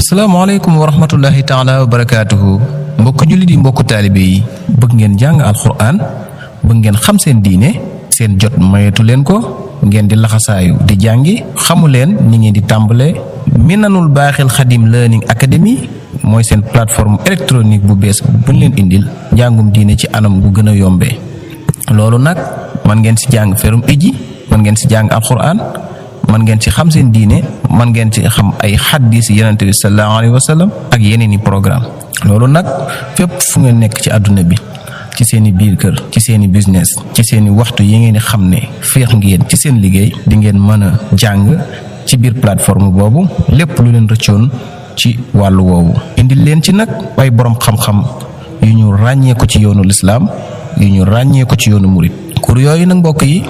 asalaamaaleykum wa rahmatullahi taala wa barakaatuhu mbokk jullit yi mbokk taalibe yi bëgg ngeen jàng alxuraan bëgg ngeen xam seen diine seen jot mayetu leen ko ngeen di laxasaayu di jàngi xamu leen ni ngeen di tàmbale nanul baaxil xadim learning academy mooy seen plateforme électronique bu bees buñ leen indil njàngum diine ci anam bu gën a yombee loolu nag man ngeen ci jàng ferum iji mën ngeen si jàng alquran mën ngeen ci xam seen diine mën ngeen ci xam ay xaddis yonent bi sallallahu alayhi wa sallam ak yeneeni programme loolu nag fépp fu ngeen nekk ci àdduna bi ci seen i biir kër ci seen i business ci seen i waxtu yi ngeen di xam ne féex ngeen ci seen liggéey di ngeen mën a jàng ci biir plateforme boobu lépp lu leen rëccoon ci wàllu woowu. indil leen ci nag ay borom xam-xam yu ñu ràññeeku ci yoonu lislaam yu ñu ràññeeku ci yoonu murit kur yooyu nag mbokk yi.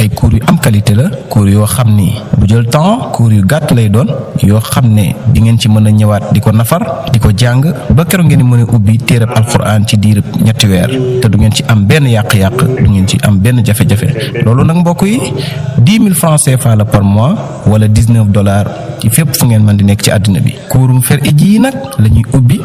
ay cours yu am qualité la cours yoo xam ni bu jël temps cours yu gàtt lay doon yoo xam ne dingeen ci mën a ñëwaat di ko nafar di ko jàng ba keroog ngeen mën a ubbi téereb alquran ci diirub ñetti weer te du ngeen ci am benn yàq-yàq du ngeen ci am benn jafe-jafe loolu nag mbokk yi dix mille francs CFA la par mois wala dix neuf dollars ci fépp fu ngeen mën di nekk ci àddina bi. kuurum fer iji yi nag la ñuy ubbi.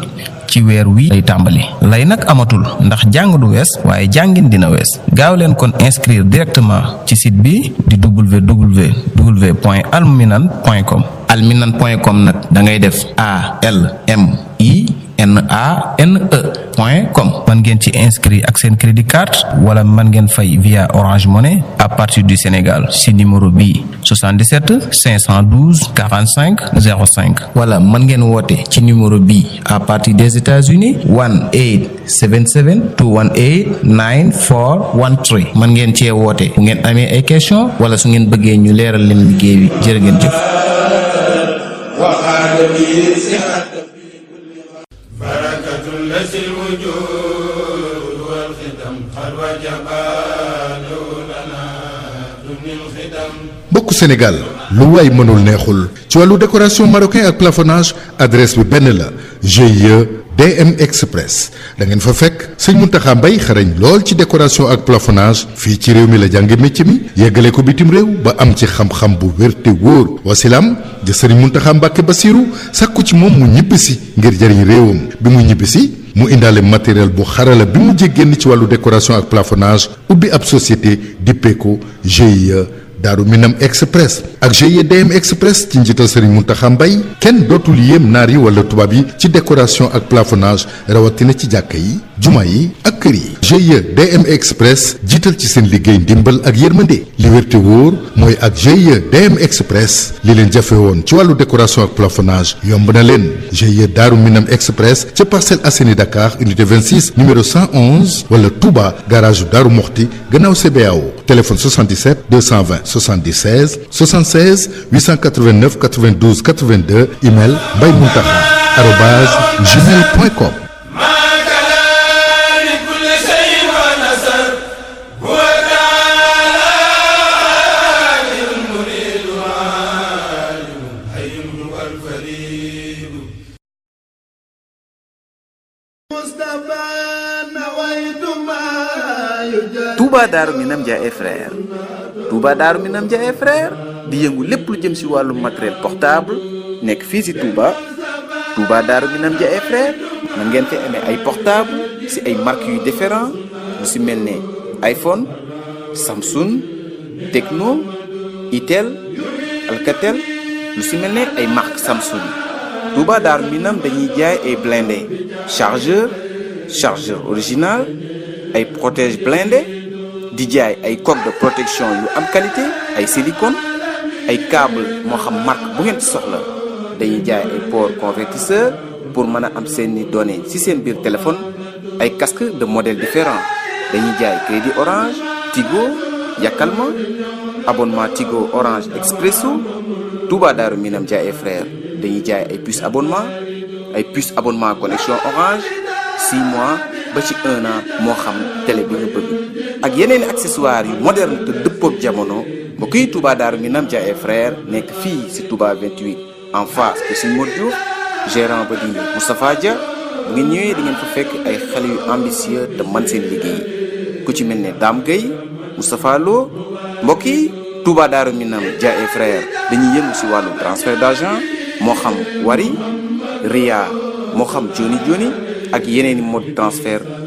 ci weer wi lay tàmbali lay nag amatul ndax jàng du wees waaye jàngin dina wees gaaw leen kon inscrire directement ci site bi di www point alminan point com alminan point com nag da ngay def a l m i NANE point com mën ngeen ci inscrit ak seen crédit carte wala man ngeen fay via Orange Money à partir du Sénégal si numéro bi 77 512 45 05 wala man ngeen woote ci numéro bi à partir des États-Unis 1 877 218 9413 mën ngeen cee woote bu ngeen amee ay question wala su ngeen bëggee ñu leeral leen liggéey bi jër ngeen jëf bokk senegal والخدم قد وجب لنا lu waay mënul neexul ci wàllu décoration marocain ak plafonnage adresse bi benn la GIE DM Express dangeen fa fekk sëñ Mountakha Mbaye xarañ lool ci décoration ak plafonnage fii ci réew mi la jàngi métier mi yeggale ko bitim réew ba am ci xam-xam bu wér te wóor wasilaam ja sëriñ Mountakha Mbacke Bassirou sàkku ci moom mu ñibbisi ngir jëriñ réewam bi mu ñibbisi mu indaale matériel bu xarala bi mu génn ci wàllu décoration ak plafonnage ubbi ab société dippeeko GIE Daaru Minam Express ak GIEDM Express ci njiital Serigne Mountakha Mbaye kenn dootul yéem naar yi wala tubaab yi ci décoration ak plafonage rawatina ci jàkka yi juma yi kër yi GIE Express jiital ci seen liggéey ndimbal ak yërmande li wér te mooy ak GIE m Express li leen jafe woon ci wàllu décoration ak plafonnage yomb na leen GIE Daaru Minam Express ca Parcelles Assainies Dakar unité 26 numéro 111 wala Touba garage Daaru Moxti gannaaw CBAO téléphone 77 220 76 76 889 92 82 email mbay muntaxa arobase gmail point com Touba Daaru Minam Dia et frères Touba Daaru Minam Dia et frères di yëngu lépp lu jëm si wàllu matériel portable nekk fii si Touba Touba Daaru Minam Dia et frères na ngeen fi amee ay portable si ay marques yu différent lu si mel ne iPhone Samsung Tecno Itel Alcatel lu si mel ne ay marque Samsung Touba Darou Minam dañuy jaay ay blindé chargeur chargeur original ay protège blindé di jaay ay coque de protection yu am qualité ay silicone ay câble moo xam marque bu ngeen soxla dañuy jaay ay port convertisseur pour mën a am seeni données ci seen biir téléphone ay casque de modèles différents dañuy jaay crédit orange Tigo Yakalma abonnement Tigo orange expresso Touba Daaru Minam Dia et frères dañuy jaay ay puce abonnement ay puce abonnement connexion orange 6 mois ba ci 1 an moo xam télé bi bëgg ak yeneen accessoires yu moderne te dëppook jamono mbokk yi Touba Darou Minam Dia et frère nekk fii si Touba 28 en face piscine Modou Diouf gérant ba di Moustapha Dia bu ngeen ñëwee di ngeen fa fekk ay xale yu ambitieux te man seen liggéey ku ci mel ne Dame Gueye Moustapha Lo mbokk yi Touba Darou Minam Dia et frère dañuy yëngu si wàllu transfert d'argent moo xam Wari Ria moo xam Joni Joni ak yeneen i mode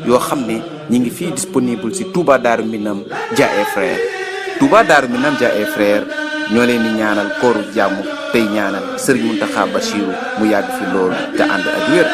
yoo xam ne. ñi ngi fi disponible si Touba Darou Minam Dia et Frères Touba Darou Minam Dia ñoo leen di ñaanal kooru jàmm tey ñaanal Serigne Mountakha Bachirou mu yàgg fi loolu te ànd ak wér.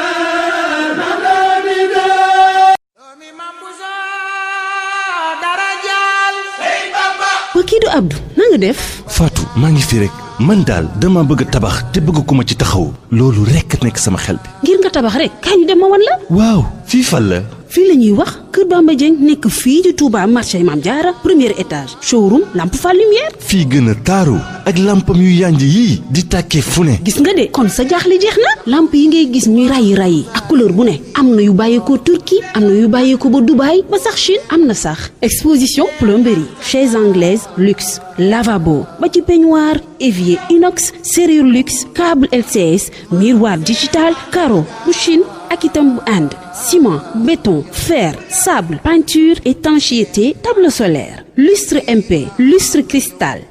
waa maa ngi fi rek. man daal dama bëgg tabax te bëgg ku ma ci taxaw loolu rekk nekk sama xel bi. ngir nga tabax rek kaay ñu dem ma wan la. waaw fii fan la. fii la ñuy wax Kër Bamba Dieng nekk fii di Touba marché Mame Diarra première étage showroom lampe fa lumière. fii gën a taaru ak lampam yu yànj yii di tàkkee fu ne. gis nga de kon sa jaaxle jeex na lamp yi ngay gis ñuy rayi rayi ak couleur bu ne am na yu bàyyeekoo turki am na yu ko ba Dubaï ba sax Chine am na sax exposition plomberie chaise anglaise luxe. lavabo ba ci peignoir évier inox serrure luxe câble LCS miroir digital carreau bu Chine ak itam bu ànd ciment béton fer sable peinture étanchéité table solaire lustre MP lustre cristal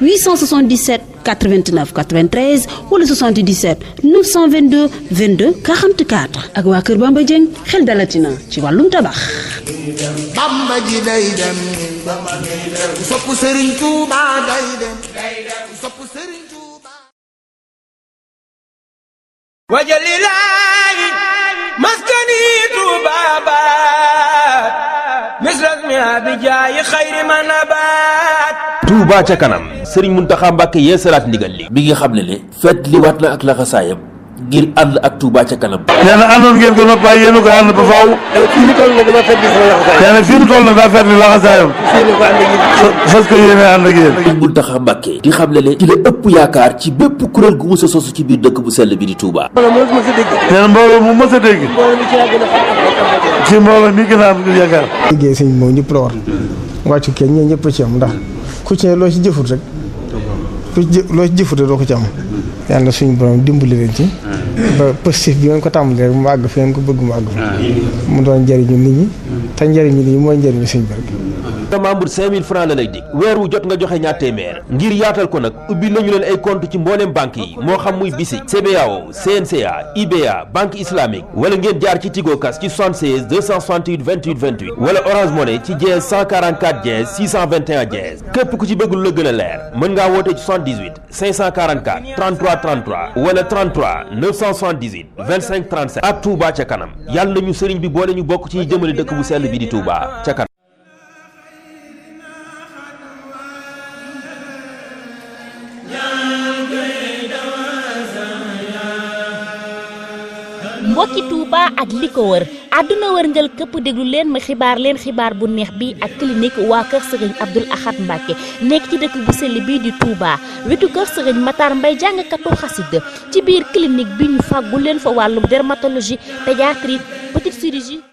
877 89 93 wala 77 922 22 44 misras mi abijaayi xayri ma nabaat. Touba ca kanam Serigne Mountakha Mbacké yee salaat ndigal li bi nga xam ne ne feet li waat na ak laxasaayam ngir ànd ak Touba ca kanam nee na àndoon ngeen ko nopp waaye yéen ko ànd ba faaw fii ak di xam ne yaakaar ci bépp kuréel gu mës a ci biir dëkk bu sell bi di Touba nee na mu mës dégg ci mbooloo mi gën a am yaakaar liggéey sëñ moom ndax ku ci loo ci jëfut rek ku ci loo ci jëfut doo ko ci am yàlla na suñu borom dimbali leen ci ba positif bi ngeen ko tàmbali rek mu àgg fi ngeen ko bëgg mu àgg fa mu doon njëriñu nit ñi te njëriñu nit ñi mooy njëriñu suñu borom te membre 5000 francs la jot nga joxe ñaar téeméer ngir yaatal ko nag ubbi nañu leen ay compte ci mbooleem banque yi moo xam muy BICIC CBAO wala ngeen jaar ci Tigo Cash ci 76 268 28 28 wala Orange Money ci dièse 144 dièse 621 dièse képp ku ci bëgg lu la gën a leer mën ngaa woote ci 78 544 33 33 wala 33 978 25 ak Touba ca kanam yàlla nañu sëriñ bi boole ñu bokk ci jëmale dëkk bu sell bi di Touba ca kanam mbokki Touba ak li ko wër àdduna wërngal këpp déglu leen ma xibaar leen xibaar bu neex bi ak clinique waa kër sëriñ Abdoul Ahad Mbacke nekk ci dëkk bu sell bii di Touba wetu kër sëriñ Matar Mbay jàngkatu xasida ci biir clinique bi ñu fàggu leen fa wàllum dermatologie pédiatrie petite chirurgie